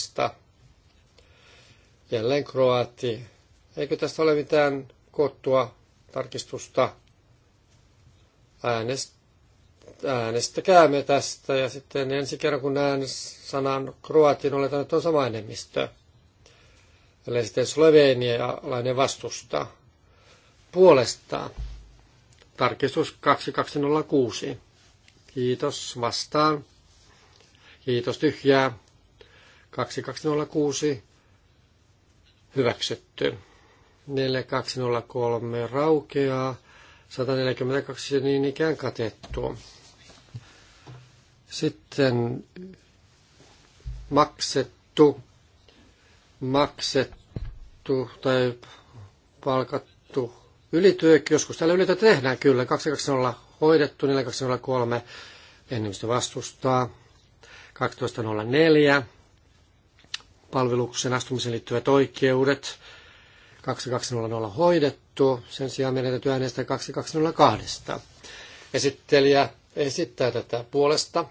Jälleen kroaatti. Eikö tästä ole mitään koottua tarkistusta? Äänestää äänestäkäämme tästä ja sitten ensi kerran kun näen sanan kroatin, oletan, että on sama enemmistö. Eli sitten Lainen vastustaa puolestaan. Tarkistus 2206. Kiitos vastaan. Kiitos tyhjää. 2206 hyväksytty. 4203 raukeaa. 142 niin ikään katettua. Sitten maksettu, maksettu tai palkattu ylityö. Joskus täällä ylityö tehdään kyllä. 220 hoidettu, 4203 enemmistö vastustaa. 1204 palveluksen astumiseen liittyvät oikeudet. 2200 hoidettu, sen sijaan menetetty täytyy 2202. Esittelijä esittää tätä puolesta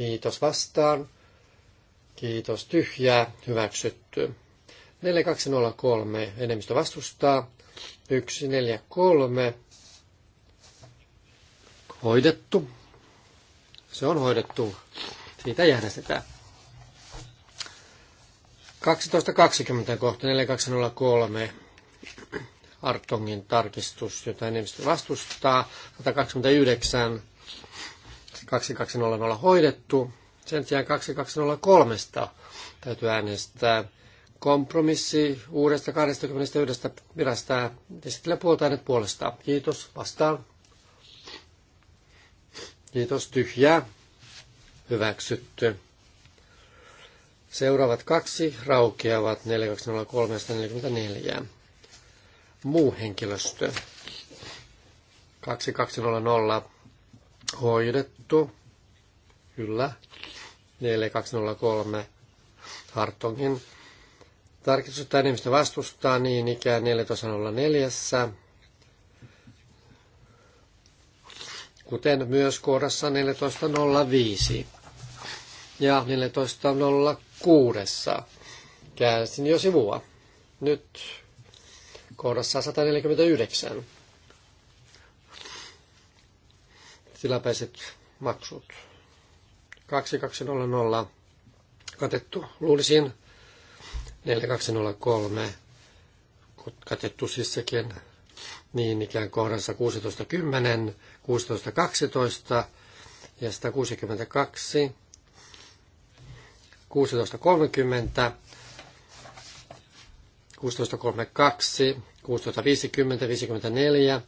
Kiitos vastaan. Kiitos tyhjää. Hyväksytty. 4203 enemmistö vastustaa. 143 hoidettu. Se on hoidettu. Siitä järjestetään. 12.20 kohta 4203 Artongin tarkistus, jota enemmistö vastustaa. 129 2200 hoidettu. Sen sijaan 2203 täytyy äänestää kompromissi uudesta 21 virasta. Esittelee puolta äänet puolesta. Kiitos. Vastaan. Kiitos. Tyhjää. Hyväksytty. Seuraavat kaksi raukeavat 4203-44. Muu henkilöstö. 2200 hoidettu. Kyllä. 4203 Hartongin tarkistus, että enemmistö vastustaa, niin ikään 1404. Kuten myös kohdassa 1405 ja 1406. Käänsin jo sivua. Nyt kohdassa 149. tilapäiset maksut. 2200 katettu. Luulisin 4203 katettu siis sekin niin ikään kohdassa 1610, 1612 ja 162, 1630, 1632, 1650, 54,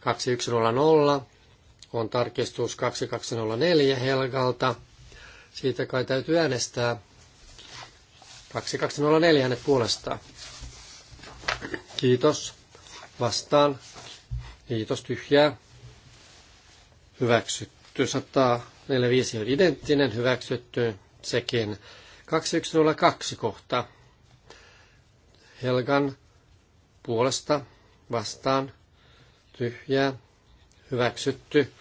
2100, on tarkistus 2204 Helgalta. Siitä kai täytyy äänestää 2204 hänet puolestaan. Kiitos. Vastaan. Kiitos. Tyhjää. Hyväksytty. 145 on identtinen. Hyväksytty sekin. 2102 kohta. Helgan puolesta vastaan tyhjää, hyväksytty.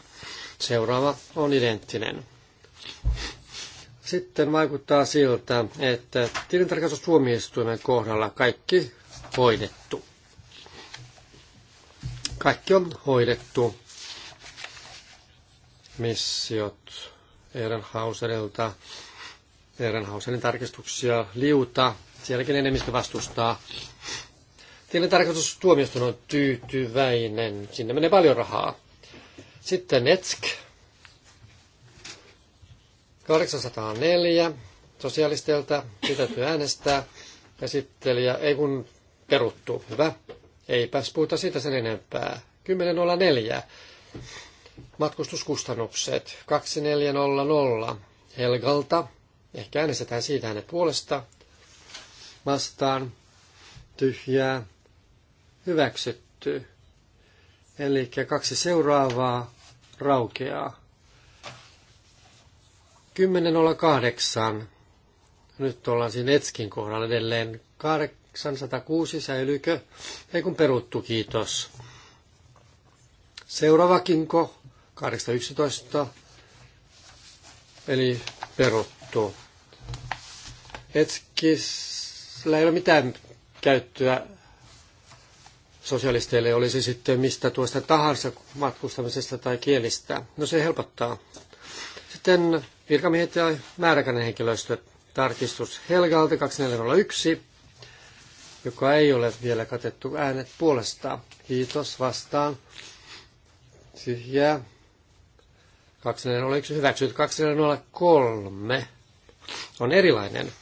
Seuraava on identtinen. Sitten vaikuttaa siltä, että tuomioistuimen kohdalla kaikki hoidettu. Kaikki on hoidettu. Missiot Ehrenhauserilta, Ehrenhauserin tarkistuksia liuta. Sielläkin enemmistö vastustaa. tuomioistuin on tyytyväinen. Sinne menee paljon rahaa. Sitten Netsk 804 sosialisteilta pitäty äänestää. Käsittelijä ei kun peruttu. Hyvä. Eipäs puhuta siitä sen enempää. 10.04. Matkustuskustannukset 2400 Helgalta. Ehkä äänestetään siitä hänen puolesta. Vastaan. Tyhjää. Hyväksytty. Eli kaksi seuraavaa raukeaa. 10.08. Nyt ollaan siinä Etskin kohdalla edelleen. 806 säilykö? Ei kun peruttu, kiitos. Seuraava kinko, 811, eli peruttu. Etskissä ei ole mitään käyttöä sosialisteille olisi sitten mistä tuosta tahansa matkustamisesta tai kielistä. No se helpottaa. Sitten virkamiehet ja määräkäinen henkilöstö. Tarkistus Helgalta 2401, joka ei ole vielä katettu äänet puolestaan. Kiitos vastaan. Tyhjää. 2401 hyväksyt. 2403 on erilainen.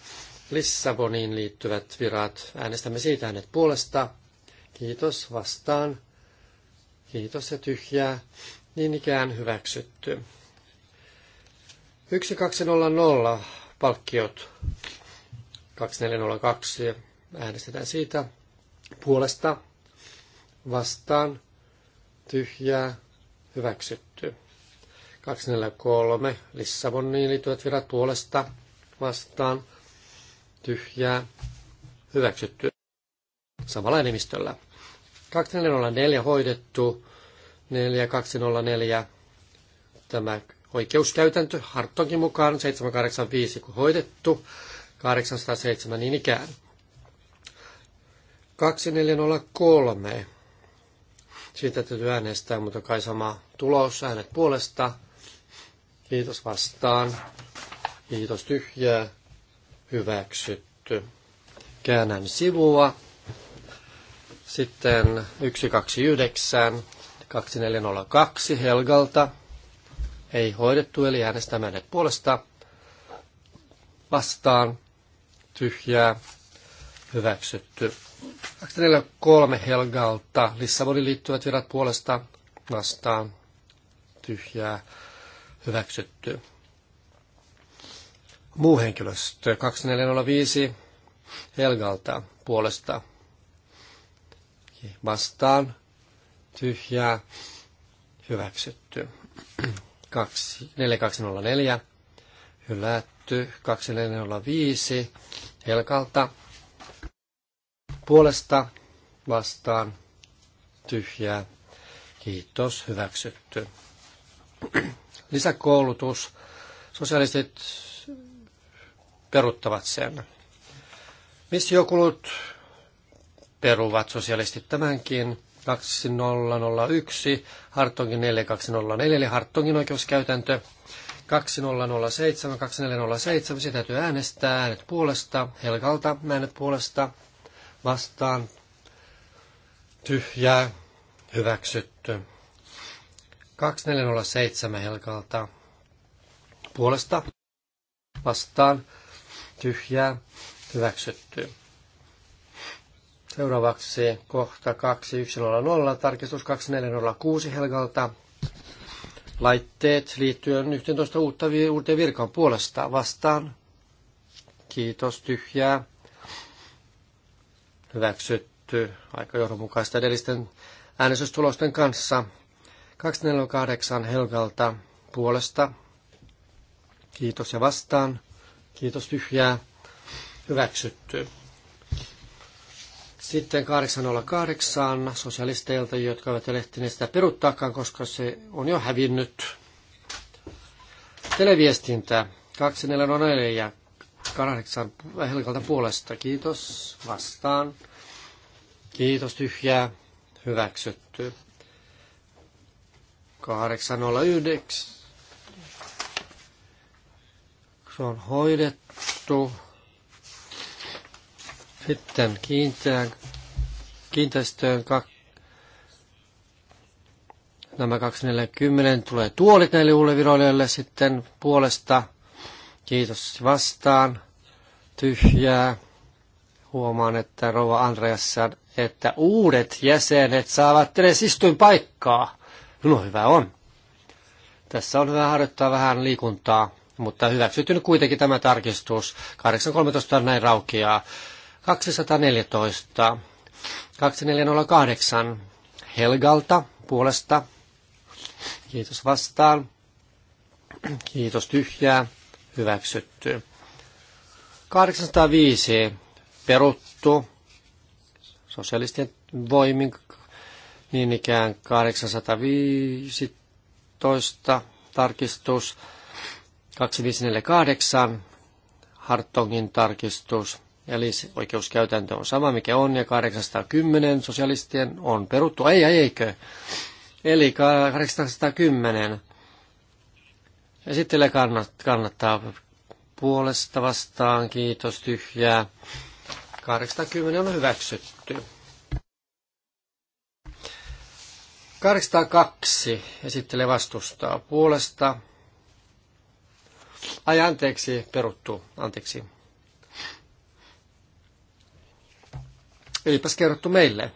Lissaboniin liittyvät virat. Äänestämme siitä äänet puolesta Kiitos vastaan. Kiitos ja tyhjää. Niin ikään hyväksytty. 1200 palkkiot 2402 äänestetään siitä puolesta vastaan tyhjää hyväksytty. 243 Lissaboniin liittyvät virat puolesta vastaan tyhjää hyväksytty samalla enemmistöllä. 2404 hoidettu, 4204 tämä oikeuskäytäntö Hartonkin mukaan, 785 kun hoidettu, 807 niin ikään. 2403. Siitä täytyy äänestää, mutta kai sama tulos, äänet puolesta. Kiitos vastaan. Kiitos tyhjää. Hyväksytty. Käännän sivua. Sitten 129, 2402 Helgalta. Ei hoidettu, eli äänestämme puolesta. Vastaan. Tyhjää. Hyväksytty. 243 Helgalta. Lissabonin liittyvät virat puolesta. Vastaan. Tyhjää. Hyväksytty. Muu henkilöstö. 2405 Helgalta puolesta vastaan tyhjää hyväksytty. 4204 hylätty 2405 Helkalta puolesta vastaan tyhjää. Kiitos, hyväksytty. Lisäkoulutus. Sosialistit peruttavat sen. Missiokulut peruvat sosialistit tämänkin. 2001, Hartongin 4204, eli Hartongin oikeuskäytäntö 2007, 2407, sitä täytyy äänestää, äänet puolesta, helgalta, äänet puolesta, vastaan, tyhjää, hyväksytty. 2407 Helkalta, puolesta, vastaan, tyhjää, hyväksytty. Seuraavaksi kohta 2100, tarkistus 2406 Helgalta. Laitteet liittyen 11 uutta, uuteen virkaan puolesta vastaan. Kiitos, tyhjää. Hyväksytty. Aika johdonmukaista edellisten äänestystulosten kanssa. 248 Helgalta puolesta. Kiitos ja vastaan. Kiitos, tyhjää. Hyväksytty. Sitten 808 sosialisteilta, jotka ovat lehtineet sitä peruuttaakaan, koska se on jo hävinnyt. Televiestintä 2404 8 Helkalta puolesta. Kiitos. Vastaan. Kiitos tyhjää. Hyväksytty. 809. Se on hoidettu. Sitten kiinteän, kiinteistöön kak, nämä 240 tulee tuolit näille uuleviroilijoille sitten puolesta. Kiitos vastaan. Tyhjää. Huomaan, että Rova Andreassan, että uudet jäsenet saavat edes istuinpaikkaa. No hyvä on. Tässä on hyvä harjoittaa vähän liikuntaa, mutta hyväksytty nyt kuitenkin tämä tarkistus. 8.13 näin raukeaa. 214, 2408 Helgalta puolesta. Kiitos vastaan. Kiitos tyhjää. Hyväksytty. 805 peruttu sosialistien voimin niin ikään 815 tarkistus 2548 Hartongin tarkistus Eli oikeuskäytäntö on sama, mikä on, ja 810 sosialistien on peruttu. Ei, ei, eikö? Eli 810. Esittele kannat, kannattaa puolesta vastaan, kiitos, tyhjää. 810 on hyväksytty. 802 esittelee vastustaa puolesta. Ai anteeksi, peruttu, anteeksi. Eipäs kerrottu meille.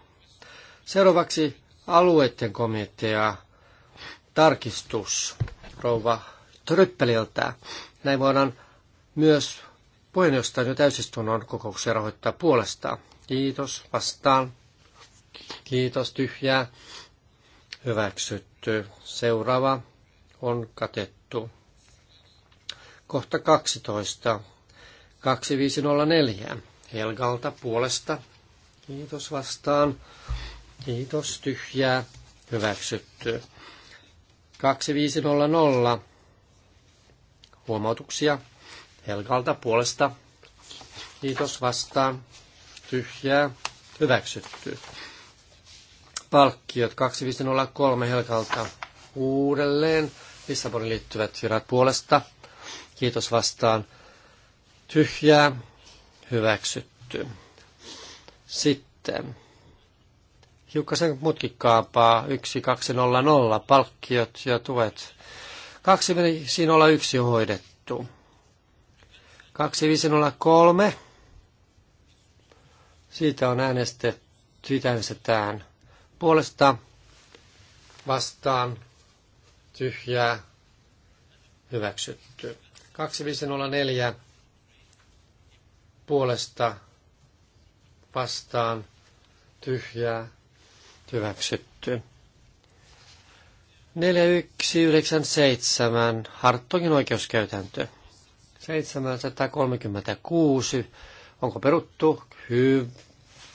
Seuraavaksi alueiden komitea tarkistus rouva Tryppeliltä. Näin voidaan myös puheenjohtajan jo täysistunnon kokouksia rahoittaa puolestaan. Kiitos, vastaan. Kiitos, tyhjää. Hyväksytty. Seuraava on katettu. Kohta 12. 2504. Helgalta puolesta Kiitos vastaan. Kiitos tyhjää. Hyväksytty. 2500. Huomautuksia Helgalta puolesta. Kiitos vastaan. Tyhjää. Hyväksytty. Palkkiot 2503 Helgalta uudelleen. Lissabonin liittyvät virat puolesta. Kiitos vastaan. Tyhjää. Hyväksytty. Sitten hiukkasen mutkikkaampaa 1200 palkkiot ja tuet. 2501 on hoidettu. 2503 siitä on äänestetty, siitä äänestetään puolesta vastaan tyhjää hyväksytty. 2504 puolesta vastaan tyhjää hyväksytty. 4197 Hartongin oikeuskäytäntö. 736. Onko peruttu? Hyvä.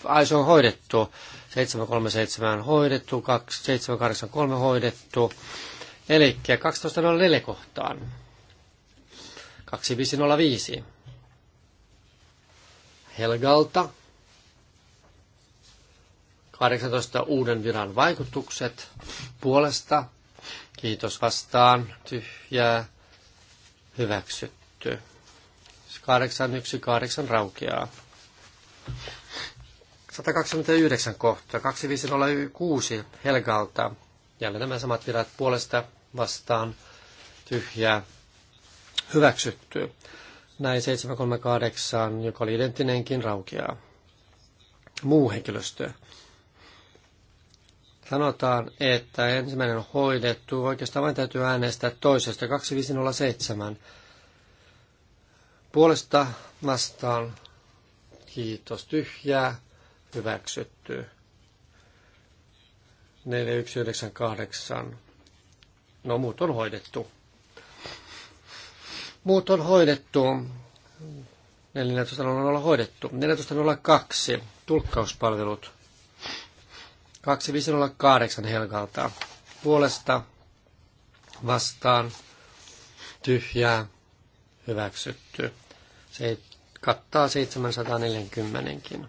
Ai se on hoidettu. 737 hoidettu, 783 hoidettu. Eli 12.04 kohtaan. 2505. Helgalta 18 uuden viran vaikutukset puolesta. Kiitos vastaan. Tyhjää. Hyväksytty. 818 raukeaa. 129 kohta. 2506 Helgalta. Jälleen nämä samat virat puolesta vastaan. Tyhjää. Hyväksytty. Näin 738, joka oli identtinenkin, raukeaa. Muu henkilöstö sanotaan, että ensimmäinen on hoidettu. Oikeastaan vain täytyy äänestää toisesta. 2507. Puolesta vastaan. Kiitos. Tyhjää. Hyväksytty. 4198. No muut on hoidettu. Muut on hoidettu. 14.00 hoidettu. 14.02. Tulkkauspalvelut. 2508 Helgalta puolesta vastaan tyhjää hyväksytty. Se kattaa 740kin.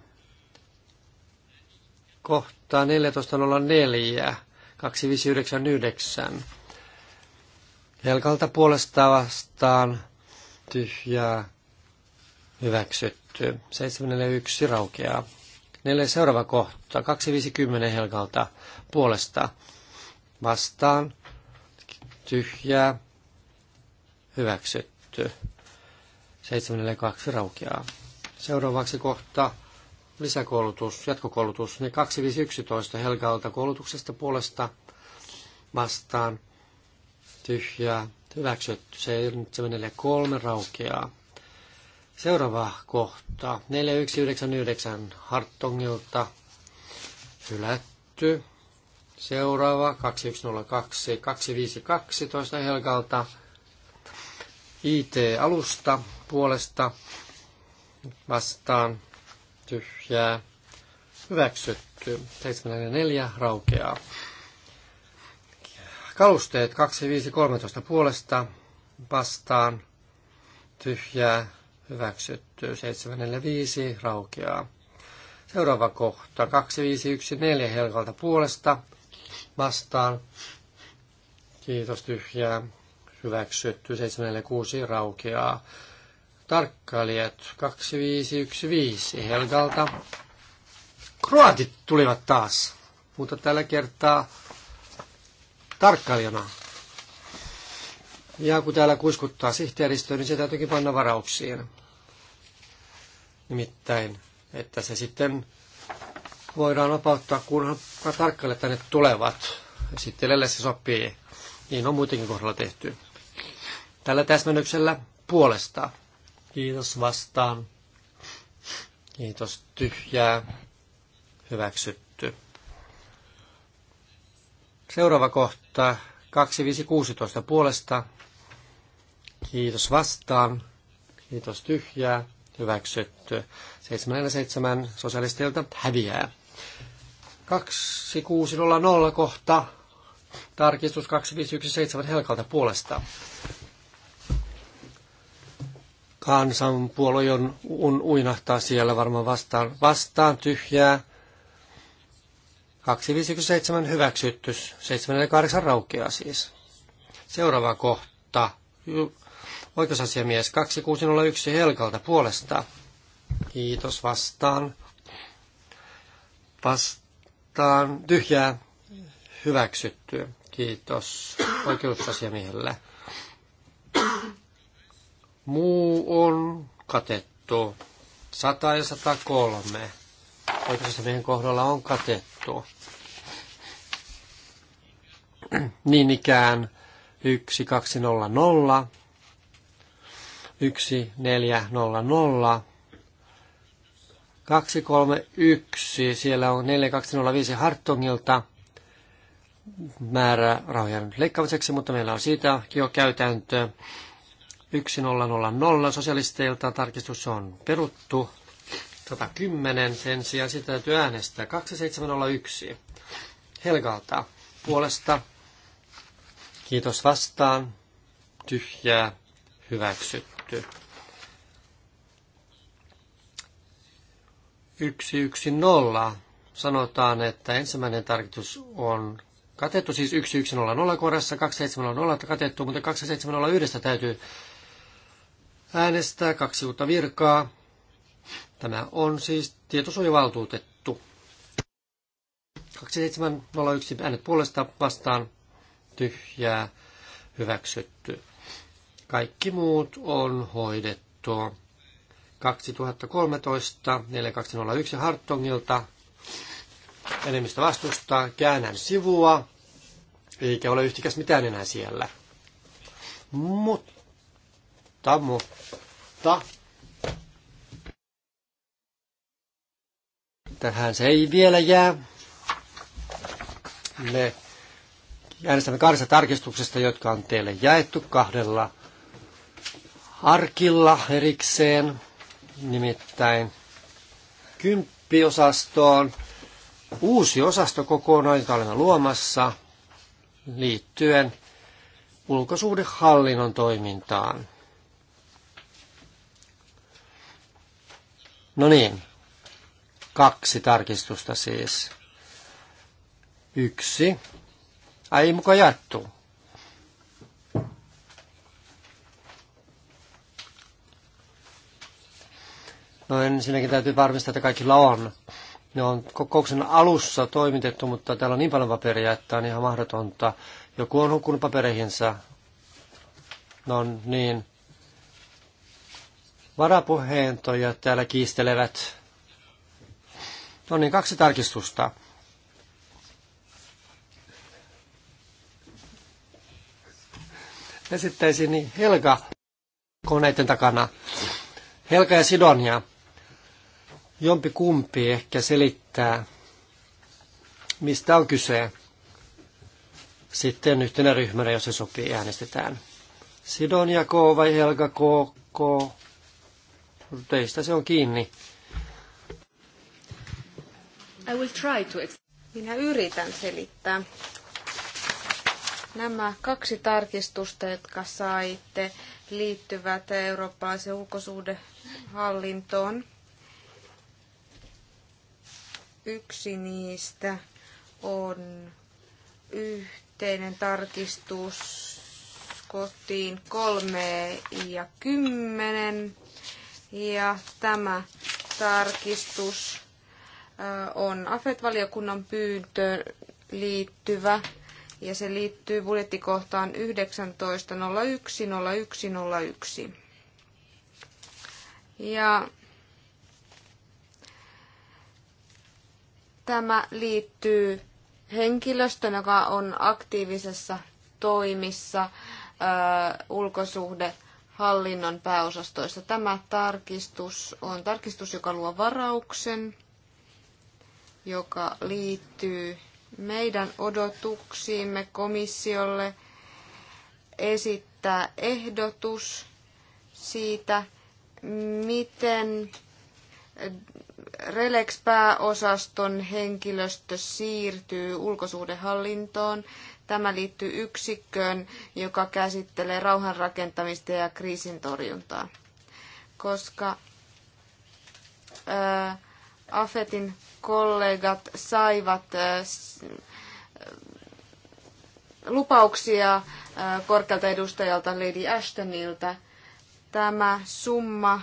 Kohta 14.04, 2599. Helkalta puolesta vastaan tyhjää hyväksytty. 741 raukeaa. Neljä seuraava kohta, 250 Helgalta puolesta vastaan, tyhjää, hyväksytty. 742 raukeaa. Seuraavaksi kohta lisäkoulutus, jatkokoulutus, ne niin 2511 Helgalta koulutuksesta puolesta vastaan, tyhjää, hyväksytty. 743 raukeaa. Seuraava kohta. 4199 Hartongilta hylätty. Seuraava 2102 2512 Helgalta IT-alusta puolesta vastaan tyhjää hyväksytty. 74 raukeaa. Kalusteet 2513 puolesta vastaan tyhjää hyväksytty. 745 raukeaa. Seuraava kohta. 2514 Helkalta puolesta vastaan. Kiitos tyhjää. Hyväksytty. 746 raukeaa. Tarkkailijat 2515 Helgalta. Kroatit tulivat taas, mutta tällä kertaa tarkkailijana ja kun täällä kuiskuttaa sihteeristöä, niin se täytyykin panna varauksiin. Nimittäin, että se sitten voidaan opauttaa, kunhan tarkkaille tänne tulevat. sitten se sopii. Niin on muutenkin kohdalla tehty. Tällä täsmennyksellä puolesta. Kiitos vastaan. Kiitos tyhjää. Hyväksytty. Seuraava kohta 2516 puolesta Kiitos vastaan. Kiitos tyhjää. Hyväksytty. 77 sosialistilta häviää. 2600 kohta. Tarkistus 2517 Helkalta puolesta. Kansanpuolue on, un, uinahtaa siellä varmaan vastaan, vastaan tyhjää. 2517 hyväksytty, 78 raukeaa siis. Seuraava kohta, Oikeusasiamies 2601 Helkalta puolesta. Kiitos vastaan. Vastaan tyhjää hyväksyttyä. Kiitos oikeusasiamiehelle. Muu on katettu. 100 ja 103 oikeusasiamiehen kohdalla on katettu. Niin ikään 1200 1400. 231, siellä on 4205 Hartongilta määrä rahojen leikkaamiseksi, mutta meillä on siitä jo käytäntö 1000 sosialisteilta. Tarkistus on peruttu 110, sen sijaan sitä täytyy äänestää 2701 Helgalta puolesta. Kiitos vastaan. Tyhjää hyväksytty. Yksi yksi nolla sanotaan, että ensimmäinen tarkistus on katettu, siis 1100 kohdassa, 270 katettu, mutta 271 täytyy äänestää, kaksi uutta virkaa. Tämä on siis tietosuojavaltuutettu. 2701 äänet puolesta vastaan tyhjää hyväksytty. Kaikki muut on hoidettu. 2013 4201 Hartongilta enemmistö vastustaa, käännän sivua, eikä ole yhtikäs mitään enää siellä. Mutta, mutta, tähän se ei vielä jää. Me äänestämme kahdesta tarkistuksesta, jotka on teille jaettu kahdella arkilla erikseen, nimittäin kymppiosastoon. Uusi osasto kokonaan, jota olemme luomassa, liittyen ulkosuhdehallinnon toimintaan. No niin, kaksi tarkistusta siis. Yksi. Ai ei muka jättu. No ensinnäkin täytyy varmistaa, että kaikilla on. Ne on kokouksen alussa toimitettu, mutta täällä on niin paljon paperia, että on ihan mahdotonta. Joku on hukkunut papereihinsa. No niin. Varapuheentoja täällä kiistelevät. No niin, kaksi tarkistusta. Esittäisin Helga koneiden takana. Helga ja Sidonia. Jompi kumpi ehkä selittää, mistä on kyse. Sitten yhtenä ryhmänä, jos se sopii, äänestetään. Sidonia K vai Helga K? K? Teistä se on kiinni. I will try to Minä yritän selittää. Nämä kaksi tarkistusta, jotka saitte, liittyvät ulkosuuden hallintoon. Yksi niistä on yhteinen tarkistus kotiin kolme ja kymmenen. Ja tämä tarkistus äh, on AFET-valiokunnan pyyntöön liittyvä ja se liittyy budjettikohtaan 19.01.01.01. Ja Tämä liittyy henkilöstön, joka on aktiivisessa toimissa ulkosuhde hallinnon pääosastoissa. Tämä tarkistus on tarkistus, joka luo varauksen, joka liittyy meidän odotuksiimme komissiolle esittää ehdotus siitä, miten Relex-pääosaston henkilöstö siirtyy ulkosuhdehallintoon. Tämä liittyy yksikköön, joka käsittelee rauhanrakentamista ja kriisintorjuntaa. Koska ää, AFETin kollegat saivat ää, lupauksia ää, korkealta edustajalta Lady Ashtonilta, tämä summa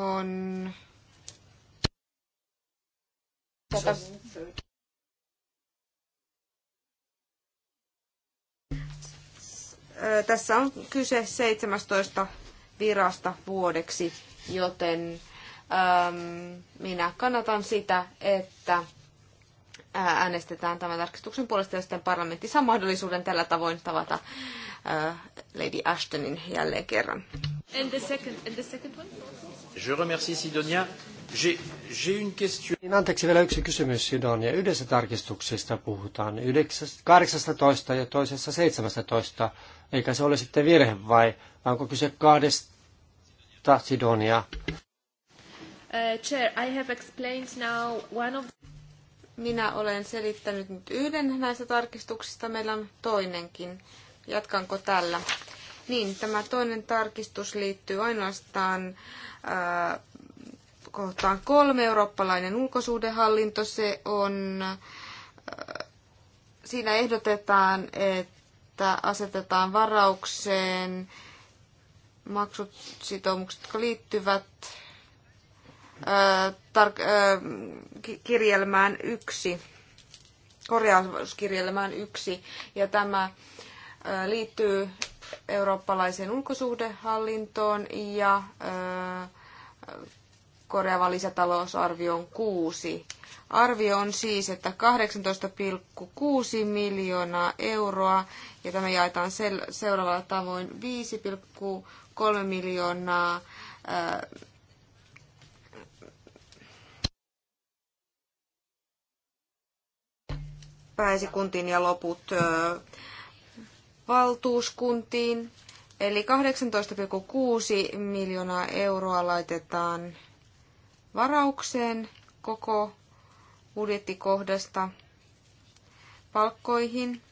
on tässä on kyse 17 virasta vuodeksi, joten äm, minä kannatan sitä, että äänestetään tämän tarkistuksen puolesta ja sitten parlamentti saa mahdollisuuden tällä tavoin tavata äh, Lady Ashtonin jälleen kerran. And the second, and the second one? Je remercie Sidonia. J'ai une question. Niin, anteeksi vielä yksi kysymys Sidonia. Yhdessä tarkistuksista puhutaan 18 ja toisessa 17. Eikä se ole sitten virhe vai onko kyse kahdesta Sidonia? Uh, chair, I have explained now one of... Minä olen selittänyt nyt yhden näistä tarkistuksista. Meillä on toinenkin. Jatkanko tällä? Niin, tämä toinen tarkistus liittyy ainoastaan äh, kohtaan kolme, eurooppalainen ulkosuhdehallinto, se on, siinä ehdotetaan, että asetetaan varaukseen maksut, sitoumukset, jotka liittyvät tar- kirjelmään yksi, korjauskirjelmään yksi, ja tämä liittyy eurooppalaiseen ulkosuhdehallintoon ja ää, korjaava lisätalousarvio on kuusi. Arvio on siis, että 18,6 miljoonaa euroa, ja tämä jaetaan sel- seuraavalla tavoin 5,3 miljoonaa ää, pääsikuntiin ja loput ää, valtuuskuntiin. Eli 18,6 miljoonaa euroa laitetaan varaukseen koko budjettikohdasta palkkoihin,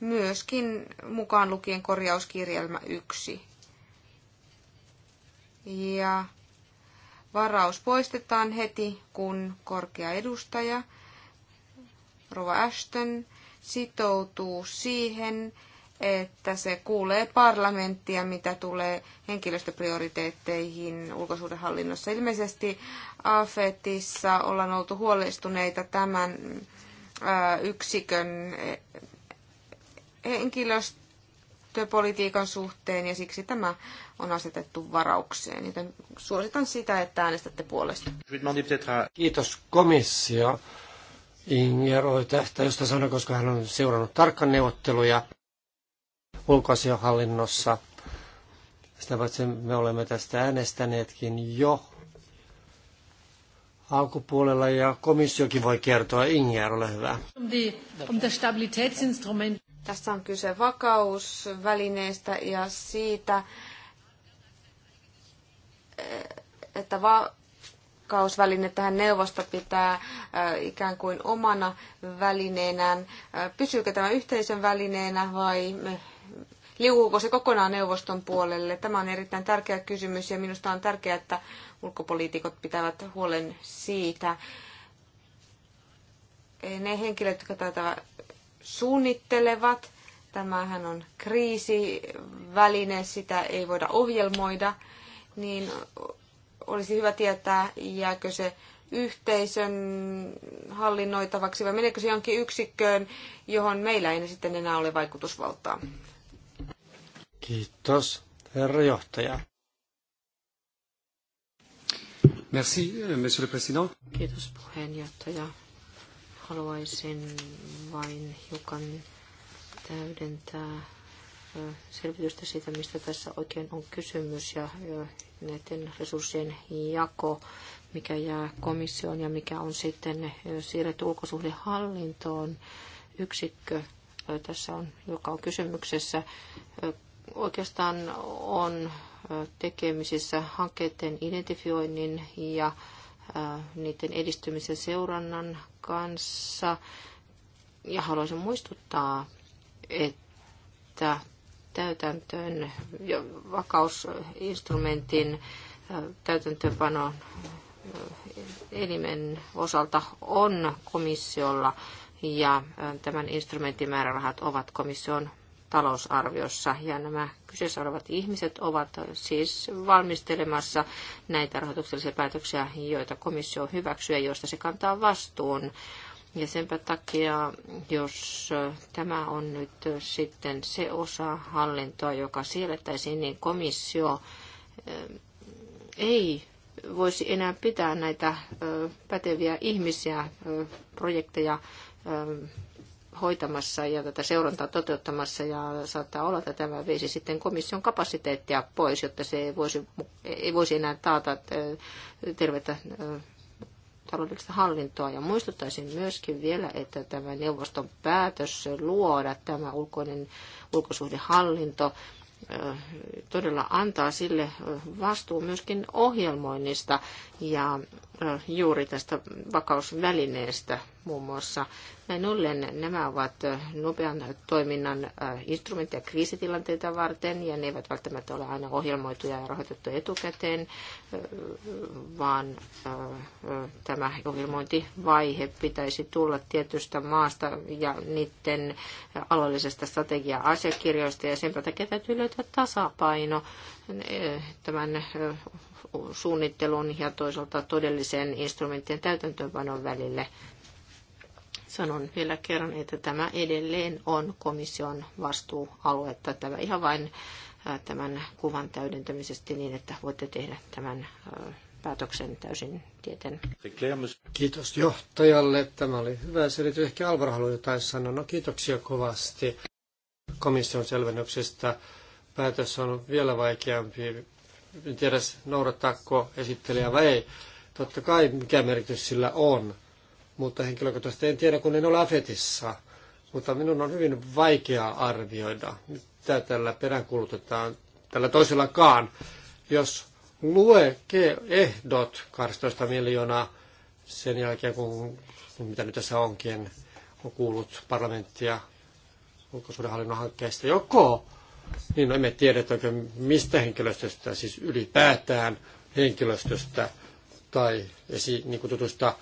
myöskin mukaan lukien korjauskirjelmä 1. Ja varaus poistetaan heti, kun korkea edustaja, Rova Ashton, sitoutuu siihen, että se kuulee parlamenttia, mitä tulee henkilöstöprioriteetteihin ulkosuudenhallinnossa. Ilmeisesti AFETissa ollaan oltu huolestuneita tämän yksikön eh, henkilöstöpolitiikan suhteen ja siksi tämä on asetettu varaukseen, joten suositan sitä, että äänestätte puolesta. Kiitos komissio. Inger oli tästä, josta sanoi, koska hän on seurannut tarkkaan neuvotteluja ulkoasiohallinnossa. Sitä paitsi me olemme tästä äänestäneetkin jo alkupuolella ja komissiokin voi kertoa. Inger, ole hyvä. Um um Tässä on kyse vakausvälineestä ja siitä, että tähän neuvosto pitää äh, ikään kuin omana välineenään. Äh, pysyykö tämä yhteisön välineenä vai liuuko se kokonaan neuvoston puolelle? Tämä on erittäin tärkeä kysymys ja minusta on tärkeää, että ulkopoliitikot pitävät huolen siitä. Ne henkilöt, jotka tätä suunnittelevat, tämähän on kriisiväline, sitä ei voida ohjelmoida, niin olisi hyvä tietää, jääkö se yhteisön hallinnoitavaksi vai meneekö se jonkin yksikköön, johon meillä ei sitten enää ole vaikutusvaltaa. Kiitos, herra johtaja. Merci, monsieur le président. Kiitos puheenjohtaja. Haluaisin vain hiukan täydentää selvitystä siitä, mistä tässä oikein on kysymys ja näiden resurssien jako, mikä jää komissioon ja mikä on sitten siirretty ulkosuhdehallintoon yksikkö tässä on, joka on kysymyksessä oikeastaan on tekemisissä hankkeiden identifioinnin ja niiden edistymisen seurannan kanssa. Ja haluaisin muistuttaa, että täytäntöön ja vakausinstrumentin täytäntöönpanon elimen osalta on komissiolla ja tämän instrumentin määrärahat ovat komission talousarviossa. Ja nämä kyseessä olevat ihmiset ovat siis valmistelemassa näitä rahoituksellisia päätöksiä, joita komissio hyväksyy ja joista se kantaa vastuun. Ja senpä takia, jos tämä on nyt sitten se osa hallintoa, joka siirrettäisiin, niin komissio ähm, ei voisi enää pitää näitä äh, päteviä ihmisiä, äh, projekteja ähm, hoitamassa ja tätä seurantaa toteuttamassa ja saattaa olla, että tämä veisi sitten komission kapasiteettia pois, jotta se ei voisi, ei voisi enää taata tervettä taloudellista hallintoa. Ja muistuttaisin myöskin vielä, että tämä neuvoston päätös luoda tämä ulkoinen ulkosuhdehallinto todella antaa sille vastuu myöskin ohjelmoinnista ja juuri tästä vakausvälineestä muun muassa. Näin ollen nämä ovat nopean toiminnan instrumentteja kriisitilanteita varten, ja ne eivät välttämättä ole aina ohjelmoituja ja rahoitettu etukäteen, vaan tämä ohjelmointivaihe pitäisi tulla tietystä maasta ja niiden alueellisesta strategia-asiakirjoista, ja sen takia täytyy löytää tasapaino tämän suunnittelun ja toisaalta todellisen instrumenttien täytäntöönpanon välille sanon vielä kerran, että tämä edelleen on komission vastuualuetta. Tämä ihan vain äh, tämän kuvan täydentämisesti niin, että voitte tehdä tämän äh, päätöksen täysin tieten. Kiitos johtajalle. Tämä oli hyvä selitys. Ehkä Alvar haluaa jotain sanoa. No kiitoksia kovasti komission selvennyksestä. Päätös on vielä vaikeampi. En tiedä, noudattaako esittelijä vai ei. Totta kai, mikä merkitys sillä on mutta henkilökohtaisesti en tiedä, kun en ole AFETissa. Mutta minun on hyvin vaikea arvioida, mitä tällä peräänkuulutetaan, tällä toisellakaan. Jos lue ehdot 12 miljoonaa sen jälkeen, kun mitä nyt tässä onkin, on kuullut parlamenttia ulkosuudenhallinnon hankkeesta, joko niin no emme tiedä, mistä henkilöstöstä, siis ylipäätään henkilöstöstä tai esi, niin tutusta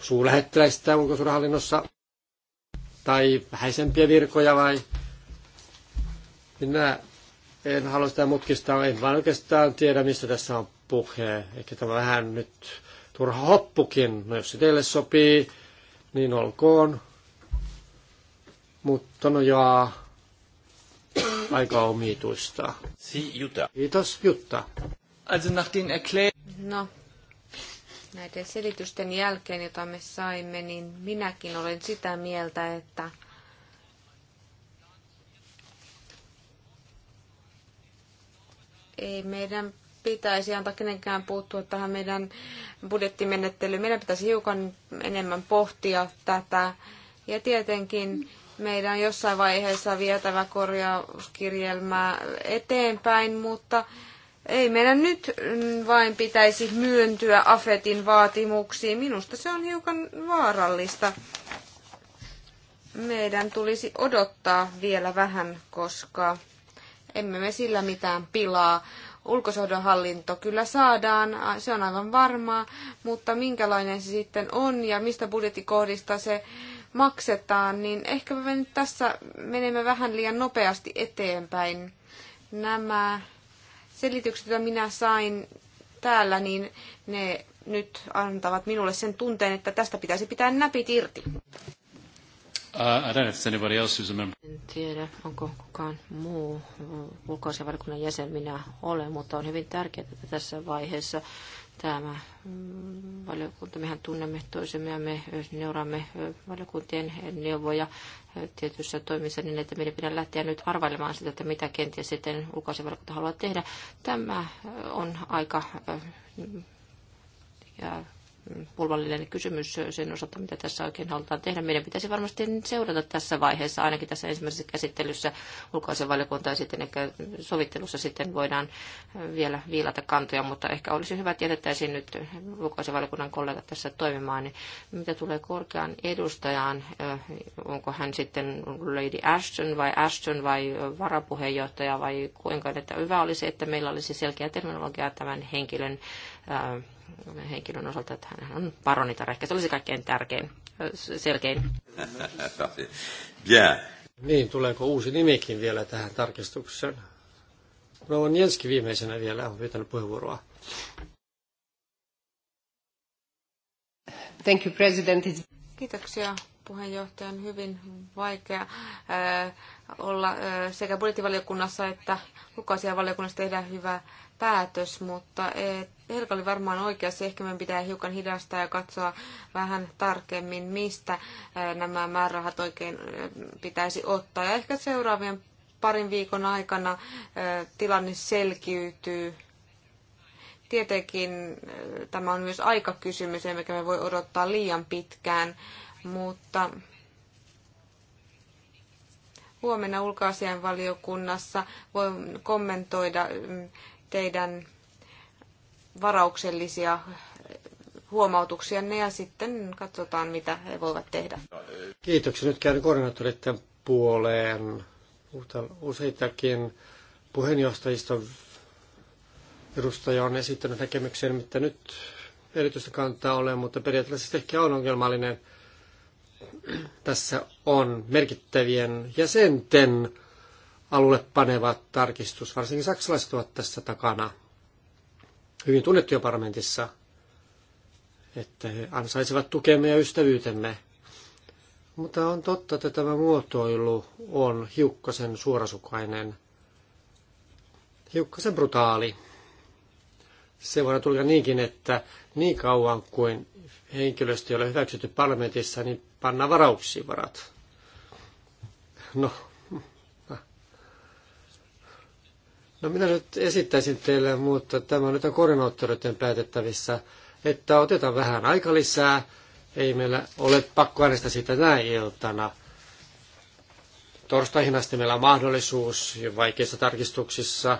suulähettiläistä ulkosuudenhallinnossa tai vähäisempiä virkoja vai minä en halua sitä mutkistaa, en vaan oikeastaan tiedä, mistä tässä on puhe. Ehkä tämä vähän nyt turha hoppukin. No jos se teille sopii, niin olkoon. Mutta no jaa, aika omituista. Si, Jutta. Kiitos, Jutta. Also nach den Erklär... No, näiden selitysten jälkeen, jota me saimme, niin minäkin olen sitä mieltä, että ei meidän pitäisi antaa kenenkään puuttua tähän meidän budjettimenettelyyn. Meidän pitäisi hiukan enemmän pohtia tätä. Ja tietenkin meidän jossain vaiheessa vietävä korjauskirjelmää eteenpäin, mutta ei meidän nyt vain pitäisi myöntyä Afetin vaatimuksiin. Minusta se on hiukan vaarallista. Meidän tulisi odottaa vielä vähän, koska emme me sillä mitään pilaa. Ulkosuhdehallinto kyllä saadaan, se on aivan varmaa, mutta minkälainen se sitten on ja mistä budjettikohdista se maksetaan, niin ehkä me nyt tässä menemme vähän liian nopeasti eteenpäin. Nämä selitykset, joita minä sain täällä, niin ne nyt antavat minulle sen tunteen, että tästä pitäisi pitää näpit irti. Uh, I don't know if else a member. En tiedä, onko kukaan muu ulkoasianvaliokunnan jäsen minä olen, mutta on hyvin tärkeää, että tässä vaiheessa tämä mm, valiokunta, mehän tunnemme toisemme ja me neuraamme valiokuntien neuvoja tietyissä toimissa niin, että meidän pitää lähteä nyt arvailemaan sitä, että mitä kenties sitten ulkoasianvaliokunta haluaa tehdä. Tämä on aika ja pulmallinen kysymys sen osalta, mitä tässä oikein halutaan tehdä. Meidän pitäisi varmasti seurata tässä vaiheessa, ainakin tässä ensimmäisessä käsittelyssä ulkoasevaliokunta ja sitten ehkä sovittelussa sitten voidaan eh, vielä viilata kantoja, mutta ehkä olisi hyvä, että jätettäisiin nyt ulkoasevaliokunnan kollegat tässä toimimaan. Niin mitä tulee korkeaan edustajaan, eh, onko hän sitten Lady Ashton vai Ashton vai varapuheenjohtaja vai kuinka, että hyvä olisi, että meillä olisi selkeä terminologia tämän henkilön eh, henkilön osalta, että hän on paronitar. Ehkä se olisi kaikkein tärkein, selkein. yeah. Niin, tuleeko uusi nimikin vielä tähän tarkistukseen? on Jenski viimeisenä vielä on pyytänyt puheenvuoroa. Thank you, President. Kiitoksia puheenjohtajan hyvin vaikea äh, olla äh, sekä budjettivaliokunnassa että ulkoasianvaliokunnassa tehdä hyvää päätös, mutta eh, Helka oli varmaan oikeassa. Ehkä meidän pitää hiukan hidastaa ja katsoa vähän tarkemmin, mistä eh, nämä määrärahat oikein eh, pitäisi ottaa. Ja ehkä seuraavien parin viikon aikana tilanne selkiytyy tietenkin tämä on myös aikakysymys, emmekä me voi odottaa liian pitkään, mutta huomenna ulkoasianvaliokunnassa voin kommentoida mm, teidän varauksellisia huomautuksianne ja sitten katsotaan, mitä he voivat tehdä. Kiitoksia. Nyt käyn koordinaattoreiden puoleen. Useitakin puheenjohtajista edustaja on esittänyt näkemyksen, mitä nyt erityistä kantaa ole, mutta periaatteessa ehkä on ongelmallinen. Tässä on merkittävien jäsenten alulle paneva tarkistus. Varsinkin saksalaiset ovat tässä takana. Hyvin tunnettuja parlamentissa, että he ansaisivat tukemme ja ystävyytemme. Mutta on totta, että tämä muotoilu on hiukkasen suorasukainen, hiukkasen brutaali. Se voidaan tulkita niinkin, että niin kauan kuin henkilöstö ei ole hyväksytty parlamentissa, niin panna varauksiin varat. No, No minä nyt esittäisin teille, mutta tämä on nyt koordinaattoreiden päätettävissä, että otetaan vähän aika lisää. Ei meillä ole pakko äänestää sitä näin iltana. Torstaihin asti meillä on mahdollisuus vaikeissa tarkistuksissa,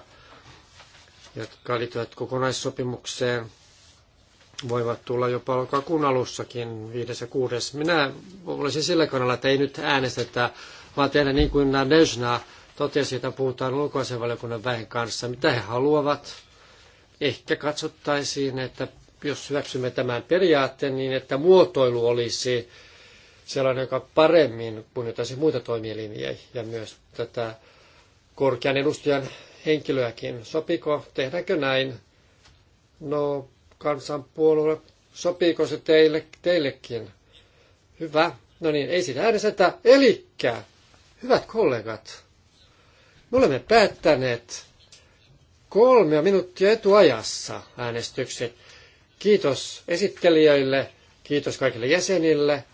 jotka liittyvät kokonaissopimukseen. Voivat tulla jopa lokakuun alussakin, viides ja kuudes. Minä olisin sillä kannalla, että ei nyt äänestetä, vaan tehdä niin kuin Nadezhna totesi, että puhutaan valiokunnan väen kanssa, mitä he haluavat. Ehkä katsottaisiin, että jos hyväksymme tämän periaatteen, niin että muotoilu olisi sellainen, joka paremmin kunnioittaisi muita toimielimiä ja myös tätä korkean edustajan henkilöäkin. Sopiko, tehdäänkö näin? No, kansanpuolue, sopiiko se teille, teillekin? Hyvä. No niin, ei sitä äänestetä. Elikkä, hyvät kollegat, me olemme päättäneet kolmea minuuttia etuajassa äänestykset. Kiitos esittelijöille, kiitos kaikille jäsenille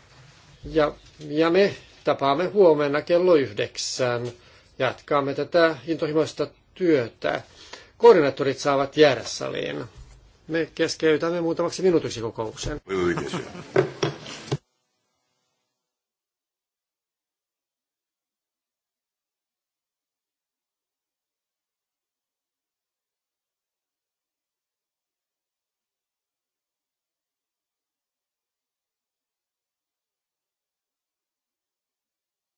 ja, ja me tapaamme huomenna kello yhdeksän. Jatkaamme tätä intohimoista työtä. Koordinaattorit saavat jäädä saliin. Me keskeytämme muutamaksi minuutiksi kokouksen.